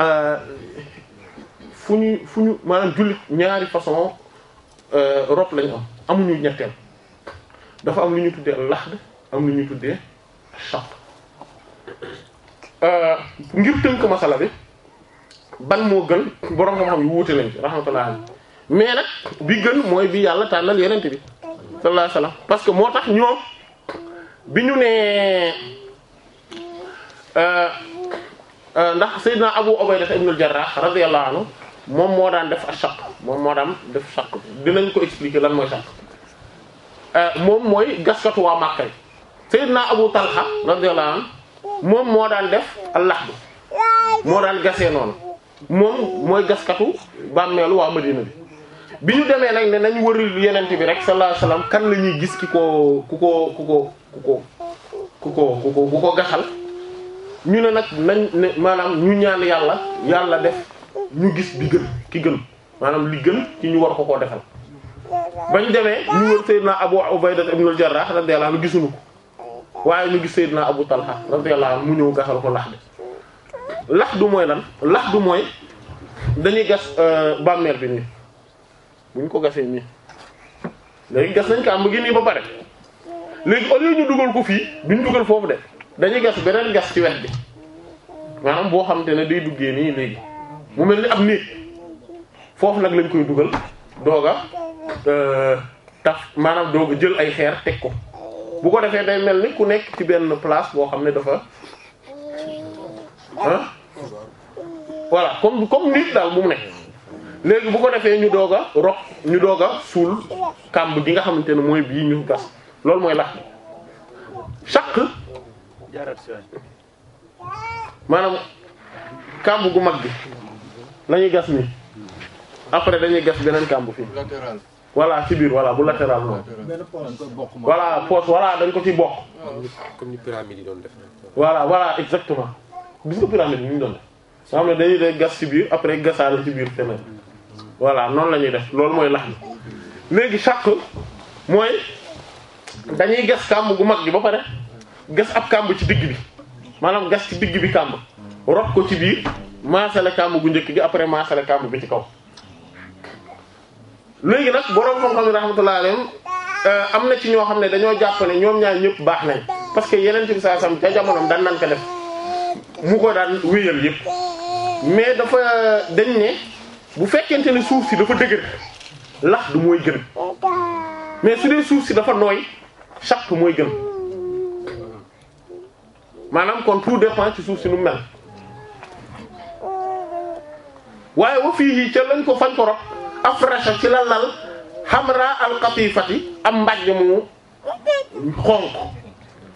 euh, fu ñu fu ñu maanaam jullit ñaari façon euh, rob lañ am amuñu ñetteel dafa am lu ñu tuddee laxd am lu ñu tuddee shaq ngir tënk masala bi ban moo gën borom xam-xam yu wuute nañ ci rahmatullah mais nag bi gën mooy bi yàlla tànnal yonent bi sallallahu alayhi wasallam parce que moo tax ñoo bi ñu nee euh, euh, ndax Seydina Abu Ubayda ibn al-Jarrah radiyallahu anhu moom moo daan def ashaq moom moo daan def shaq dinañ ko expliquer lan mooy shaq euh, moom mooy gaskatu waa Makka Seydina Abu Talha radiyallahu anhu moom moo daan def al-lahd moo daan gasee noonu. moom mooy gaskatu bàmmeelu waa Madina bi bi ñu demee nag ne nañ wëril yenent bi rek sallallahu alayhi wasallam kan la ñuy gis ki ko ku ko ku ku ko ku ñu ne nag nañ ne maanaam ñu ñaan yàlla yàlla def ñu gis bi gën ki gën maanaam li gën ci ñu war ko koo defal ñu demee ñu wër Seydina Abu Ubayda ibn al-Jarrah radiyallahu anhu gisuñu ko waaye ñu gis Seydina Abu Talha radiyallahu anhu mu ñëw gasal ko lax de lax du mooy lan lax du mooy dañuy gas euh, bàmmeel bi nii bu ñu ko gasee nii léegi gas nañ ko am gi nii ba pare léegi au lieu ñu dugal ko fii duñ dugal foofu de dañuy gas beneen gas ci wet bi maanaam boo xamante ne day duggee nii léegi mu mel ni am néeg foofu nag lañ koy dugal dooga euh, tax maanaam dooga jël ay xeer teg ko bu ko defee day mel ni ku nekk ci benn place boo xam ne dafa voilà comme comme nit daal bu mu ne léegi bu ko defee ñu doog a rok ñu doog a suul kàmb gi nga xamante ne mooy bii ñu gas loolu mooy lax chaque maanaam kàmb gu mag bi la ñuy gas nii après dañuy gas beneen kàmb fii voilà ci biir voilà bu latéral moom voilà poche voilà dañ ko ci bokk. comme ni pyramide yi doon def. exactement. gis nga pyramide bi ñu doon def nga xam ne dañuy def gas ci biir après gasaale ci biir feneen voilà noonu la ñuy def loolu mooy lax bi léegi chaque mooy dañuy gas kàmb gu mag gi ba pare gas ab kàmb ci digg bi maanaam gas ci digg bi kàmb rot ko ci biir maasale kàmb gu njëkk gi après maasale kàmb bi ci kaw léegi nag boroom xam-xam yi rahmatullahi alayhim euh, am na ci ñoo xam ne dañoo jàpp ne ñoom ñaar ñëpp baax nañ parce que yeneen ci bi saa sam ca jamonoom dan nan ko def mu ko daan wéyal yëpp mais dafa dañ ne bu fekkente ni suuf si dafa dëgër lax du mooy gën mais su dee suuf si dafa nooy chaque mooy gën maanaam kon tout dépend ci suuf si nu mel waaye wa fii ca lañ ko fañ ko rob afrasha ci la lal xamra alxatifati am mbàjj mu xonq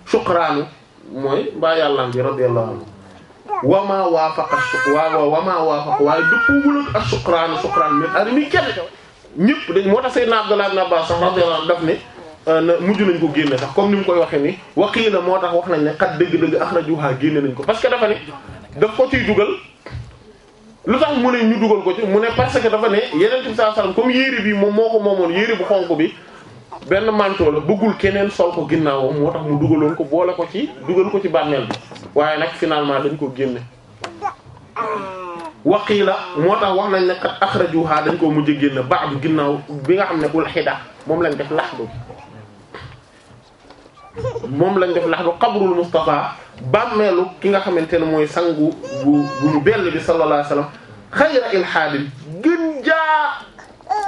suqraanu mooy baa yàllaan bi radiyallahu anhu wamaa waafaqa waaw wamaa waafaqa waaye dëppwul ak suqraanu suqraan min arimi kenn ñëpp dañ moo tax Seydina Abdullah naa Abbas radiyallahu anhu daf ne euh, mujj nañ ko génne sax comme ni mu koy waxee ni waqiila moo tax wax nañ ne xat dëgg-dëgg axrajuha génne nañ ko parce que dafa ne daf ko ciy dugal lu tax mu ne ñu dugal ko ci mu ne parce que dafa ne yeneen bi sallallahu alayhi wasallam comme yéere bi moom moo ko moomoon yéere bu xonq bi benn manteau la bëggul keneen sol ko ginnaawam moo tax mu dugaloon ko boole ko ci dugal ko ci bànneel bi waaye nag finalement dañ ko génne waqiila moo tax wax nañ ne kat axrajuha dañ koo mujj génne baax bi ginnaaw bi nga xam ne ul xida moom lañ def laxdu moom lañ def laxdu xabrul Mustafa bàmmeelu ki nga xamante ne mooy sangu bu bu ñu bell bi sallallahu alayhi wasallam xayra ilhaadin gën jaa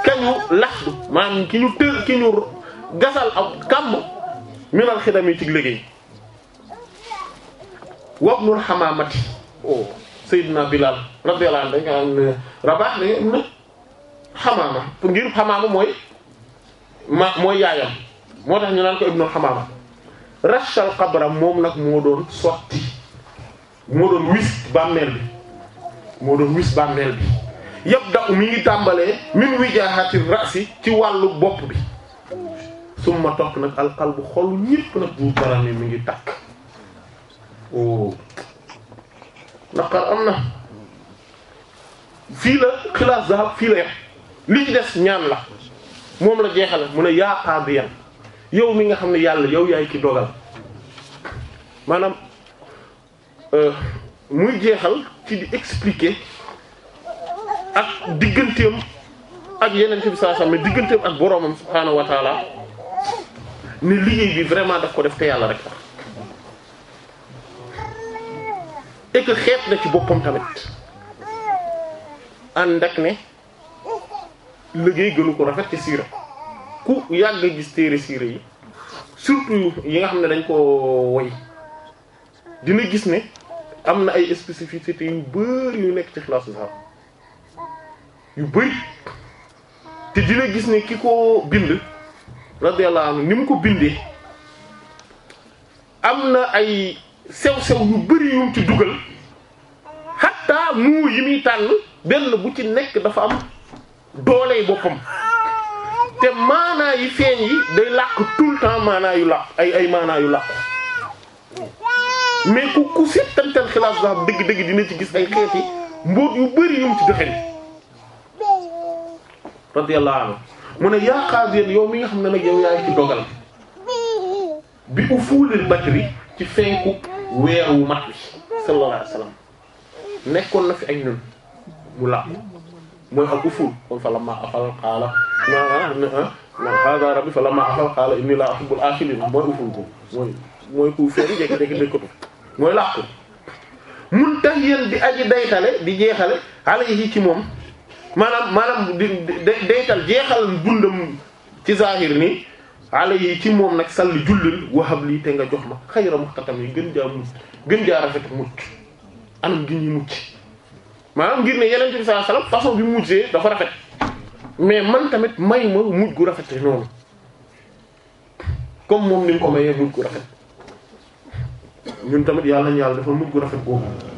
kañu laxdu maanaam ki ñu tër ki ñu gasal ak kàmm minal xidam yi ci liggéey wabnul xamaamati o Seydina Bilal radiyallahu anhu dañu am eh, ne Rabah dañu na xamaama ngir mooy ma mooy yaayam moo tax ñu naan ko ibnul xamaama rachal xabram moom nag moo doon sotti moo doon wis bàmmeel bi moo doon wis bàmmeel bi yabda mi ngi tàmbalee min wijaahatir ra'si ci wàllu bopp bi ma topp nag alqalbu xolu ñépp nag bu baram yi mu ngi takk o oh. naqar am na fii la xilaas zahab fii la yem li ci des ñaan la moom la jeexale mu ne yaa qaadiyan yow mi nga xam ne yàlla yow yaay ki dogal maanaam euh, muy jeexal ci di expliquer ak digganteem ak yeneen ci bi saa saa mais digganteem ak boroomam subhaanahu wa ne liggéey bi vraiment daf ko def te yàlla rek tax et xeet na ci boppam tamit ànd ak ne liggéey gënu ko rafet ci siira ku yàgg gis téere siira yi surtout yi nga xam ne dañ koo woy dina gis ne am na ay spécificités yu bari yu nekk ci xilaasu sax yu bari te dina gis ne ki ko bind radiyallahu anhu ni mu ko bindee am na ay sew-sew yu bari yum ci dugal xatta muu yi muy tànn benn bu ci nekk dafa am dooley boppam te maanaa yi feeñ yi day làq tout le temps maanaa yu làq ay ay maanaa yu làq mais ku ku settantal xilaas sax dëgg-dëgg dina ci gis ay xeeti mbóot yu bari yum ci doxen radiyallahu anhu mu ne yaa xaazin yow mi nga xam ne nag yow yaay ci dogal bi u batri ci fenku weer wu mat bi sallallahu alayhi wasallam nekkoon na fi ak ñun mu làpp mooy ak ufuul kon fa la ma xaala naa man hada rabbi fa lama mooy uful ko mooy mooy ku feeri jékki-jékki dëkkatu mooy làqu mun tax yéen di aji daytale di jeexale alayhi ci moom maanaam maanaam di daytal jeexal dundam ci zahir ni ala yi ci moom nag sall jullil wahab lii te nga jox ma xayra muxtatam yi gën jaa mucc gën jaa rafet mucc anam gi ñuy mucc maanaam ngir ne yeneen bi sallallahu alayhi wasallam façon bi mujjee dafa rafet mais man tamit may ma mujj gu rafet noonu comme moom ni ko mayee mujj gu rafet ñun tamit yàlla nañu yàlla dafa mujj gu rafet boobu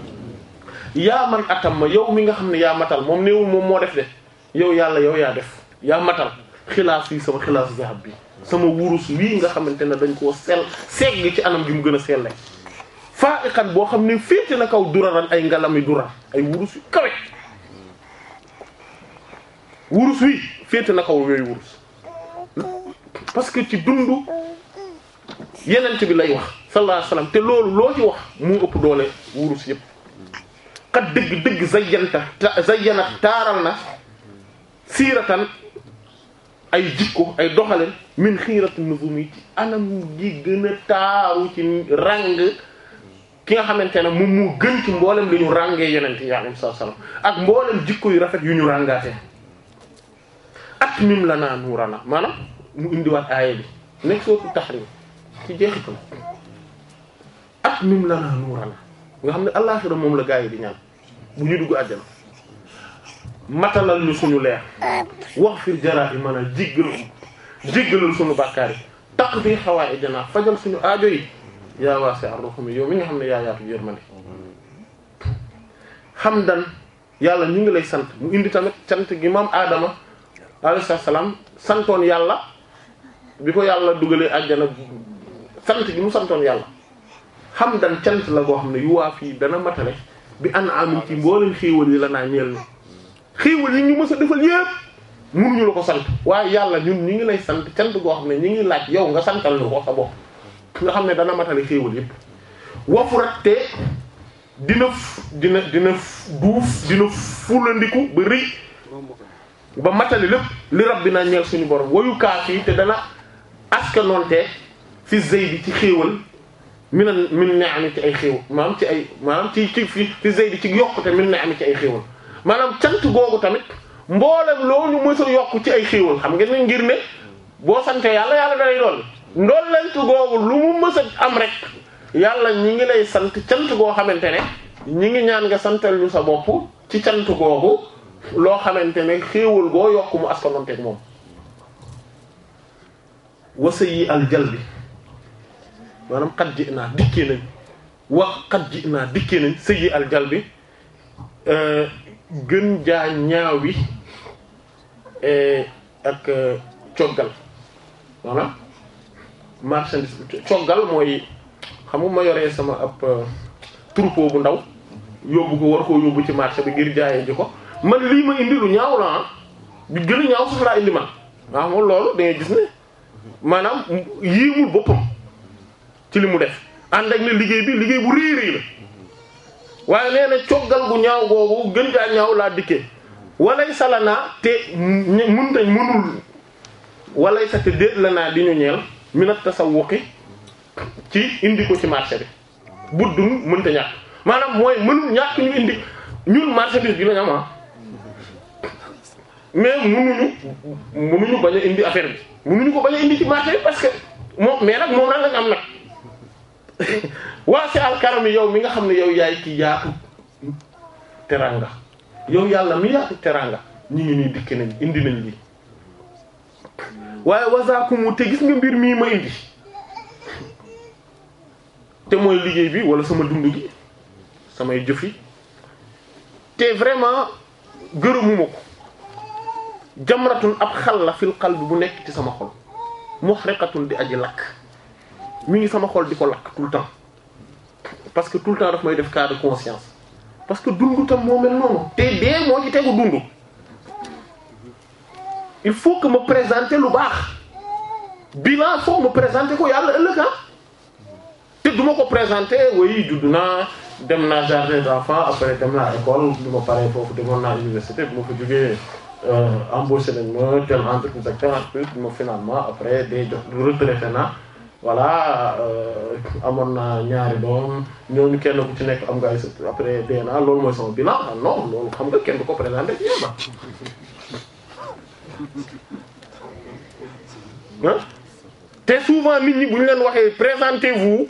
yaa man atam ma yow mi nga xam ne yaa matal moom néewul moom moo def de yow yàlla yow yaa def yaa matal xilaas yi sama xilaasu zahab bi sama wurus wii nga xamante ne dañ koo sell segg ci anam gi mu gën a selle faa iqan boo xam ne féete na kaw duraran ay ngalami durar ay wurus yu kawe wurus wi féete na kaw yooyu wurus parce que ci dund yenent bi lay wax sallallahu alayhi te loolu loo ci wax mu ëpp doole wurus yëpp xat dëgg dëgg zayyanta zayyana taaral na siiratan ay jikko ay doxalin min xiirati nuzum yi ci anam gi gën a ci ràng ki nga xamante ne moom moo gën ci mboolem li ñu ràngee yonent yi alayhi salaam ak mboolem jikko yu rafet yu ñu ràngaate at mim la naa nuurana maanaam mu indiwaat aaya bi nekk sootu Tahrim ci jeexital at mim la naa nga xam ne allaaxira moom la gaa yi di ñaan bu ñu dugg àjjana matalal ñu suñu leer wax fir jaraax yi mën a jéggal jéggalal suñu bàkkaar yi taq fii xawaa ijanaa fajal suñu aajo yi yaa waase arrahmi yow mi nga xam ne yaa yaatu yërmande xam dan yàlla ñu ngi lay sant mu indi tamit sant gi maam aadama alayhi salaam santoon yàlla bi ko yàlla dugalee àjjana sant gi mu santoon yàlla xam dan cant la goo xam ne yu waa fii dana matale bi an amin ci mboolem xéewal yi la naa ñeel ni xéewal yi ñu mës a defal yépp mënuñu la ko sant waaye yàlla ñun ñu ngi lay sant cant goo xam ne ñu ngi laaj yow nga santal ñu ko sa bopp nga xam ne dana matale xéewal yépp wafurat te dina dina dina duuf dina fulandiku ba rëy ba matali lépp li rab bi naa ñeel suñu borom wayu kaaf te dana askanoonte fi zey ci xéewal minan min ni'am ci ay xéew maanaam ci ay maanaam ci ci fi zaydi ci yokkute min ni'am ci ay xéewal maanaam cant googu tamit mboolem loolu ñu mësa yokk ci ay xéewal xam ngeen ne ngir boo sante yàlla yàlla dalay dool ndolleent googu lu mu mës a am rek yàlla ñi ngi lay sant cant goo xamante ne ñi ngi ñaan nga santal ñu sa bopp ci cant googu loo xamante ne xéewal goo yokk mu askanonteeg moom wasa yi al bi maanaam xat ji naa dikkee nañ wax xat ji naa dikkee nañ sëyi aljal bi euh, gën jaa ñaawi euh, ak euh, coggal maanaam marchandise coggal mooy xam ma yore sama ab troupeau bu ndaw yóbbu ko war koo yóbbu ci marché bi ngir jaayee ji ko man lii ma indi lu ñaaw la ah gën a ñaaw suuf laa indi man waaw moom loolu da gis ne maanaam yiiwul boppam ci li mu def ànd ak ne liggéey bi liggéey bu rëy rëy la waaye nee na coggal gu ñaaw googu gën gaa ñaaw laa dikkee walay sa la naa te mun tañ mënul walay sa te déet la naa di ñu ñeel minat tasawuqi ci indi ko ci marché bi buddum mënta ñàkk maanaam mooy mënul ñàkk ñu indi ñun marchandise bi lañ am ah mais munuñu munuñu bañ a indi affaire bi munuñu ko bañ a indi ci marché bi parce que moom mais nag moom nag lañ am nag waasi alkarami yow mi nga xam ne yow yaay ki yaatu teranga yow yàlla mi yaatu teranga ñu ngi nii dikk nañ indi nañ lii waaye wasaakumu te gis nga mbir mii ma indi te mooy liggéey bi wala sama dund gi samay jëf te vraiment gërëmuma ko jamratun ab xal la fil qalbi bu nekk ci sama xol muhriqatun di aji lakk mi ngi sama xol di ko lakk tout le temps parce que tout le temps daf mooy def cas de conscience parce que dund tam moo mel noonu te dee moo ci tegu dund il faut que ma présenter lu baax bilan foog ma présenter ko yàlla ëllëg ah. te du ma ko présenter way judd naa dem naa jardin d'enfants après dem naa école bi ma paree foofu demoon naa université bi ma ko jógee euh, embauché nañ ma tel entreprise ak tel entreprise ma finalement après day jox retraité naa voilà euh, amoon naa ñaari doom ñooñu kenn bu ci nekk am nga ay après DNA loolu mooy sama bilan ah non loolu xam nga kenn du ko présenté ci yéen ah. te souvent nit ñi bu ñu leen waxee présentez-vous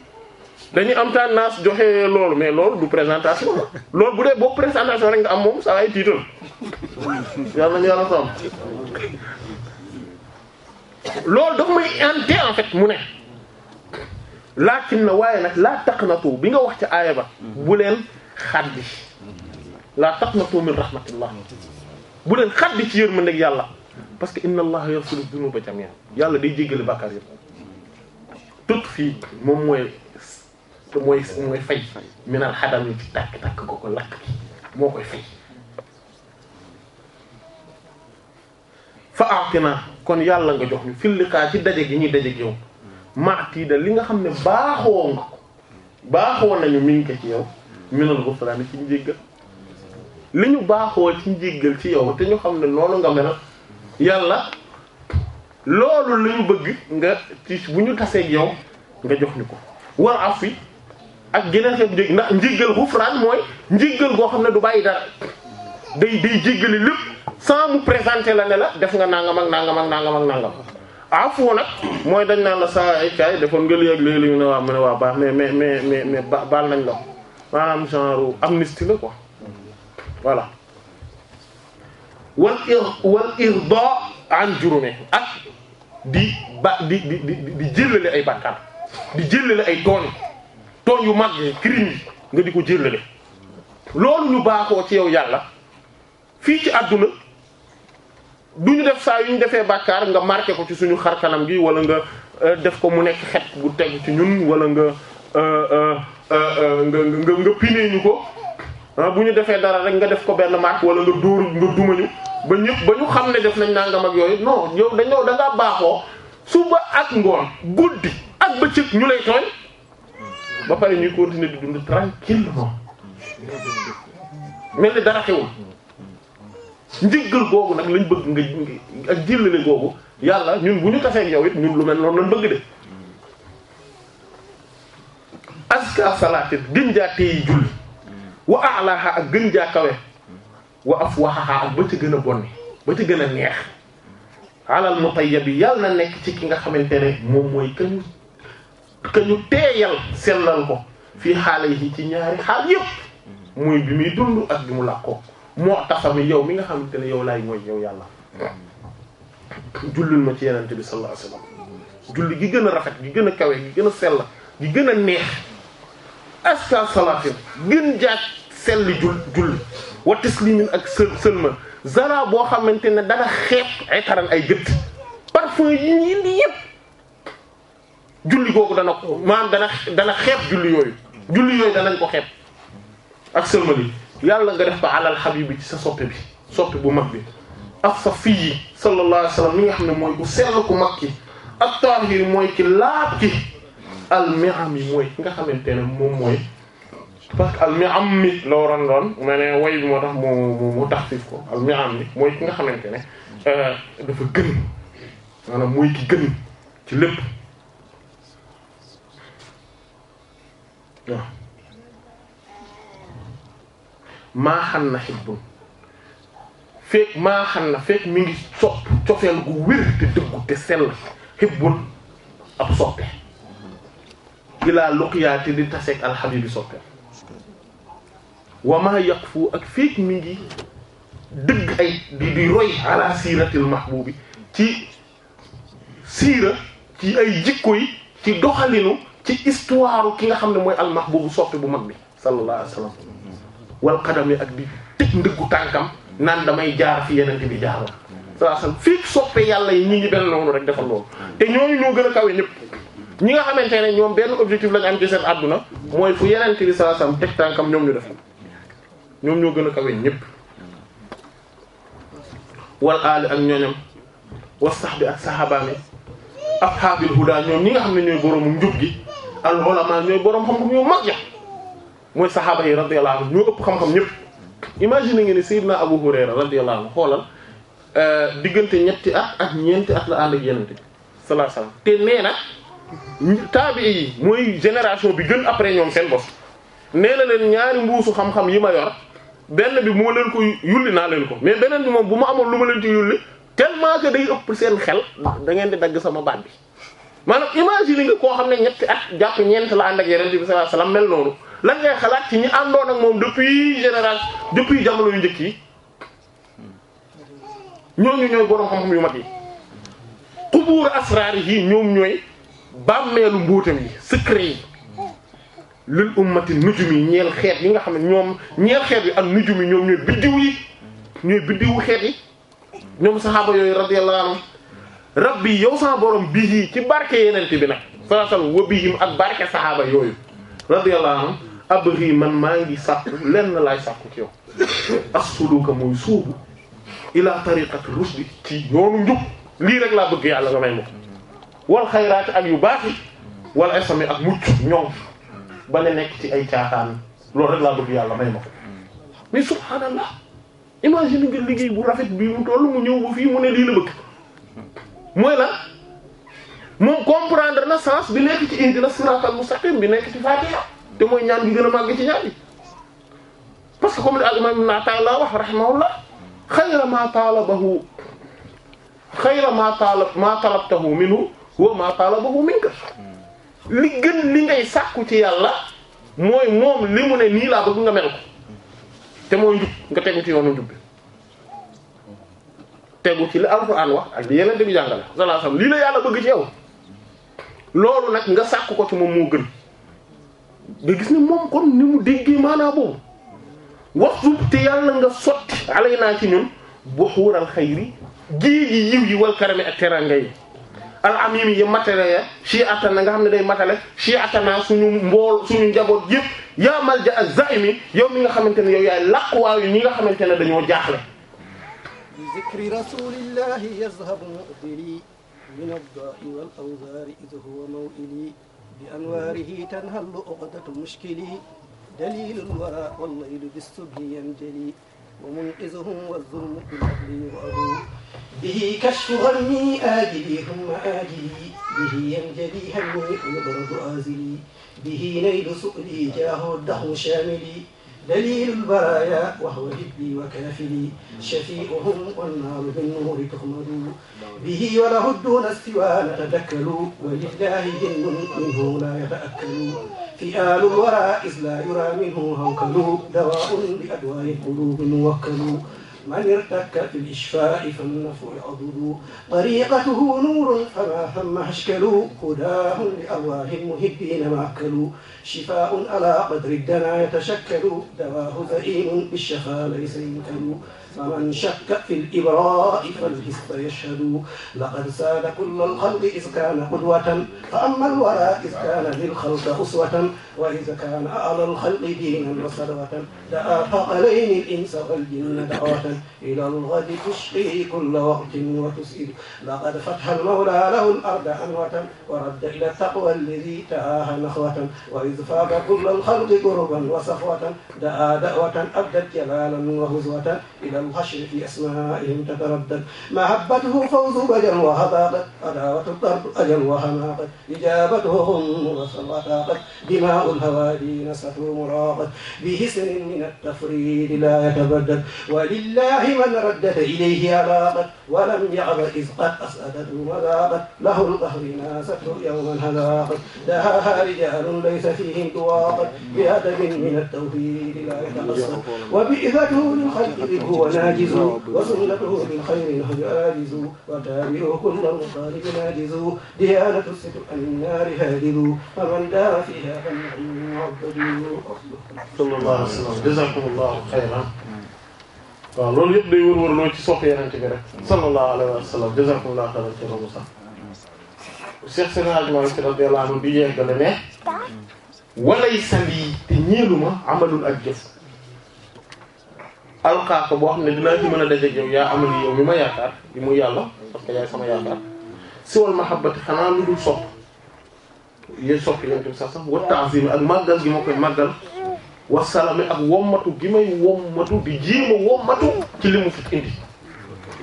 dañuy am tendance joxe loolu mais loolu du présentation la loolu bu dee boo présentation rek nga am moom saa waay tiital yàlla nañu yàlla sàmm loolu dafa may ante en fait mu ne. laakin na waaye nag laa taqnatu bi nga wax ci aaya ba bu leen xaddi laa taqnatu min rahmatillah bu leen xaddi ci yërmandeeg yàlla parce que inna allaha yaghfiru dhunuba jami'an yàlla day jéggale bàkkaar yëpp tut fii moom mooy mooy mooy fay minal xadam yi ci tàkk-tàkk ko lakk ki moo koy fay fa aatina kon yàlla nga jox ñu fil liqaa ci daje gi ñuy daje yow maatiida li nga xam ne baaxoo nga ko baaxoo nañu miñ ko ci yow minal ghufraan ci njéggal li ñu baaxoo ci njéggal ci yow te ñu xam ne noonu nga mel yàlla loolu lu ñu bëgg nga ci bu ñu tasee yow nga jox ñu ko war af fi ak geneen xeet njég ndax njéggal ghufraan mooy njéggal goo xam ne du bàyyi dara day day jéggali lépp sans mu la ne la def nga nangam ak nangam ak nangam ak nangam afu nag mooy dañ naa la saa ay kaay defoon nga léeg léegi ñu ne waa mu ne waa baax mais mais mais mais baal nañ la maanaam genre amnistie la quoi voilà wal ir wal irda an jurume ak di ba di di di di ay bàkkaar di jëllale ay tooñ tooñ yu mag yi crime nga di ko jëllale loolu ñu baaxoo ci yow yàlla fii ci àdduna du ñu def saa yu ñu defee bàkkaar nga marqué ko ci suñu xarkanam kanam gi wala nga euh, def ko mu nekk xet bu teg ci ñun wala nga euh, euh, nga nga nga pinee ñu ko ah, bu ñu defee dara rek nga def ko benn marque wala nga dóor nga dumañu ba ñëpp ba ñu xam ne def nañ nangam ak yooyu non yow dañoo da ngaa baaxoo suba ak ngoon guddi ak bëccëg ñu lay tooñ ba pare ñuy continuer di dund tranquillement mel ni dara xewul njëggal googu nag lañ bëgg nga ak jëllale googu yàlla ñun bu ñu tafeek yow it ñun lu mel noonu lañ bëgg de aska salaatin gën jaa teey julli wa alaha ak gën jaa kawe wa afwahaha ak ba ci gën a bonni ba ci gën a neex alal mutayyabi yàlla na nekk ci ki nga xamante ne moom mooy kañu ñu teeyal sellal ko fii xaale yi ci ñaari xaal yépp muy bi muy dund ak bi mu làkkoo moo taxami yow mi nga xamante ne yow lay mooy yow yàlla jullul ma ci yenente bi sallallahu alayhi julli gi gën a rafet gi gën a kawe gi gën a sell gi gën a neex aska salaatin gën jaag selli jul julli wa taslimin ak sël sëlma zara boo xamante ne dara xeet ay taran ay gët parfum yi ñu indi yëpp julli googu dana ko maanaam dana dana julli yooyu julli yooyu danañ ko xeeb ak sëlmali yàlla nga def ko alal habibi ci sa soppe bi soppe bu mag bi ak sa fii yi sallallahu alayhi wa mi nga xam ne mooy ku sell ku mag ki ak taahir mooy ki laab ki almiam yi mooy ki nga xamante ne moom mooy parce que almiam mi la waroon doon ma ne way bi moo tax mu tax fiif ko almiam mi mooy ki nga xamante ne euh, dafa gën maanaam ci lépp maa xan na xibbun feek maa na feek mi ngi sopp cofeel gu wér te dëggu te sell xibbun ab soppe ilaa luqiyaati di taseeg alxabibi soppe wa maa yaqfu ak feek mi ngi dëgg ay di di roy ala siiratil mahbubi ci siira ci ay jikko ci doxalinu ci histoire ki nga xam ne mooy almahbubu soppe bu mag bi sallallahu alayhi wal xadam yi ak bi tëj ndëggu tànkam naan damay jaar fi yeneen bi jaaroon. salaasan fii soppe yàlla yi ñi ngi benn noonu rek defal loolu te ñooñu ñoo gën a kawe ñëpp ñi nga xamante ne ñoom benn objectif lañ am ci seen àdduna mooy fu yeneen bi salaasan teg ñoom ñu def ñoo gën a kawe ñëpp. wal aali ak ñooñam was sax bi ak saxaabaami ashaabil huda ñoom ñi nga xam ne ñooy boroomu njub gi al ulama ñooy boroom xam-xam yu mag ya mooy saxaaba yi radiyallahu anhu ñoo ëpp xam-xam ñëpp imagine ngeen ne Seydina Abu Hurayra radiyallahu anhu xoolal euh, diggante ñetti at ak ñeenti at la ànd ak yenente na taabi yi mooy génération bi gën après ñoom seen bopp nee na leen ñaari mbuusu xam-xam yi ma yor benn bi moo leen ko yulli naa leen ko mais beneen bi moom bu ma amoon lu ma leen ci yulli tellement que day ëpp seen xel da ngeen di dagg sama baat bi maanaam imagine nga koo xam ne ñetti at jàpp ñeent la ànd ak yeneen bi sallallahu alayhi wasallam mel noonu lan ngay xalaat ci ñi àndoon ak moom depuis général depuis jamono yu njëkk yi ñooñu ñooy borom xam yi xubuur ñoom ñooy bàmmeelu mbóotam yi secret yi lil ummati nujum yi ñeel xeet yi nga xam ne ñoom ñeel xeet yi ak nujum yi ñoom ñooy biddiw yi ñooy biddiwu xeet yi ñoom saxaaba yooyu radiyallahu anhu rabbi yow sa borom bii ci barke yeneen bi nag sallallahu wabihim ak barke saxaaba yooyu radiyallahu anhum abri man maa ngi sàkku lenn laay sàkku ci yow as-suluka mooy suubu ila tariqati rusdi ci njub lii rek laa bëgg yàlla nga may ma wal xayraati ak yu baax yi wal esami ak mucc ñoom ba ne nekk ci ay caaxaan loolu rek laa bëgg yàlla may ma ko subhaanallah imagine nga liggéey bu rafet bii mu toll mu ñëw ba fii mu ne lii la bëgg mooy la moom comprendre na sens bi nekk ci ihdina siratal mustaqim bi nekk ci Fatiha te mooy ñaan gi gën a màgg ci ñaan yi parce que comme li al-imam Ibn Ata'illah wax rahimahullah xayra ma talabahu xayra ma talab ma talabtahu minhu wa ma talabahu minka li gën li ngay sàkku ci yàlla mooy moom li mu ne nii laa bëgg nga mel ko te mooy njub nga tegu yoonu njub tegu ci li alxuraan wax ak li yeneen bi jàngale sallallahu alayhi wasallam lii la yàlla bëgg ci yow loolu nag nga sàkk ko ci moom moo gën nga gis ne moom kon ni mu déggee maanaa boobu waxtu te yàlla nga sotti alay ci ñun buhuural xayri gi yiw yi wal karami ak teranga yi al amim yi matale ya shi atana nga xam ne day matale shi atana suñu mbool ñu njaboot yëpp yaa malja az zaimi yow mi nga xamante ne yow yaay yi ñi nga xamante ne dañoo jaaxle بذكر رسول الله يذهب مؤذلي من الضاح والأوزار إذ هو موئلي بأنواره تنهل عقدة مشكلي دليل الورى والليل بالصبح ينجلي ومنقذهم والظلم بالعدل وأبوه به كشف غمي آجلي هم آجلي به ينجلي همي ويبرد آزلي به نيل سؤلي جاه الدهر شاملي دليل البرايا وهو جدي وكافري شفيئهم والنار بالنور تخمد به وله الدون استوى نتدكل ولله جن منه لا يتأكل فئال الورى إذ لا يرى منه هوكل دواء بأدواء القلوب موكل من ارتك في الإشفاء فالنفع عضد طريقته نور فما هم أشكلوا هداه لأرواح المحبين ما أكلوا شفاء على قدر الدنا يتشكل دواه ذئيم بالشفا ليس ينكل فمن شك في الإبراء فالحس يشهد لقد ساد كل الخلق إذ كان قدوة فأما الورى إذ كان للخلق أسوة وإذا كان أعلى الخلق دينا وثروة دعا ثقلين الإنس والجن دعوة إلى الغد تشقي كل وقت وتسئل لقد فتح المولى له الأرض عنوة ورد إلى التقوى الذي تآه نخوة وإذ فاق كل الخلق قربا وصفوة دعا دعوة أبدت جلالا وهزوة إلى الحشر في أسمائهم تتردد محبته فوز بجا وهباطت أداوة الضرب أجا وهماقت إجابته غم وصلتاقت دماء الهوادي نسفوا مراقت بهسر من التفريد لا يتبدد ولله من ردت إليه علاقت ولم يعب إذ قد أسألت وذاقت له القهر ناسته يوما هلاقت دهاها رجال ليس فيهم تواقت بأدب من التوحيد لا يتقصد وبإذته للخلق إذ هو ناجز وسنته من خير نحن عاجز وتابعوا كل المطالب ناجز ديانة الستر عن النار هادل فمن دار فيها فالنعيم معبد صلى الله عليه وسلم جزاكم الله خيرا waaw loolu yëpp day wër-wër loo ci sopp yeneen bi rek. sallallahu alayhi wa sallam jazakumullahu xayran ci ramu sax. Cheikh Seydi Hadji Malick Sy radiyallahu anhu di yeggale ne. walay sandi te ñeelu ma amalul ak jëf. alxaaka boo xam ne dinaa ci mën a dajeeg yow yaa amal yow mi ma yaakaar li muy yàlla parce que yaay sama yaakaar. siwal mahabbati xanaa lu dul sopp yéen sopp yéen itam sax sax wa ta'zim ak màggal gi ma koy màggal. wasalami ak wommatu gi may wommatu di jiima wommatu ci li mu indi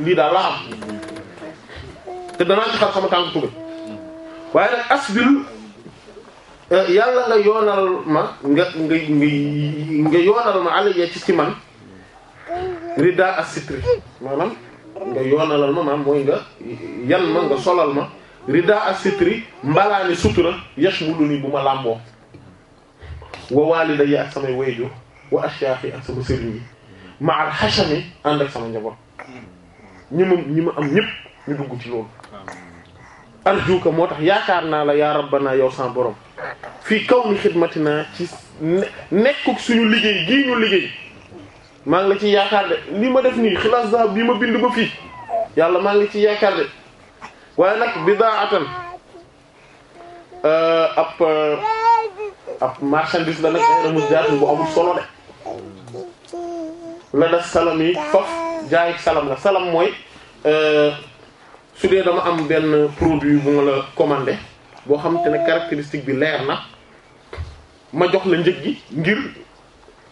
lii daal laa am te danaa ci xam sama tànk tubé waaye nag asbil eh, yàlla nga yoonal ma nga nga nga yoonal ma àll ci ci man rida asitri maanaam nga yoonalal ma maam mooy nga yan ma nga solal ma rida asitri mbalaani sutura yax mu lu bu ma làmboo wa waalidayyi ak samay wayjur wa ashyaaxi ak sama sëriñ yi ma al xasami ànd ak sama njaboot ñi ma ñi ma am ñépp ñu dugg ci loolu arjuka moo tax yaakaar naa la yaa rabbana yow sans borom fii kaw ni xidmatina ci nekkuk suñu liggéey gii ñu liggéey maa ngi la ci yaakaar de li ma def nii xilaas da bi ma bind ba fii yàlla maa ngi la ci yaakaar de waaye nag bidaatan euh, ab euh, ab marchandise la nag xëy na jaat amul solo de la def salam yi foofu jaay salam la salam mooy euh, su dee dama am benn produit bu ma la commandé boo xam te ne caractéristique bi leer na ma jox la njëg gi ngir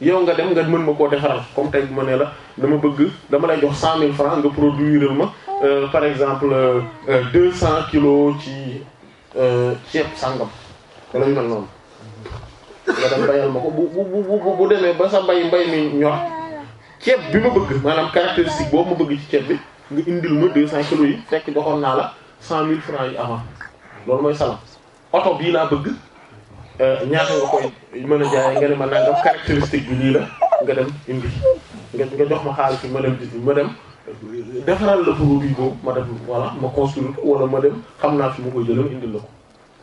yow nga dem nga mën ma koo defaral comme tey bu ma nee la dama bëgg dama lay jox cent mille francs nga produire ma euh, par exemple euh, deux cent kilo ci ceeb sàngam wala ñu mel noonu nga dem bayal ma ko bu bu bu bu demee ba sa mbay mbay mi ñor ceeb bi ma bëgg maanaam caractéristique boobu ma bëgg ci ceeb bi nga indil ma 200 kilos yi fekk joxoon naa la 100000 francs loolu mooy salam oto bii laa bëgg euh, ñaata nga koy mën a jaayee nga ne ma nangam caractéristique bi lii la nga dem indi nga nga jox ma xaalis bi ma dem di ma dem euh, defaral la produit boobu ma def voilà ma construire ko ma dem xam naa fi ma koy jëlee indil la ko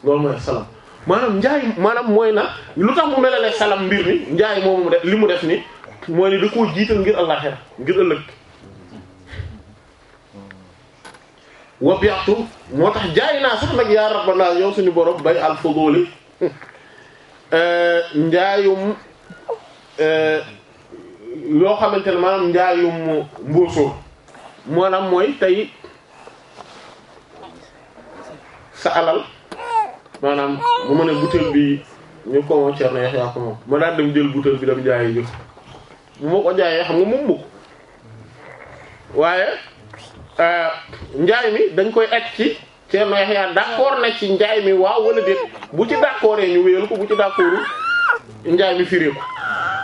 loolu mooy salam maanaam njaay maanaam mooy na lu tax mu melale xelam mbir mi njaay moomu def li mu def ni mooy ni da koo jiital ngir àllaxira ngir ëllëg wabyatu moo tax suñu borom bay al eh, njaayum eh, loo xamante ne maanaam njaayum mbuusoo maanaam mooy tey sa alal maanaam mu ma ne butéel bi ñu ko moo Thierno Yaxya ko moom ma daan dem jël butéel bi dem jaayi jëf bu ko jaayee xam nga moom mu euh, njaay mi dañ koy aj ci Thierno Yaxya d'accord na ci njaay mi waaw wala déet bu ci d'accordee ñu wéyal ko bu ci d'accordul njaay mi firi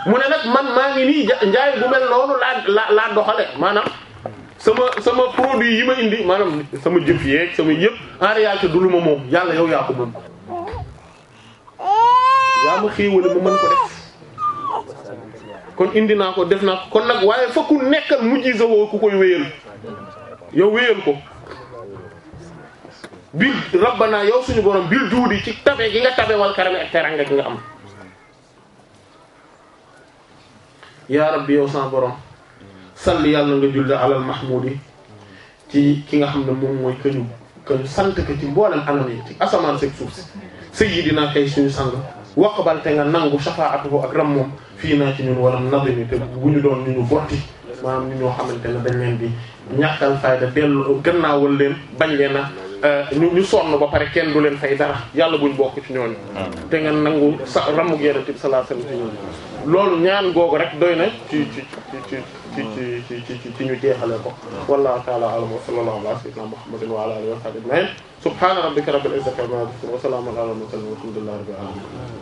mu ne nag man maa ngi nii njaay bu mel noonu laa laa doxale maanaam sama sama produit yi ma indi maanaam sama jëf yeeg sama yëpp en réalité du lu ma moom yàlla yow yaa ko moom yaa ma xéewale ma mën ko def kon indi naa ko def naa ko kon nag waaye fa ku nekkal mujj sa woo ku koy wéyal yow wéyal ko bil rabbana yow suñu borom bil juudi ci tabe gi nga tabe wal karame ak teranga gi nga am yaa rabbi yow sa borom salli yàlla nga julli alal mahmudi ci ki nga xam ne moom mooy kañu kañu sant ko ci mboolem anam ci asamaan seeg suuf si sayyidina kay suñu sang waqbal te nga nangu shafaatuhu ak ram moom fii naa ci ñun wala nadimi te bu ñu doon ñu ñu gotti maanaam ñu ñoo xamante ne dañ leen di ñàkkal fayda dellu gannaawal leen bañ leen a euh, ñu ñu sonn ba pare kenn du leen fay dara yàlla buñ bokk ci ñooñu te nga nangu sa ramuk yenente bi sallallahu alayhi wasallam loolu ñaan googu ci ci ci ci ci ñu jeexale ko wallahu ta'ala a'lam wa sallallahu ala sayyidina muhammadin wa ala alihi wa sahbihi ajma'in subhana rabbika rabbil izzati amma yasifun wa salamun ala al mursalin walhamdulillahi rabbil alamin